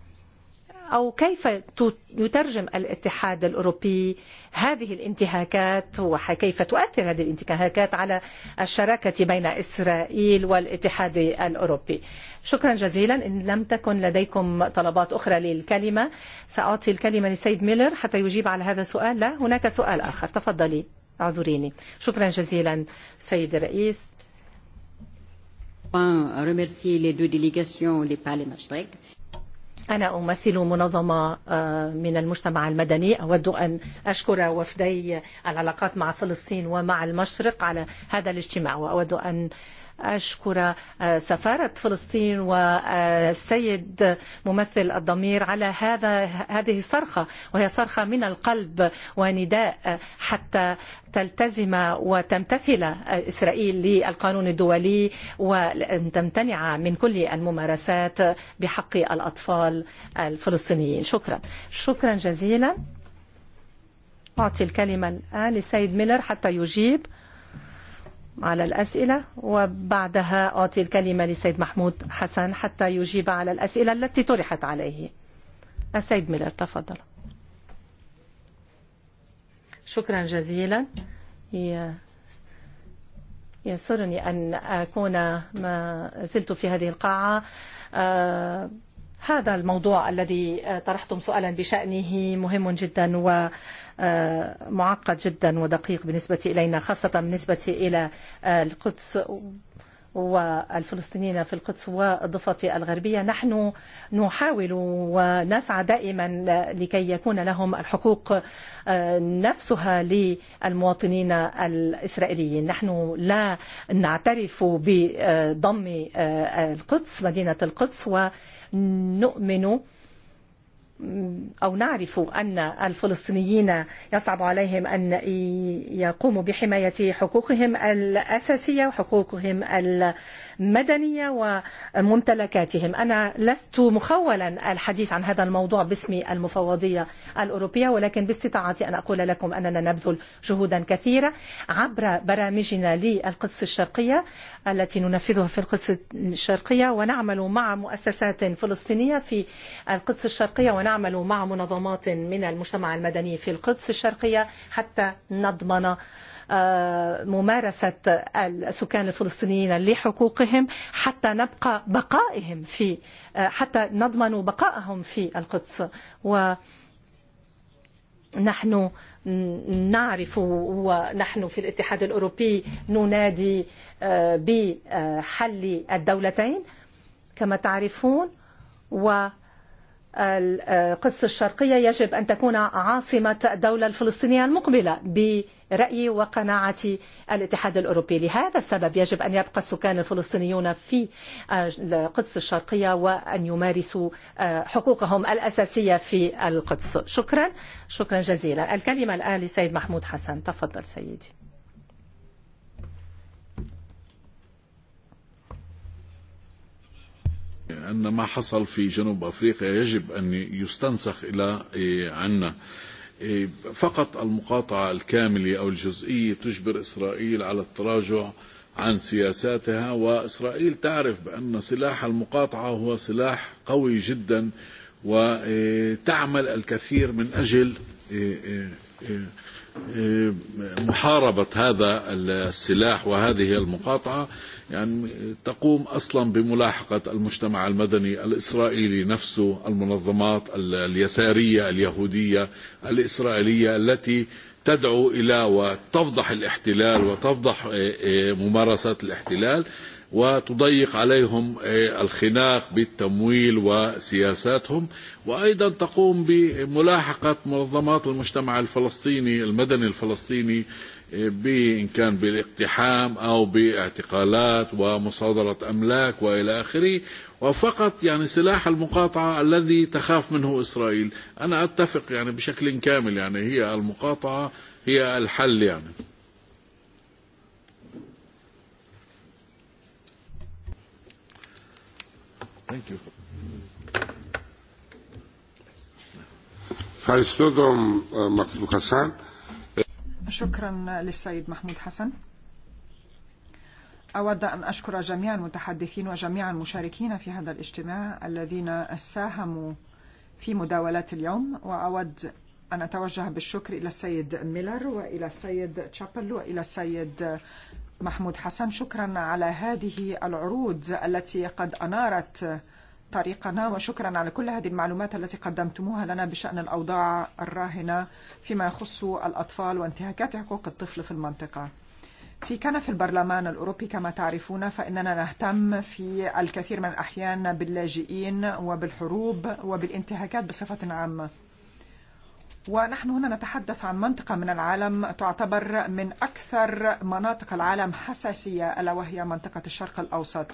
أو كيف يترجم الاتحاد الأوروبي هذه الانتهاكات وكيف تؤثر هذه الانتهاكات على الشراكة بين إسرائيل والاتحاد الأوروبي شكرا جزيلا إن لم تكن لديكم طلبات أخرى للكلمة سأعطي الكلمة لسيد ميلر حتى يجيب على هذا السؤال لا هناك سؤال آخر تفضلي اعذريني شكرا جزيلا سيد الرئيس Je remercie les deux délégations, les parlementaires أنا أمثل منظمة من المجتمع المدني أود أن أشكر وفدي العلاقات مع فلسطين ومع المشرق على هذا الاجتماع وأود أن أشكر سفارة فلسطين والسيد ممثل الضمير على هذا هذه الصرخة وهي صرخة من القلب ونداء حتى تلتزم وتمتثل إسرائيل للقانون الدولي وأن تمتنع من كل الممارسات بحق الأطفال الفلسطينيين شكرا شكرا جزيلا أعطي الكلمة الآن لسيد ميلر حتى يجيب على الأسئلة وبعدها أعطي الكلمة لسيد محمود حسن حتى يجيب على الأسئلة التي طرحت عليه السيد ميلر تفضل شكرا جزيلا يسرني أن أكون ما زلت في هذه القاعة هذا الموضوع الذي طرحتم سؤالا بشأنه مهم جدا و معقد جدا ودقيق بالنسبة إلينا خاصة بالنسبة إلى القدس والفلسطينيين في القدس والضفة الغربية نحن نحاول ونسعى دائما لكي يكون لهم الحقوق نفسها للمواطنين الإسرائيليين نحن لا نعترف بضم القدس مدينة القدس ونؤمن أو نعرف أن الفلسطينيين يصعب عليهم أن يقوموا بحماية حقوقهم الأساسية وحقوقهم الأساسية مدنية وممتلكاتهم أنا لست مخولا الحديث عن هذا الموضوع باسم المفوضية الأوروبية ولكن باستطاعتي أن أقول لكم أننا نبذل جهودا كثيرة عبر برامجنا للقدس الشرقية التي ننفذها في القدس الشرقية ونعمل مع مؤسسات فلسطينية في القدس الشرقية ونعمل مع منظمات من المجتمع المدني في القدس الشرقية حتى نضمن ممارسة السكان الفلسطينيين لحقوقهم حتى نبقى بقائهم في حتى نضمن بقائهم في القدس ونحن نعرف ونحن في الاتحاد الأوروبي ننادي بحل الدولتين كما تعرفون و القدس الشرقية يجب أن تكون عاصمة الدولة الفلسطينية المقبلة برأيي وقناعتي الاتحاد الأوروبي لهذا السبب يجب أن يبقى السكان الفلسطينيون في القدس الشرقية وأن يمارسوا حقوقهم الأساسية في القدس شكرا شكرا جزيلا الكلمة الآن لسيد محمود حسن تفضل سيدي أن ما حصل في جنوب أفريقيا يجب أن يستنسخ إلى عنا فقط المقاطعة الكاملة أو الجزئية تجبر إسرائيل على التراجع عن سياساتها وإسرائيل تعرف بأن سلاح المقاطعة هو سلاح قوي جدا وتعمل الكثير من أجل محاربة هذا السلاح وهذه المقاطعة يعني تقوم أصلا بملاحقة المجتمع المدني الإسرائيلي نفسه المنظمات اليسارية اليهودية الإسرائيلية التي تدعو إلى وتفضح الاحتلال وتفضح ممارسات الاحتلال وتضيق عليهم الخناق بالتمويل وسياساتهم وأيضا تقوم بملاحقة منظمات المجتمع الفلسطيني المدني الفلسطيني بإن كان بالاقتحام أو باعتقالات ومصادرة أملاك وإلى آخره وفقط يعني سلاح المقاطعة الذي تخاف منه إسرائيل أنا أتفق يعني بشكل كامل يعني هي المقاطعة هي الحل يعني Thank you. Ευχαριστώ τον Μαχτου Χασάν. شكرا للسيد محمود حسن أود أن أشكر جميع المتحدثين وجميع المشاركين في هذا الاجتماع الذين ساهموا في مداولات اليوم وأود أن أتوجه بالشكر إلى السيد ميلر وإلى السيد تشابل وإلى السيد محمود حسن شكرا على هذه العروض التي قد أنارت طريقنا وشكرا على كل هذه المعلومات التي قدمتموها لنا بشأن الأوضاع الراهنة فيما يخص الأطفال وانتهاكات حقوق الطفل في المنطقة في كنف البرلمان الأوروبي كما تعرفون فإننا نهتم في الكثير من الأحيان باللاجئين وبالحروب وبالانتهاكات بصفة عامة ونحن هنا نتحدث عن منطقة من العالم تعتبر من أكثر مناطق العالم حساسية ألا وهي منطقة الشرق الأوسط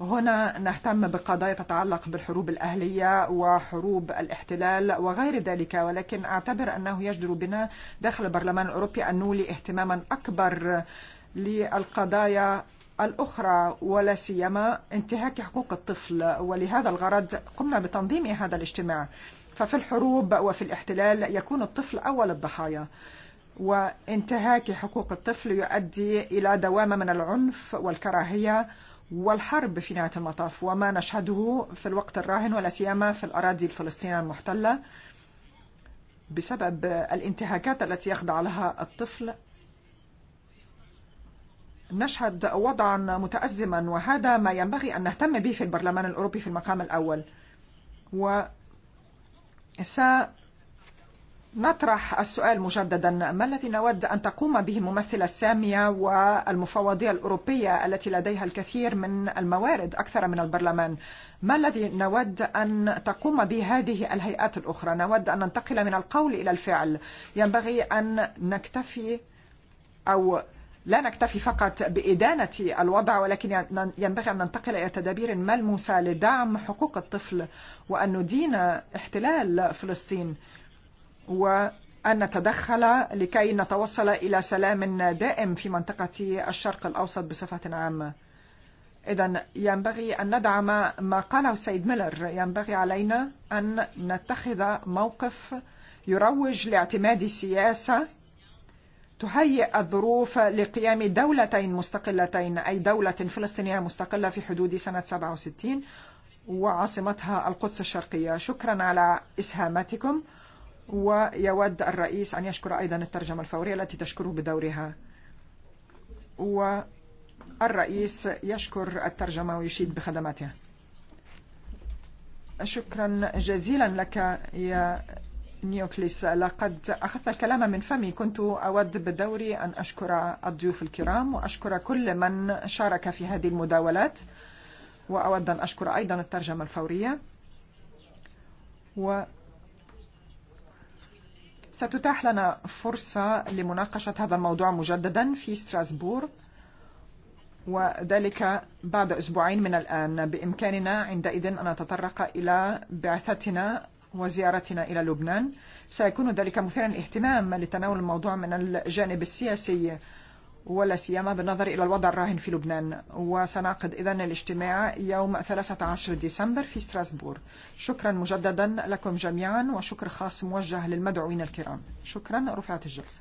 هنا نهتم بقضايا تتعلق بالحروب الأهلية وحروب الاحتلال وغير ذلك ولكن أعتبر أنه يجدر بنا داخل البرلمان الأوروبي أن نولي اهتماما أكبر للقضايا الأخرى ولا سيما انتهاك حقوق الطفل ولهذا الغرض قمنا بتنظيم هذا الاجتماع ففي الحروب وفي الاحتلال يكون الطفل أول الضحايا وانتهاك حقوق الطفل يؤدي إلى دوامة من العنف والكراهية والحرب في نهاية المطاف وما نشهده في الوقت الراهن ولا سيما في الأراضي الفلسطينية المحتلة بسبب الانتهاكات التي يخضع لها الطفل نشهد وضعا متأزما وهذا ما ينبغي أن نهتم به في البرلمان الأوروبي في المقام الأول و نطرح السؤال مجددا ما الذي نود أن تقوم به الممثلة السامية والمفوضية الأوروبية التي لديها الكثير من الموارد أكثر من البرلمان ما الذي نود أن تقوم به هذه الهيئات الأخرى نود أن ننتقل من القول إلى الفعل ينبغي أن نكتفي أو لا نكتفي فقط بإدانة الوضع ولكن ينبغي أن ننتقل إلى تدابير ملموسة لدعم حقوق الطفل وأن ندين احتلال فلسطين وأن نتدخل لكي نتوصل إلى سلام دائم في منطقة الشرق الأوسط بصفة عامة إذا ينبغي أن ندعم ما قاله السيد ميلر ينبغي علينا أن نتخذ موقف يروج لاعتماد سياسة تهيئ الظروف لقيام دولتين مستقلتين أي دولة فلسطينية مستقلة في حدود سنة 67 وعاصمتها القدس الشرقية شكرا على إسهاماتكم ويود الرئيس أن يشكر أيضا الترجمة الفورية التي تشكره بدورها والرئيس يشكر الترجمة ويشيد بخدماتها شكرا جزيلا لك يا نيوكليس لقد أخذت الكلام من فمي كنت أود بدوري أن أشكر الضيوف الكرام وأشكر كل من شارك في هذه المداولات وأود أن أشكر أيضا الترجمة الفورية ستتاح لنا فرصة لمناقشة هذا الموضوع مجددا في ستراسبور وذلك بعد أسبوعين من الآن بإمكاننا عندئذ أن نتطرق إلى بعثتنا وزيارتنا إلى لبنان سيكون ذلك مثيرا اهتمام لتناول الموضوع من الجانب السياسي ولا سيما بالنظر إلى الوضع الراهن في لبنان وسنعقد إذا الاجتماع يوم 13 ديسمبر في ستراسبور شكرا مجددا لكم جميعا وشكر خاص موجه للمدعوين الكرام شكرا رفعت الجلسة